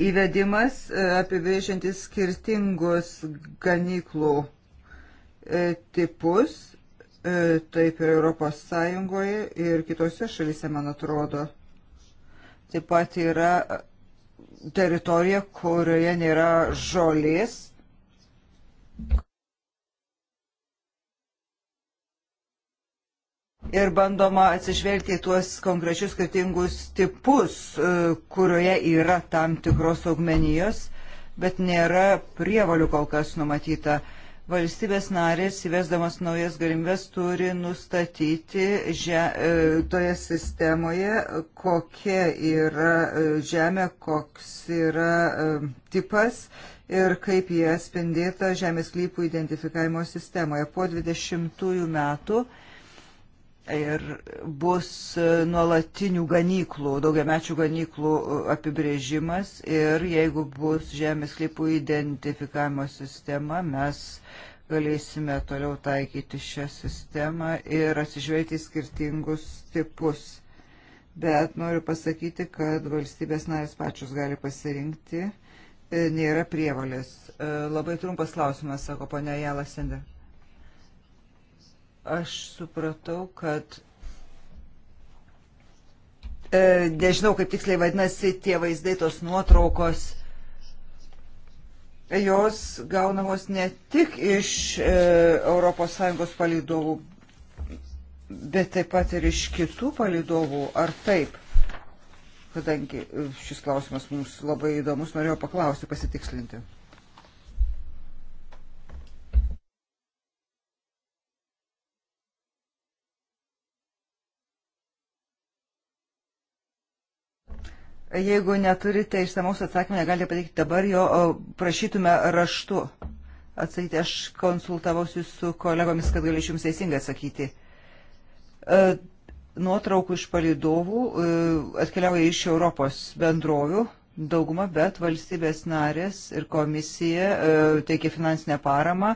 įvedimas, e, apibrėžiantis skirtingus ganyklų tipus, taip ir Europos Sąjungoje ir kitose šalyse, man atrodo. Taip pat yra e, teritorija, kurioje nėra žolės. Ir bandoma atsižvelgti į tuos konkrečius skirtingus tipus, e, kurioje yra tam tikros augmenijos, bet nėra prievalių kol kas numatyta valstybės narės įvesdamas naujas galimybės turi nustatyti že, e, toje sistemoje, kokia yra e, žemė, koks yra e, tipas ir kaip jie spindėta žemės klypų identifikavimo sistemoje. Po 20 metų ir bus e, nuolatinių ganyklų, daugiamečių ganyklų e, apibrėžimas ir jeigu bus žemės klipų identifikavimo sistema, mes galėsime toliau taikyti šią sistemą ir atsižvelgti skirtingus tipus. Bet noriu pasakyti, kad valstybės narės pačios gali pasirinkti, e, nėra prievalės. Labai trumpas klausimas, sako ponia Jala Sender. Aš supratau, kad e, nežinau, kaip tiksliai vadinasi tie vaizdai, tos nuotraukos jos gaunamos ne tik iš ES palidovų, bet taip pat ir iš kitų palidovų, ar taip? Kadangi e, šis klausimas mums labai įdomus, norėjau paklausti, pasitikslinti. Jeigu neturite išsamaus atsakymą, negalite pateikti dabar jo, prašytume raštu atsakyti. Aš konsultavausi su kolegomis, kad galėčiau jums teisingai atsakyti. E, nuotraukų iš palidovų e, atkeliauja iš Europos bendrovių dauguma, bet valstybės narės ir komisija e, teikia finansinę paramą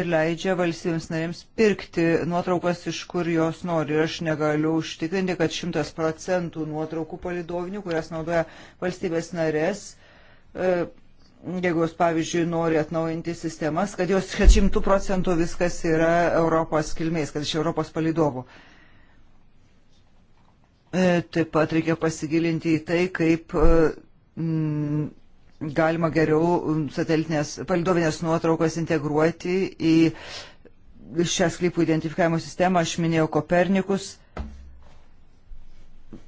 ir leidžia valstybėms narėms pirkti nuotraukas, iš kur jos nori. Ir aš negaliu užtikrinti, kad šimtas procentų nuotraukų palidovinių, kurias naudoja valstybės narės, e, jeigu jos, pavyzdžiui, nori atnaujinti sistemas, kad jos šimtų procentų viskas yra Europos kilmės, kad iš Europos palidovų. E, taip pat reikia pasigilinti į tai, kaip e, galima geriau satelitinės palidovinės nuotraukas integruoti į šią sklypų identifikavimo sistemą. Aš minėjau Kopernikus.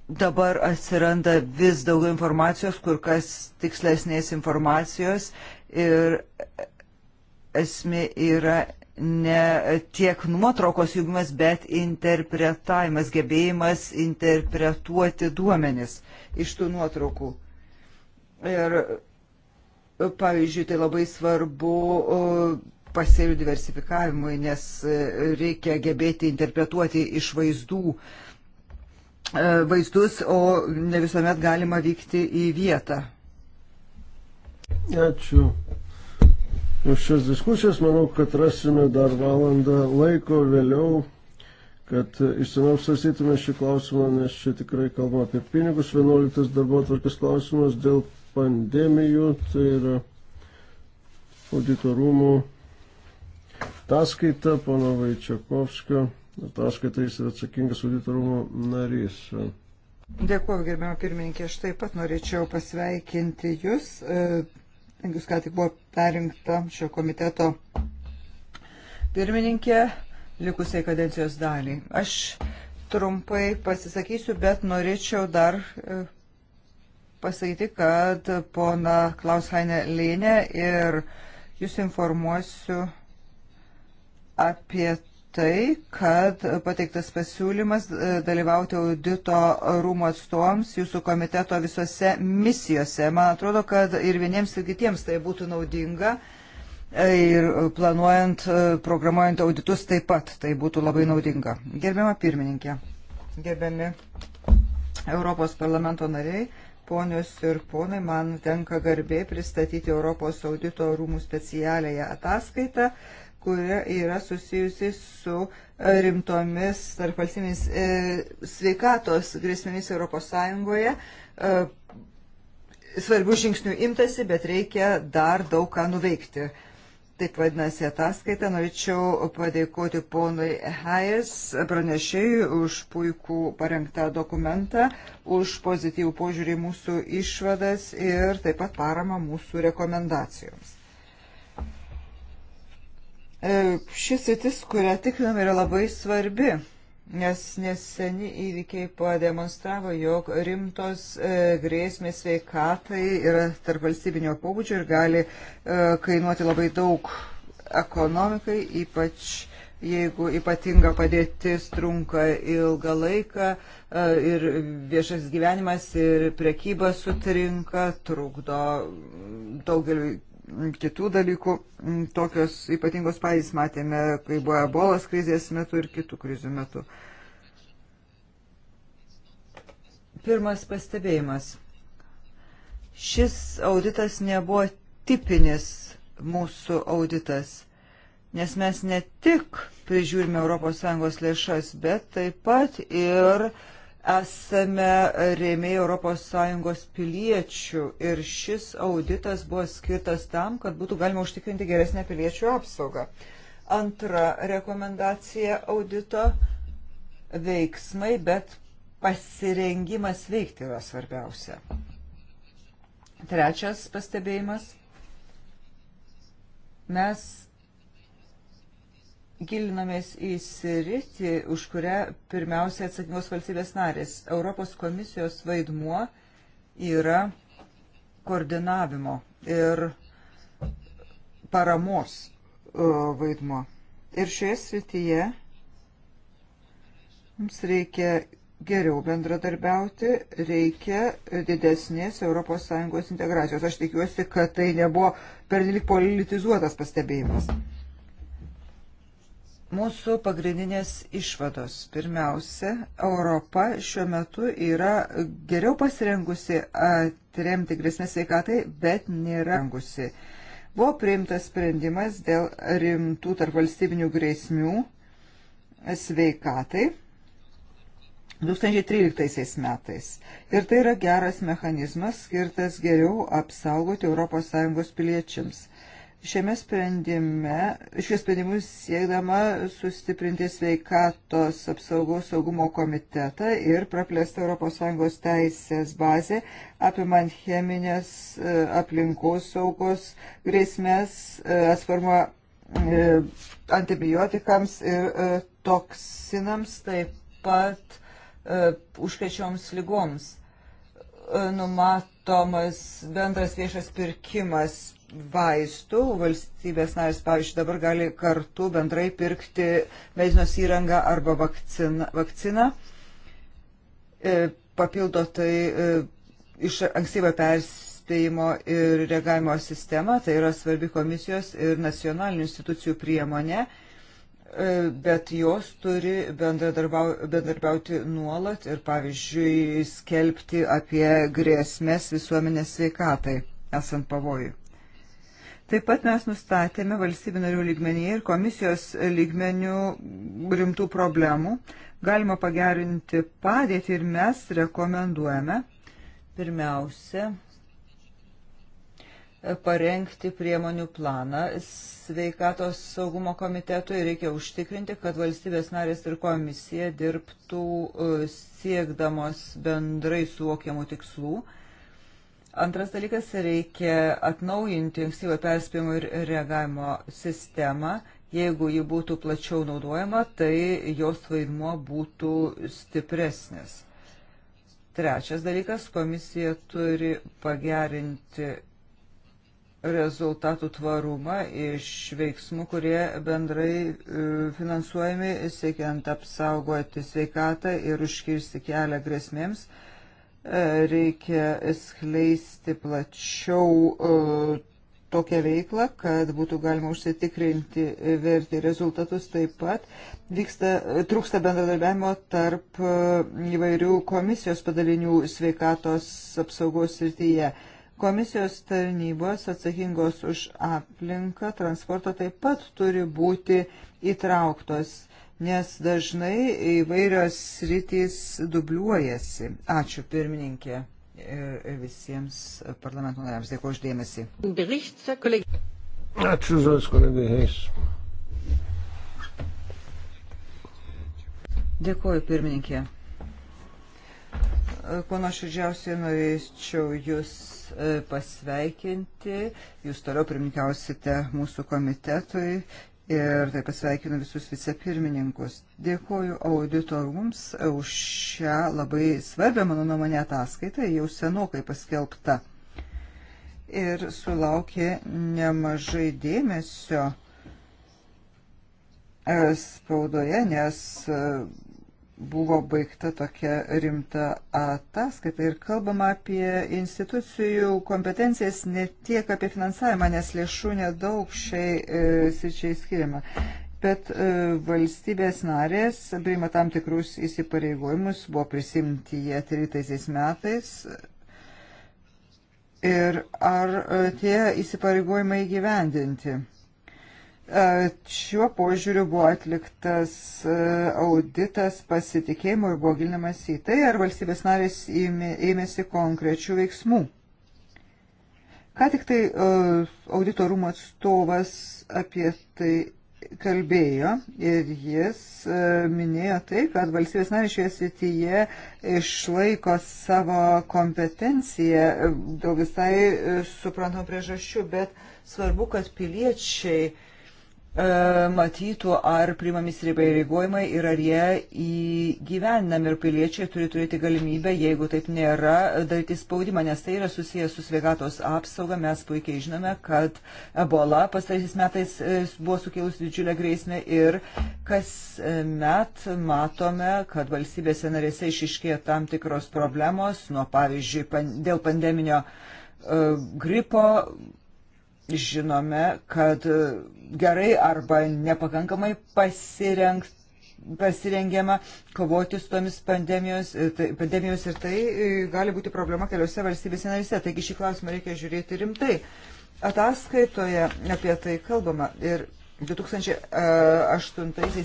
Dabar atsiranda vis daugiau informacijos, kur kas tikslesnės informacijos ir esmė yra ne tiek nuotraukos jungimas, bet interpretavimas, gebėjimas interpretuoti duomenis iš tų nuotraukų. Ir Pavyzdžiui, tai labai svarbu pasėlių diversifikavimui, nes e, reikia gebėti interpretuoti iš vaizdų e, vaizdus, o ne visuomet galima vykti į vietą. Ačiū. Už šias diskusijas manau, kad rasime dar valandą laiko vėliau, kad e, išsameu svarstytume šį klausimą, nes čia tikrai kalbame apie pinigus. 11 darbo tvarkės klausimas dėl pandemijų, tai yra auditorumų ataskaita, pono Vaičiakovskio ataskaita, jis yra atsakingas auditorumų narys. Dėkuoju, gerbiamą pirmininkė, aš taip pat norėčiau pasveikinti Jūs. E, jūs ką tik buvo perinkta šio komiteto pirmininkė likusiai kadencijos daliai. Aš trumpai pasisakysiu, bet norėčiau dar e, pasakyti, kad pona Klaus Heine Lėnė ir jūs informuosiu apie tai, kad pateiktas pasiūlymas e, dalyvauti audito rūmų atstovams jūsų komiteto visose misijose. Man atrodo, kad ir vieniems, ir kitiems tai būtų naudinga. E, ir planuojant, e, programuojant auditus taip pat tai būtų labai naudinga. Gerbiama pirmininkė, gerbiami Europos parlamento nariai. Ponios ir ponai, man tenka garbė pristatyti Europos audito rūmų specialiąją ataskaitą, kuria yra susijusi su e, rimtomis tarp valstybės e, sveikatos grėsmėmis Europos Sąjungoje. E, svarbių žingsnių imtasi, bet reikia dar daug ką nuveikti. E, taip vadinasi ataskaita. Norėčiau padėkoti ponui Hayes pranešėjui už puikų parengtą dokumentą, už pozityvų požiūrį mūsų išvadas ir taip pat paramą mūsų rekomendacijoms. E, Šis sritis, kurią tikrinam, yra labai svarbi nes neseni įvykiai pademonstravo, jog rimtos e, grėsmės sveikatai yra tarp valstybinio pobūdžio ir gali e, kainuoti labai daug ekonomikai, ypač jeigu ypatinga padėtis trunka ilgą laiką e, ir viešas gyvenimas ir prekyba sutrinka, trukdo daugeliu kitų dalykų. Mm, tokios ypatingos pavyzdys matėme, kai buvo ebolas krizės metu ir kitų krizių metu. Pirmas pastebėjimas. Šis auditas nebuvo tipinis mūsų auditas, nes mes ne tik prižiūrime ES lėšas, bet taip pat ir uh, esame rėmėjai ES piliečių ir šis auditas buvo skirtas tam, kad būtų galima užtikrinti geresnę piliečių apsaugą. Antra rekomendacija audito - veiksmai, bet pasirengimas veikti yra svarbiausia. Trečias pastebėjimas. Mes gilinamės į sritį, už kurią pirmiausia atsakingos valstybės narės. Europos komisijos vaidmuo yra koordinavimo ir paramos vaidmuo. Ir šioje srityje mums reikia geriau bendradarbiauti, reikia didesnės ES integracijos. Aš tikiuosi, kad tai nebuvo pernelik politizuotas pastebėjimas. Mūsų pagrindinės išvados. Pirmiausia, Europa šiuo metu yra geriau pasirengusi atremti grėsmės sveikatai, bet nėra rengusi. Buvo priimtas sprendimas dėl rimtų tarp valstybinių grėsmių sveikatai 2013 metais. Ir tai yra geras mechanizmas skirtas geriau apsaugoti ES piliečiams Šiame sprendime, šiuo sprendimu siekdama sustiprinti sveikatos apsaugos saugumo komitetą ir praplėsti ES teisės bazę, apimant cheminės e, aplinkos saugos grėsmės, e, atsparmo e, antibiotikams ir toksinams, taip pat užkrečioms lygoms numatomas bendras viešas pirkimas vaistų. Valstybės narės, pavyzdžiui, dabar gali kartu bendrai pirkti medicinos įrangą arba vakciną. vakciną. E, papildo tai e, iš ankstyvo perspėjimo ir reagavimo sistema, tai yra svarbi komisijos ir nacionalinių institucijų priemonė e, bet jos turi bendradarbiauti nuolat ir, pavyzdžiui, skelbti apie grėsmės visuomenės sveikatai esant pavojui. Taip pat mes nustatėme valstybių narių lygmenyje ir komisijos lygmenių rimtų problemų. Galima pagerinti padėtį ir mes rekomenduojame pirmiausia parengti priemonių planą sveikatos saugumo komitetui ir reikia užtikrinti, kad valstybės narės ir komisija dirbtų e, siekdamos bendrai suvokiamų tikslų. Uh, Antras dalykas - reikia atnaujinti ankstyvo perspėjimo ir reagavimo sistemą. Jeigu ji būtų plačiau naudojama, tai jos vaidmuo būtų stipresnis. Trečias dalykas - komisija turi pagerinti rezultatų tvarumą iš veiksmų, kurie bendrai e, finansuojami, siekiant apsaugoti sveikatą ir užkirsti kelią grėsmėms reikia skleisti plačiau e, tokią veiklą, kad būtų galima užsitikrinti vertį rezultatus taip pat. Vyksta, trūksta bendradarbiavimo tarp e, įvairių komisijos padalinių sveikatos apsaugos srityje. Komisijos tarnybos atsakingos už aplinką, transportą taip pat turi būti įtrauktos nes dažnai įvairios sritys dubliuojasi. Ačiū pirmininkė ir e, visiems parlamento nariams. Dėkuoju uždėmesi. Ačiū žodis kolegai Heis. Dėkuoju pirmininkė. E, kuo nuoširdžiausiai norėčiau Jūs e, pasveikinti. Jūs toliau pirmininkiausite mūsų komitetui ir taip pasveikinu visus vicepirmininkus. Dėkoju auditorums už šią labai svarbę, mano nuomonė, ataskaitą, jau senokai paskelbta. Ir sulaukė nemažai dėmesio e, spaudoje, nes e, buvo baigta tokia rimta ataskaita ir kalbama apie institucijų kompetencijas ne tiek apie finansavimą, nes lėšų nedaug šiai e, sričiai skiriama. Bet e, valstybės narės priima tam tikrus įsipareigojimus, buvo prisimti jie 13 metais. Ir ar e, tie įsipareigojimai įgyvendinti? E, šiuo požiūriu buvo atliktas e, auditas pasitikėjimo ir buvo gilinamas į tai, ar valstybės narės ėmėsi konkrečių veiksmų. Ką tik tai e, auditorumo atstovas apie tai kalbėjo ir jis minėjo tai, kad valstybės narės šioje srityje išlaiko savo kompetenciją dėl visai suprantamų priežasčių, bet svarbu, kad piliečiai E, matytų, ar primami įsipareigojimai ir ar jie įgyvendinami ir piliečiai turi turėti galimybę, jeigu taip nėra, daryti spaudimą, nes tai yra susijęs su sveikatos apsauga. Mes puikiai žinome, kad ebola pastaraisiais metais e, buvo sukėlusi didžiulę grėsmę ir kas e, met matome, kad valstybėse narėse išiškėja tam tikros problemos, nuo pavyzdžiui pan, dėl pandeminio gripo žinome, kad gerai arba nepakankamai pasirengt, pasirengiama kovoti su tomis pandemijos, e, tai, pandemijos ir tai e, gali būti problema keliose valstybėse narise. Taigi šį klausimą reikia žiūrėti rimtai. Ataskaitoje apie tai kalbama ir 2008-2013 e,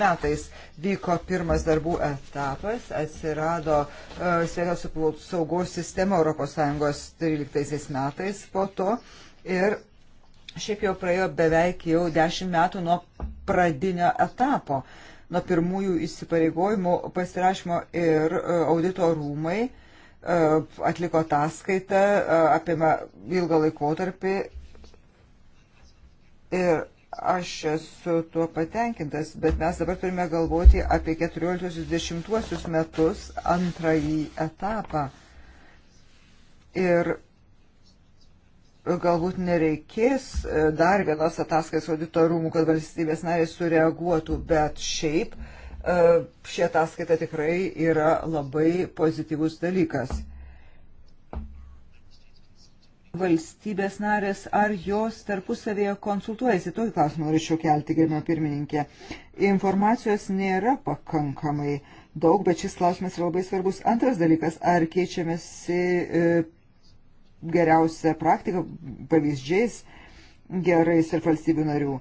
metais vyko pirmas darbų etapas, atsirado sveikatos saugos sistema ES 2013 metais, po to uh, Ir šiaip jau praėjo beveik jau dešimt metų nuo pradinio etapo, nuo pirmųjų įsipareigojimų pasirašymo ir e, audito rūmai e, atliko ataskaitą e, apima ilgą laikotarpį ir aš esu tuo patenkintas, bet mes dabar turime galvoti apie 14-20 metus antrąjį etapą. Ir galbūt nereikės e, dar vienos ataskaitos audito rūmų, kad valstybės narės sureaguotų, bet šiaip e, ši ataskaita tikrai yra labai pozityvus dalykas. Valstybės narės, ar jos tarpusavėje konsultuojasi, tokį klausimą norėčiau kelti, gerbimo pirmininkė. Informacijos nėra pakankamai daug, bet šis klausimas yra labai svarbus. Antras dalykas, ar keičiamasi e, geriausia praktika, pavyzdžiais gerais ir valstybių narių.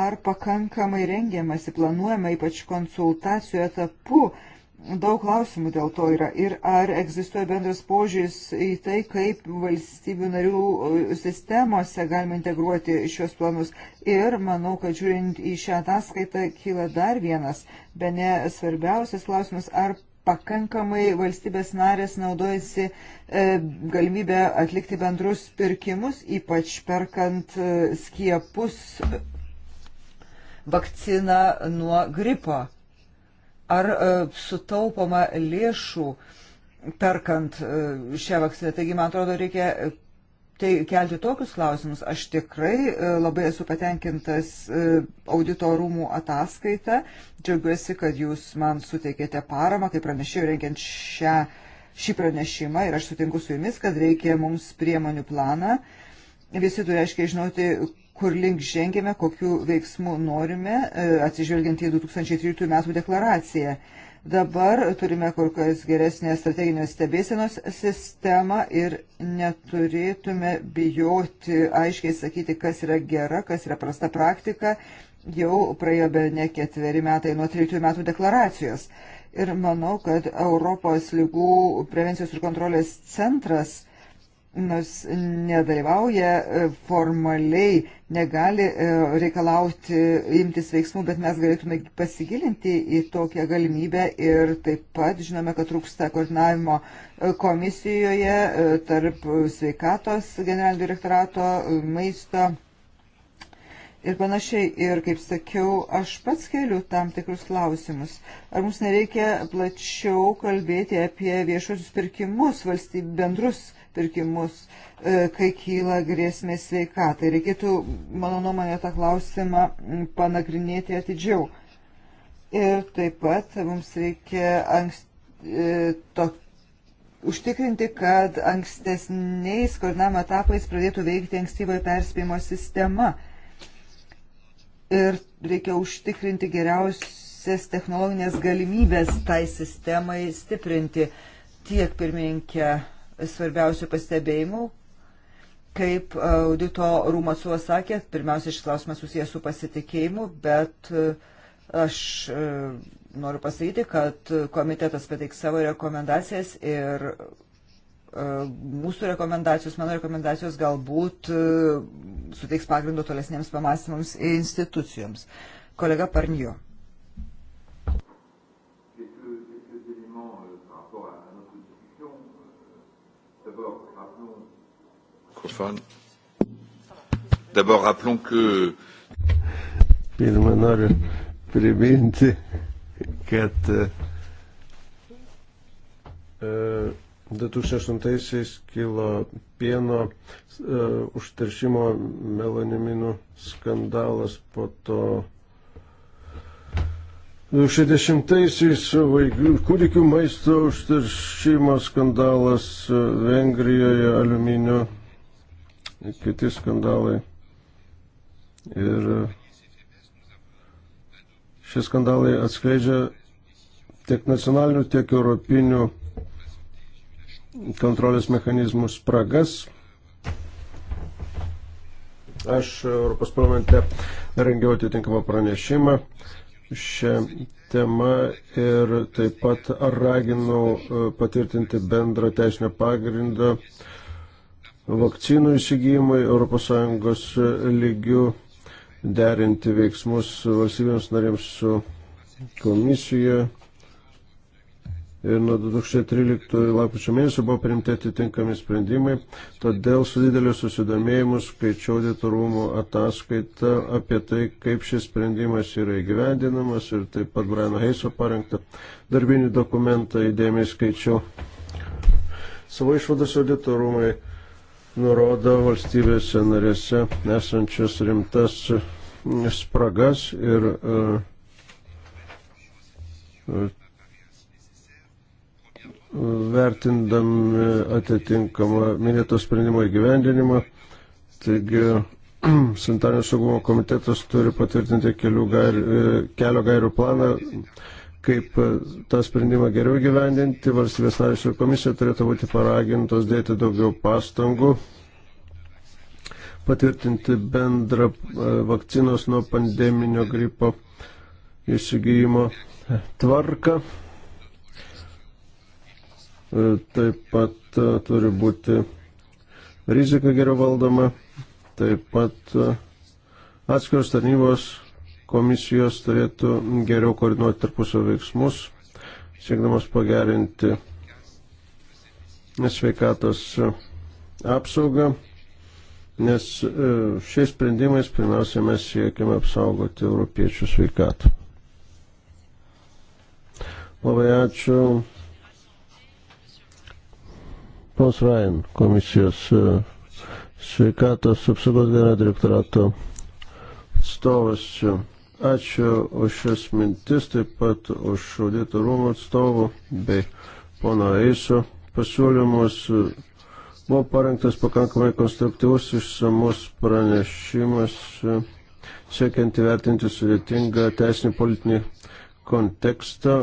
Ar pakankamai rengiamasi, planuojama ypač konsultacijų etapu, daug klausimų dėl to yra. Ir ar egzistuoja bendras požiūris į tai, kaip valstybių narių e, sistemose galima integruoti šios planus. Ir manau, kad žiūrint į šią ataskaitą, kyla dar vienas, be ne svarbiausias klausimas, ar pakankamai valstybės narės naudojasi e, galimybę atlikti bendrus pirkimus, ypač perkant e, skiepus vakciną nuo gripo. Ar e, sutaupama lėšų perkant šią vakciną? Taigi, man atrodo, reikia tai kelti tokius klausimus. Aš tikrai e, labai esu patenkintas e, auditorumų ataskaita. Džiaugiuosi, kad jūs man suteikėte paramą, kaip pranešėjau, rengiant šią, šį pranešimą ir aš sutinku su jumis, kad reikia mums priemonių planą. Visi turi aiškiai žinoti, kur link žengėme, kokiu veiksmu norime, e, atsižvelgiant į 2003 metų deklaraciją. Dabar turime kur kas geresnę strateginės stebėsenos sistemą ir neturėtume bijoti aiškiai sakyti, kas yra gera, kas yra prasta praktika. Jau praėjo be ne ketveri metai nuo 13 metų deklaracijos. Ir manau, kad Europos lygų prevencijos ir kontrolės centras – nors nedalyvauja e, formaliai, negali e, reikalauti imtis veiksmų, bet mes galėtume pasigilinti į tokią galimybę ir taip pat žinome, kad trūksta koordinavimo e, komisijoje tarp sveikatos generalinio direktorato, maisto. Ir panašiai, ir kaip sakiau, aš pats keliu tam tikrus klausimus. Ar mums nereikia plačiau kalbėti apie viešuosius pirkimus, valstyb, bendrus pirkimus, e, kai kyla grėsmė sveikatai. Reikėtų, mano nuomonė, tą klausimą panagrinėti atidžiau. Ir taip pat mums reikia ankst, e, to, užtikrinti, kad ankstesniais koordinavimo etapais pradėtų veikti ankstyvojo perspėjimo sistema. Ir reikia užtikrinti geriausias technologinės galimybės tai sistemai stiprinti tiek pirmininkė svarbiausių pastebėjimų. Kaip audito rūmas su sakė, pirmiausia, šis klausimas susijęs su pasitikėjimu, bet e, aš e, noriu pasakyti, kad komitetas pateiks savo rekomendacijas ir e, mūsų rekomendacijos, mano rekomendacijos galbūt suteiks pagrindo tolesniems pamastymams institucijoms. Kolega Parnijo. Mikrofon. Dabar rappelons que. Pirmą noriu priminti, kad e, e, uh, 2008-aisiais kilo pieno uh, užteršimo melaniminų skandalas, po to 60-aisiais kūdikių maisto užteršimo skandalas Vengrijoje aliuminio kiti skandalai. Ir e, šie skandalai atskleidžia tiek nacionalinių, tiek europinių kontrolės mechanizmų spragas. Aš Europos parlamente rengiau atitinkamą pranešimą šią temą ir taip pat raginau e, patvirtinti bendrą teisinę pagrindą uh, vakcinų įsigijimui ES lygių, derinti veiksmus valstybėms narėms su komisija. Ir nuo 2013 lapkričio mėnesio buvo priimti atitinkami sprendimai, todėl su dideliu susidomėjimu skaičiau auditorumo ataskaitą apie tai, kaip šis sprendimas yra įgyvendinamas ir taip pat Briano Heiso parengtą darbinį dokumentą įdėmiai skaičiau. Savo išvadas auditorumai nurodo valstybėse narėse esančias rimtas spragas ir e, e, vertindami atitinkamą minėto sprendimo įgyvendinimą. Taigi, Santarinio saugumo komitetas turi patvirtinti gairių, e, kelio gairių planą kaip e, tą sprendimą geriau gyvendinti. Valstybės narės ir komisija turėtų būti paragintos dėti daugiau pastangų, patvirtinti bendrą e, vakcinos nuo pandeminio gripo įsigijimo tvarką. E, taip pat turi būti rizika geriau valdoma, taip pat atskiros tarnybos komisijos turėtų geriau koordinuoti tarpusio veiksmus, siekdamas pagerinti sveikatos apsaugą, nes e, šiais sprendimais pirmiausia mes siekime apsaugoti europiečių sveikatą. Labai ačiū. Pons Ryan, komisijos e, sveikatos apsaugos generalinio direktorato atstovas čia. Ačiū už šias mintis, taip pat už audito rūmų atstovų bei pono Eiso pasiūlymus. Buvo parengtas pakankamai konstruktyvus išsamus pranešimas, siekiant įvertinti sudėtingą teisinį politinį kontekstą.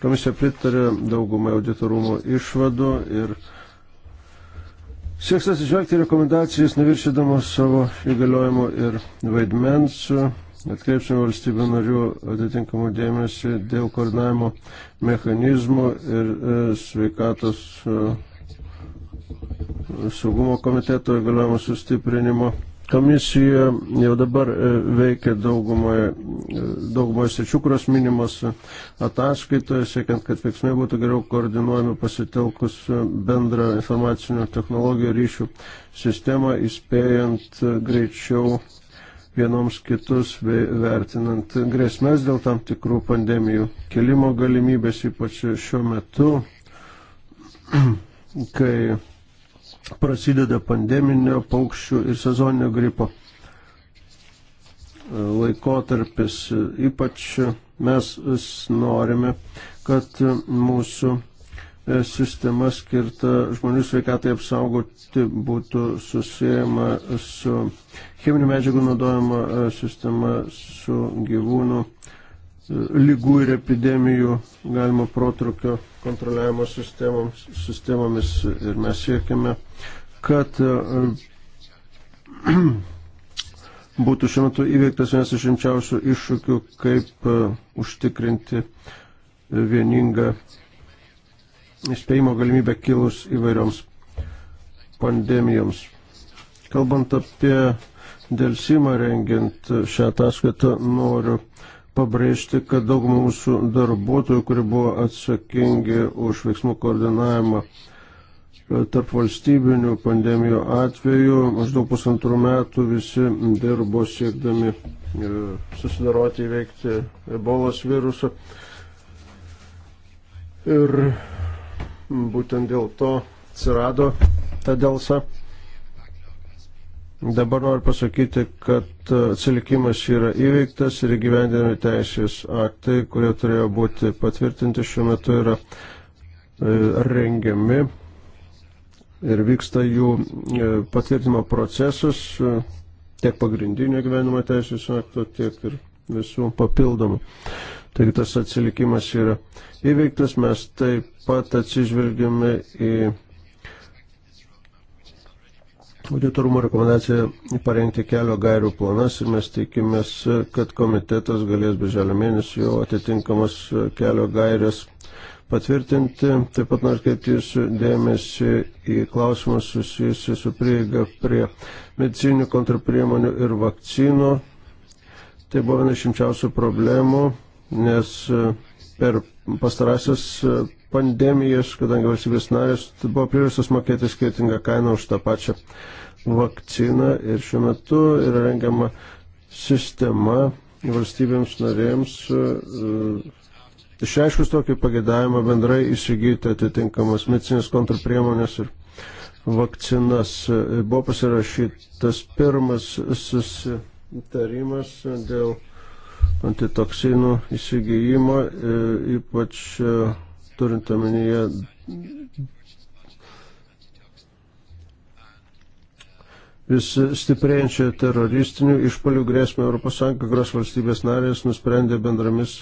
Komisija pritarė daugumai auditorumų išvadų ir sieks atsižvelgti rekomendacijas, neviršydamos savo įgaliojimų ir vaidmens atkreipsime valstybių narių atitinkamų dėmesį dėl koordinavimo mechanizmų ir e, sveikatos e, saugumo komiteto įgaliojimo sustiprinimo. Komisija jau dabar e, veikia daugumoje, daugumoje sričių, kurios minimos ataskaitoje, siekiant, kad veiksmai būtų geriau koordinuojami pasitelkus bendrą informacinių technologijų ryšių sistemą, įspėjant greičiau vienoms kitus, vertinant grėsmės dėl tam tikrų pandemijų kelimo galimybės, ypač šiuo metu, kai prasideda pandeminio paukščių ir sezoninio gripo laikotarpis. Ypač mes norime, kad mūsų E, sistema skirta žmonių sveikatai apsaugoti būtų susijęma su cheminių medžiagų naudojimo e, sistema, su gyvūnų e, lygų ir epidemijų galimo protrukio kontroliavimo sistemomis, sistemomis ir mes siekiame, kad būtų šiuo metu įveiktas vienas iš rimčiausių iššūkių, kaip užtikrinti vieningą spėjimo galimybę kilus įvairioms pandemijoms. Kalbant apie dėlsimą rengiant šią ataskaitą, noriu pabrėžti, kad daug mūsų darbuotojų, kurie buvo atsakingi už veiksmų koordinavimą tarp valstybinių pandemijų atveju, maždaug pusantrų metų visi dirbo siekdami e, susidaroti įveikti ebolos virusą. Ir būtent dėl to atsirado ta dėlsa. Dabar noriu pasakyti, kad atsilikimas yra įveiktas ir įgyvendinami teisės aktai, kurie turėjo būti patvirtinti šiuo metu yra e, rengiami ir vyksta jų e, patvirtinimo procesas e, tiek pagrindinio gyvenimo teisės akto, tiek ir visų papildomų. Taigi tas atsilikimas yra įveiktas, mes taip pat atsižvelgiame į auditorumo rekomendaciją parengti kelio gairių planas ir mes tikimės, kad komitetas galės birželio mėnesį jau atitinkamas kelio gairias patvirtinti. Taip pat noriu kreipti jūsų dėmesį į klausimus susijusiu su prieiga prie medicinių kontrapriemonių ir vakcinų. Tai buvo viena iš šimčiausių problemų nes e, per pastarasias e, pandemijas, kadangi valstybės narės tai buvo priverstas mokėti skirtingą kainą už tą pačią vakciną ir šiuo metu yra rengiama sistema valstybėms narėms e, išreiškus tokį pagėdavimą bendrai įsigyti atitinkamas medicinės kontrpriemonės ir vakcinas. Buvo pasirašytas pirmas susitarimas dėl antitoksinų įsigijimo, e, ypač e, turint omenyje vis stiprėjančią teroristinių išpolių grėsmę ES, kurios valstybės narės nusprendė bendramis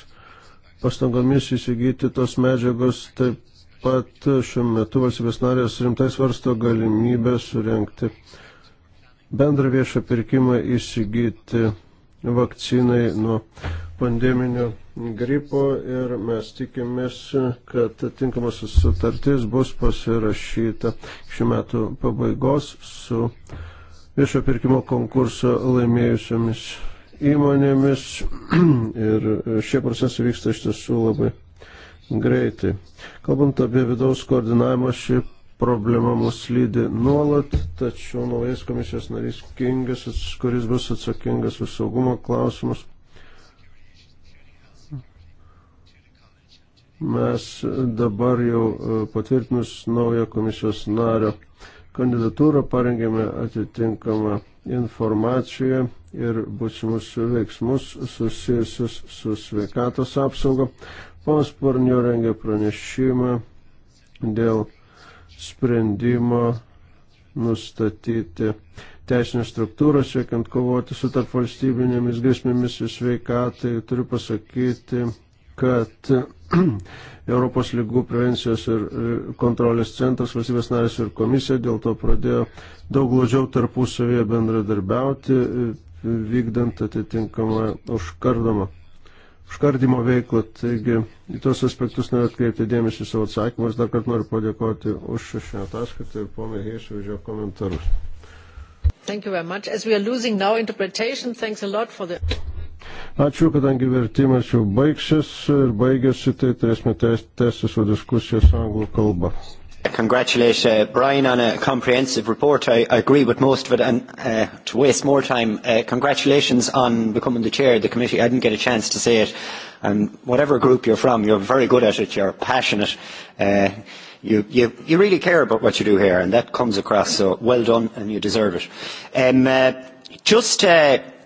pastangomis įsigyti tos medžiagos. Taip pat šiuo metu valstybės narės rimtai svarsto galimybę surenkti bendrą viešą pirkimą įsigyti vakcinai nuo pandeminio gripo ir mes tikimės, kad tinkamas sutartis bus pasirašyta šių metų pabaigos su viešo pirkimo konkurso laimėjusiamis įmonėmis ir šie procesai vyksta iš tiesų labai greitai. Kalbant apie vidaus koordinavimą, ši problema mus lydi nuolat, tačiau naujas komisijos narys Kingas, kuris bus atsakingas už saugumo klausimus, mes dabar jau e, patvirtinus naują komisijos nario kandidatūrą parengėme atitinkamą informaciją ir būsimus veiksmus susijusius su sveikatos apsauga. Ponas Pornio rengė pranešimą dėl sprendimo nustatyti teisinę struktūrą, siekiant kovoti su tarp valstybinėmis grėsmėmis į sveikatai. Turiu pasakyti, kad Europos lygų prevencijos ir e, kontrolės centras, valstybės narės ir komisija dėl to pradėjo daug glaudžiau tarpusavėje bendradarbiauti, e, vykdant atitinkamą užkardomą užkardimo veiklą. Taigi į tos aspektus noriu atkreipti dėmesį savo atsakymus. Dar kartą noriu padėkoti už šią ataskaitą ir ponai Heisui už jo komentarus. Thank you very much. As we are losing now interpretation, thanks a lot for the... Ačiū, kadangi vertimas jau baigsis ir baigėsi, tai turėsime tęsti savo diskusijas anglų kalba. Congratulate uh, Brian on a comprehensive report. I, I agree with most of it, and uh, to waste more time, uh, congratulations on becoming the chair of the committee. I didn't get a chance to say it, and whatever group you're from, you're very good at it. You're passionate. Uh, you, you, you really care about what you do here, and that comes across. So well done, and you deserve it. Um, uh, just. Uh,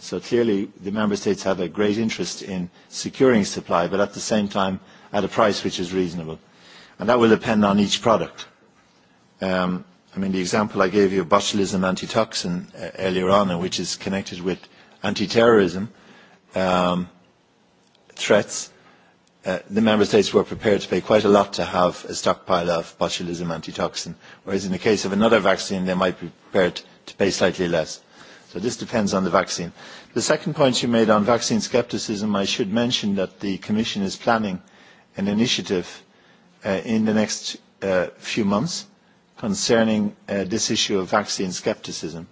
So clearly, the member states have a great interest in securing supply, but at the same time, at a price which is reasonable. And that will depend on each product. Um, I mean, the example I gave you of botulism antitoxin uh, earlier on, and which is connected with anti-terrorism um, threats, uh, the member states were prepared to pay quite a lot to have a stockpile of botulism antitoxin, whereas in the case of another vaccine, they might be prepared to pay slightly less. So this depends on the vaccine. The second point you made on vaccine skepticism, I should mention that the Commission is planning an initiative uh, in the next uh, few months concerning uh, this issue of vaccine skepticism,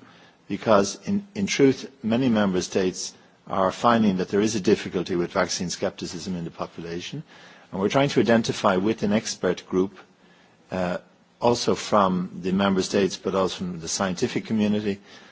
because in, in truth, many member states are finding that there is a difficulty with vaccine skepticism in the population. And we're trying to identify with an expert group, uh, also from the member states, but also from the scientific community, uh,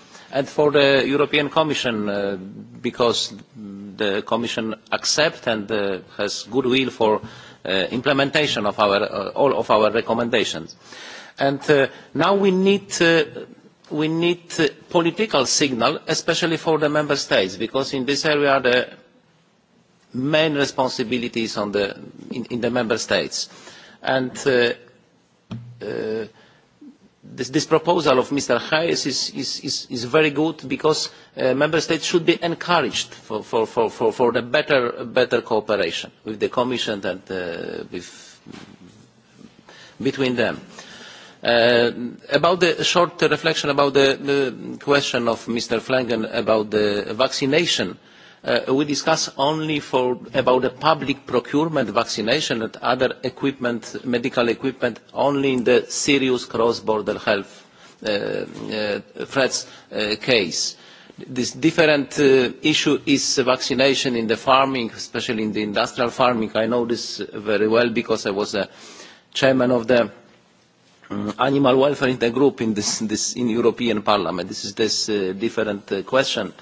and for the European Commission, uh, because the Commission accepts and uh, has goodwill for uh, implementation of our, uh, all of our recommendations. And uh, now we need, uh, we need uh, political signal, especially for the Member States, because in this area the main responsibilities on the, in, in the Member States. And uh, uh, this, this proposal of Mr. Hayes is, is, is, is very good because uh, member states should be encouraged for, for, for, for, for the better, better cooperation with the Commission and uh, with, between them. Uh, about the short reflection about the, the question of Mr. Flanagan about the vaccination, uh, uh, we discuss only for, about the public procurement vaccination and other equipment, medical equipment, only in the serious cross-border health uh, uh, threats uh, case. This different uh, issue is vaccination in the farming, especially in the industrial farming. I know this very well because I was a chairman of the um, animal welfare intergroup in this, this in European Parliament. This is this uh, different uh, question. Uh,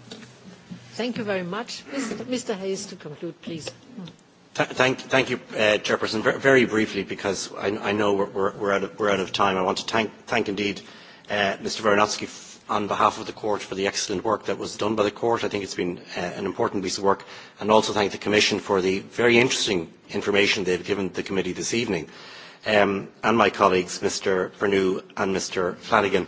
Thank you very much. Mr. Mr. Hayes, to conclude, please. Th thank, thank you, uh, Chairperson. V very briefly, because I, I know we're, we're, we're, out of, we're out of time, I want to thank, thank indeed uh, Mr. Veronatsky on behalf of the court for the excellent work that was done by the court. I think it's been uh, an important piece of work, and also thank the Commission for the very interesting information they've given the committee this evening, um, and my colleagues, Mr. Vernew and Mr. Flanagan,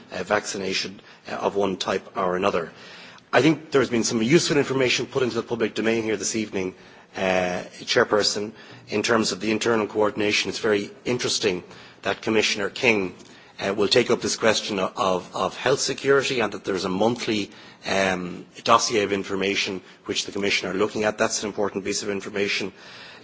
uh, vaccination uh, of one type or another. I think there has been some useful information put into the public domain here this evening, uh, Chairperson, in terms of the internal coordination. It's very interesting that Commissioner King uh, will take up this question of, of health security and that there's a monthly um, dossier of information which the Commission are looking at. That's an important piece of information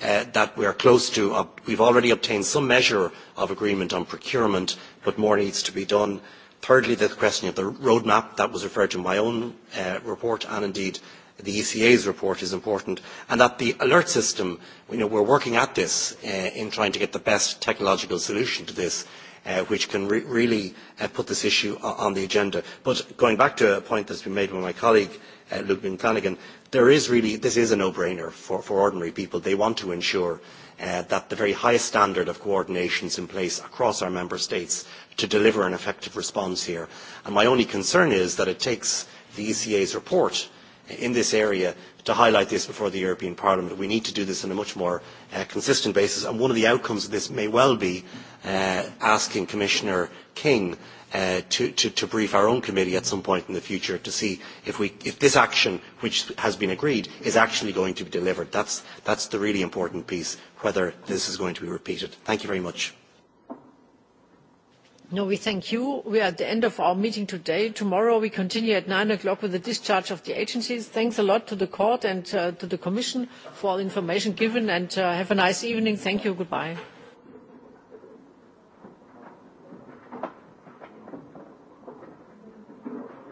uh, that we are close to. Uh, we've already obtained some measure of agreement on procurement, but more needs to be done. Thirdly, the question of the roadmap that was referred to in my own uh, report and indeed the ECA's report is important, and that the alert system, you know, we're working at this uh, in trying to get the best technological solution to this, uh, which can re- really uh, put this issue on the agenda. But going back to a point that's been made by my colleague, uh, Ludwig Flanagan, there is really, this is a no-brainer for, for ordinary people. They want to ensure uh, that the very highest standard of coordination is in place across our member states to deliver an effective response here. And my only concern is that it takes the ECA's report in this area to highlight this before the European Parliament. We need to do this on a much more uh, consistent basis, and one of the outcomes of this may well be uh, asking Commissioner King uh, to, to, to brief our own committee at some point in the future to see if, we, if this action, which has been agreed, is actually going to be delivered. That's, that's the really important piece, whether this is going to be repeated. Thank you very much. No, we thank you. We are at the end of our meeting today. Tomorrow we continue at 9 o'clock with the discharge of the agencies. Thanks a lot to the court and uh, to the commission for all information given and uh, have a nice evening. Thank you. Goodbye.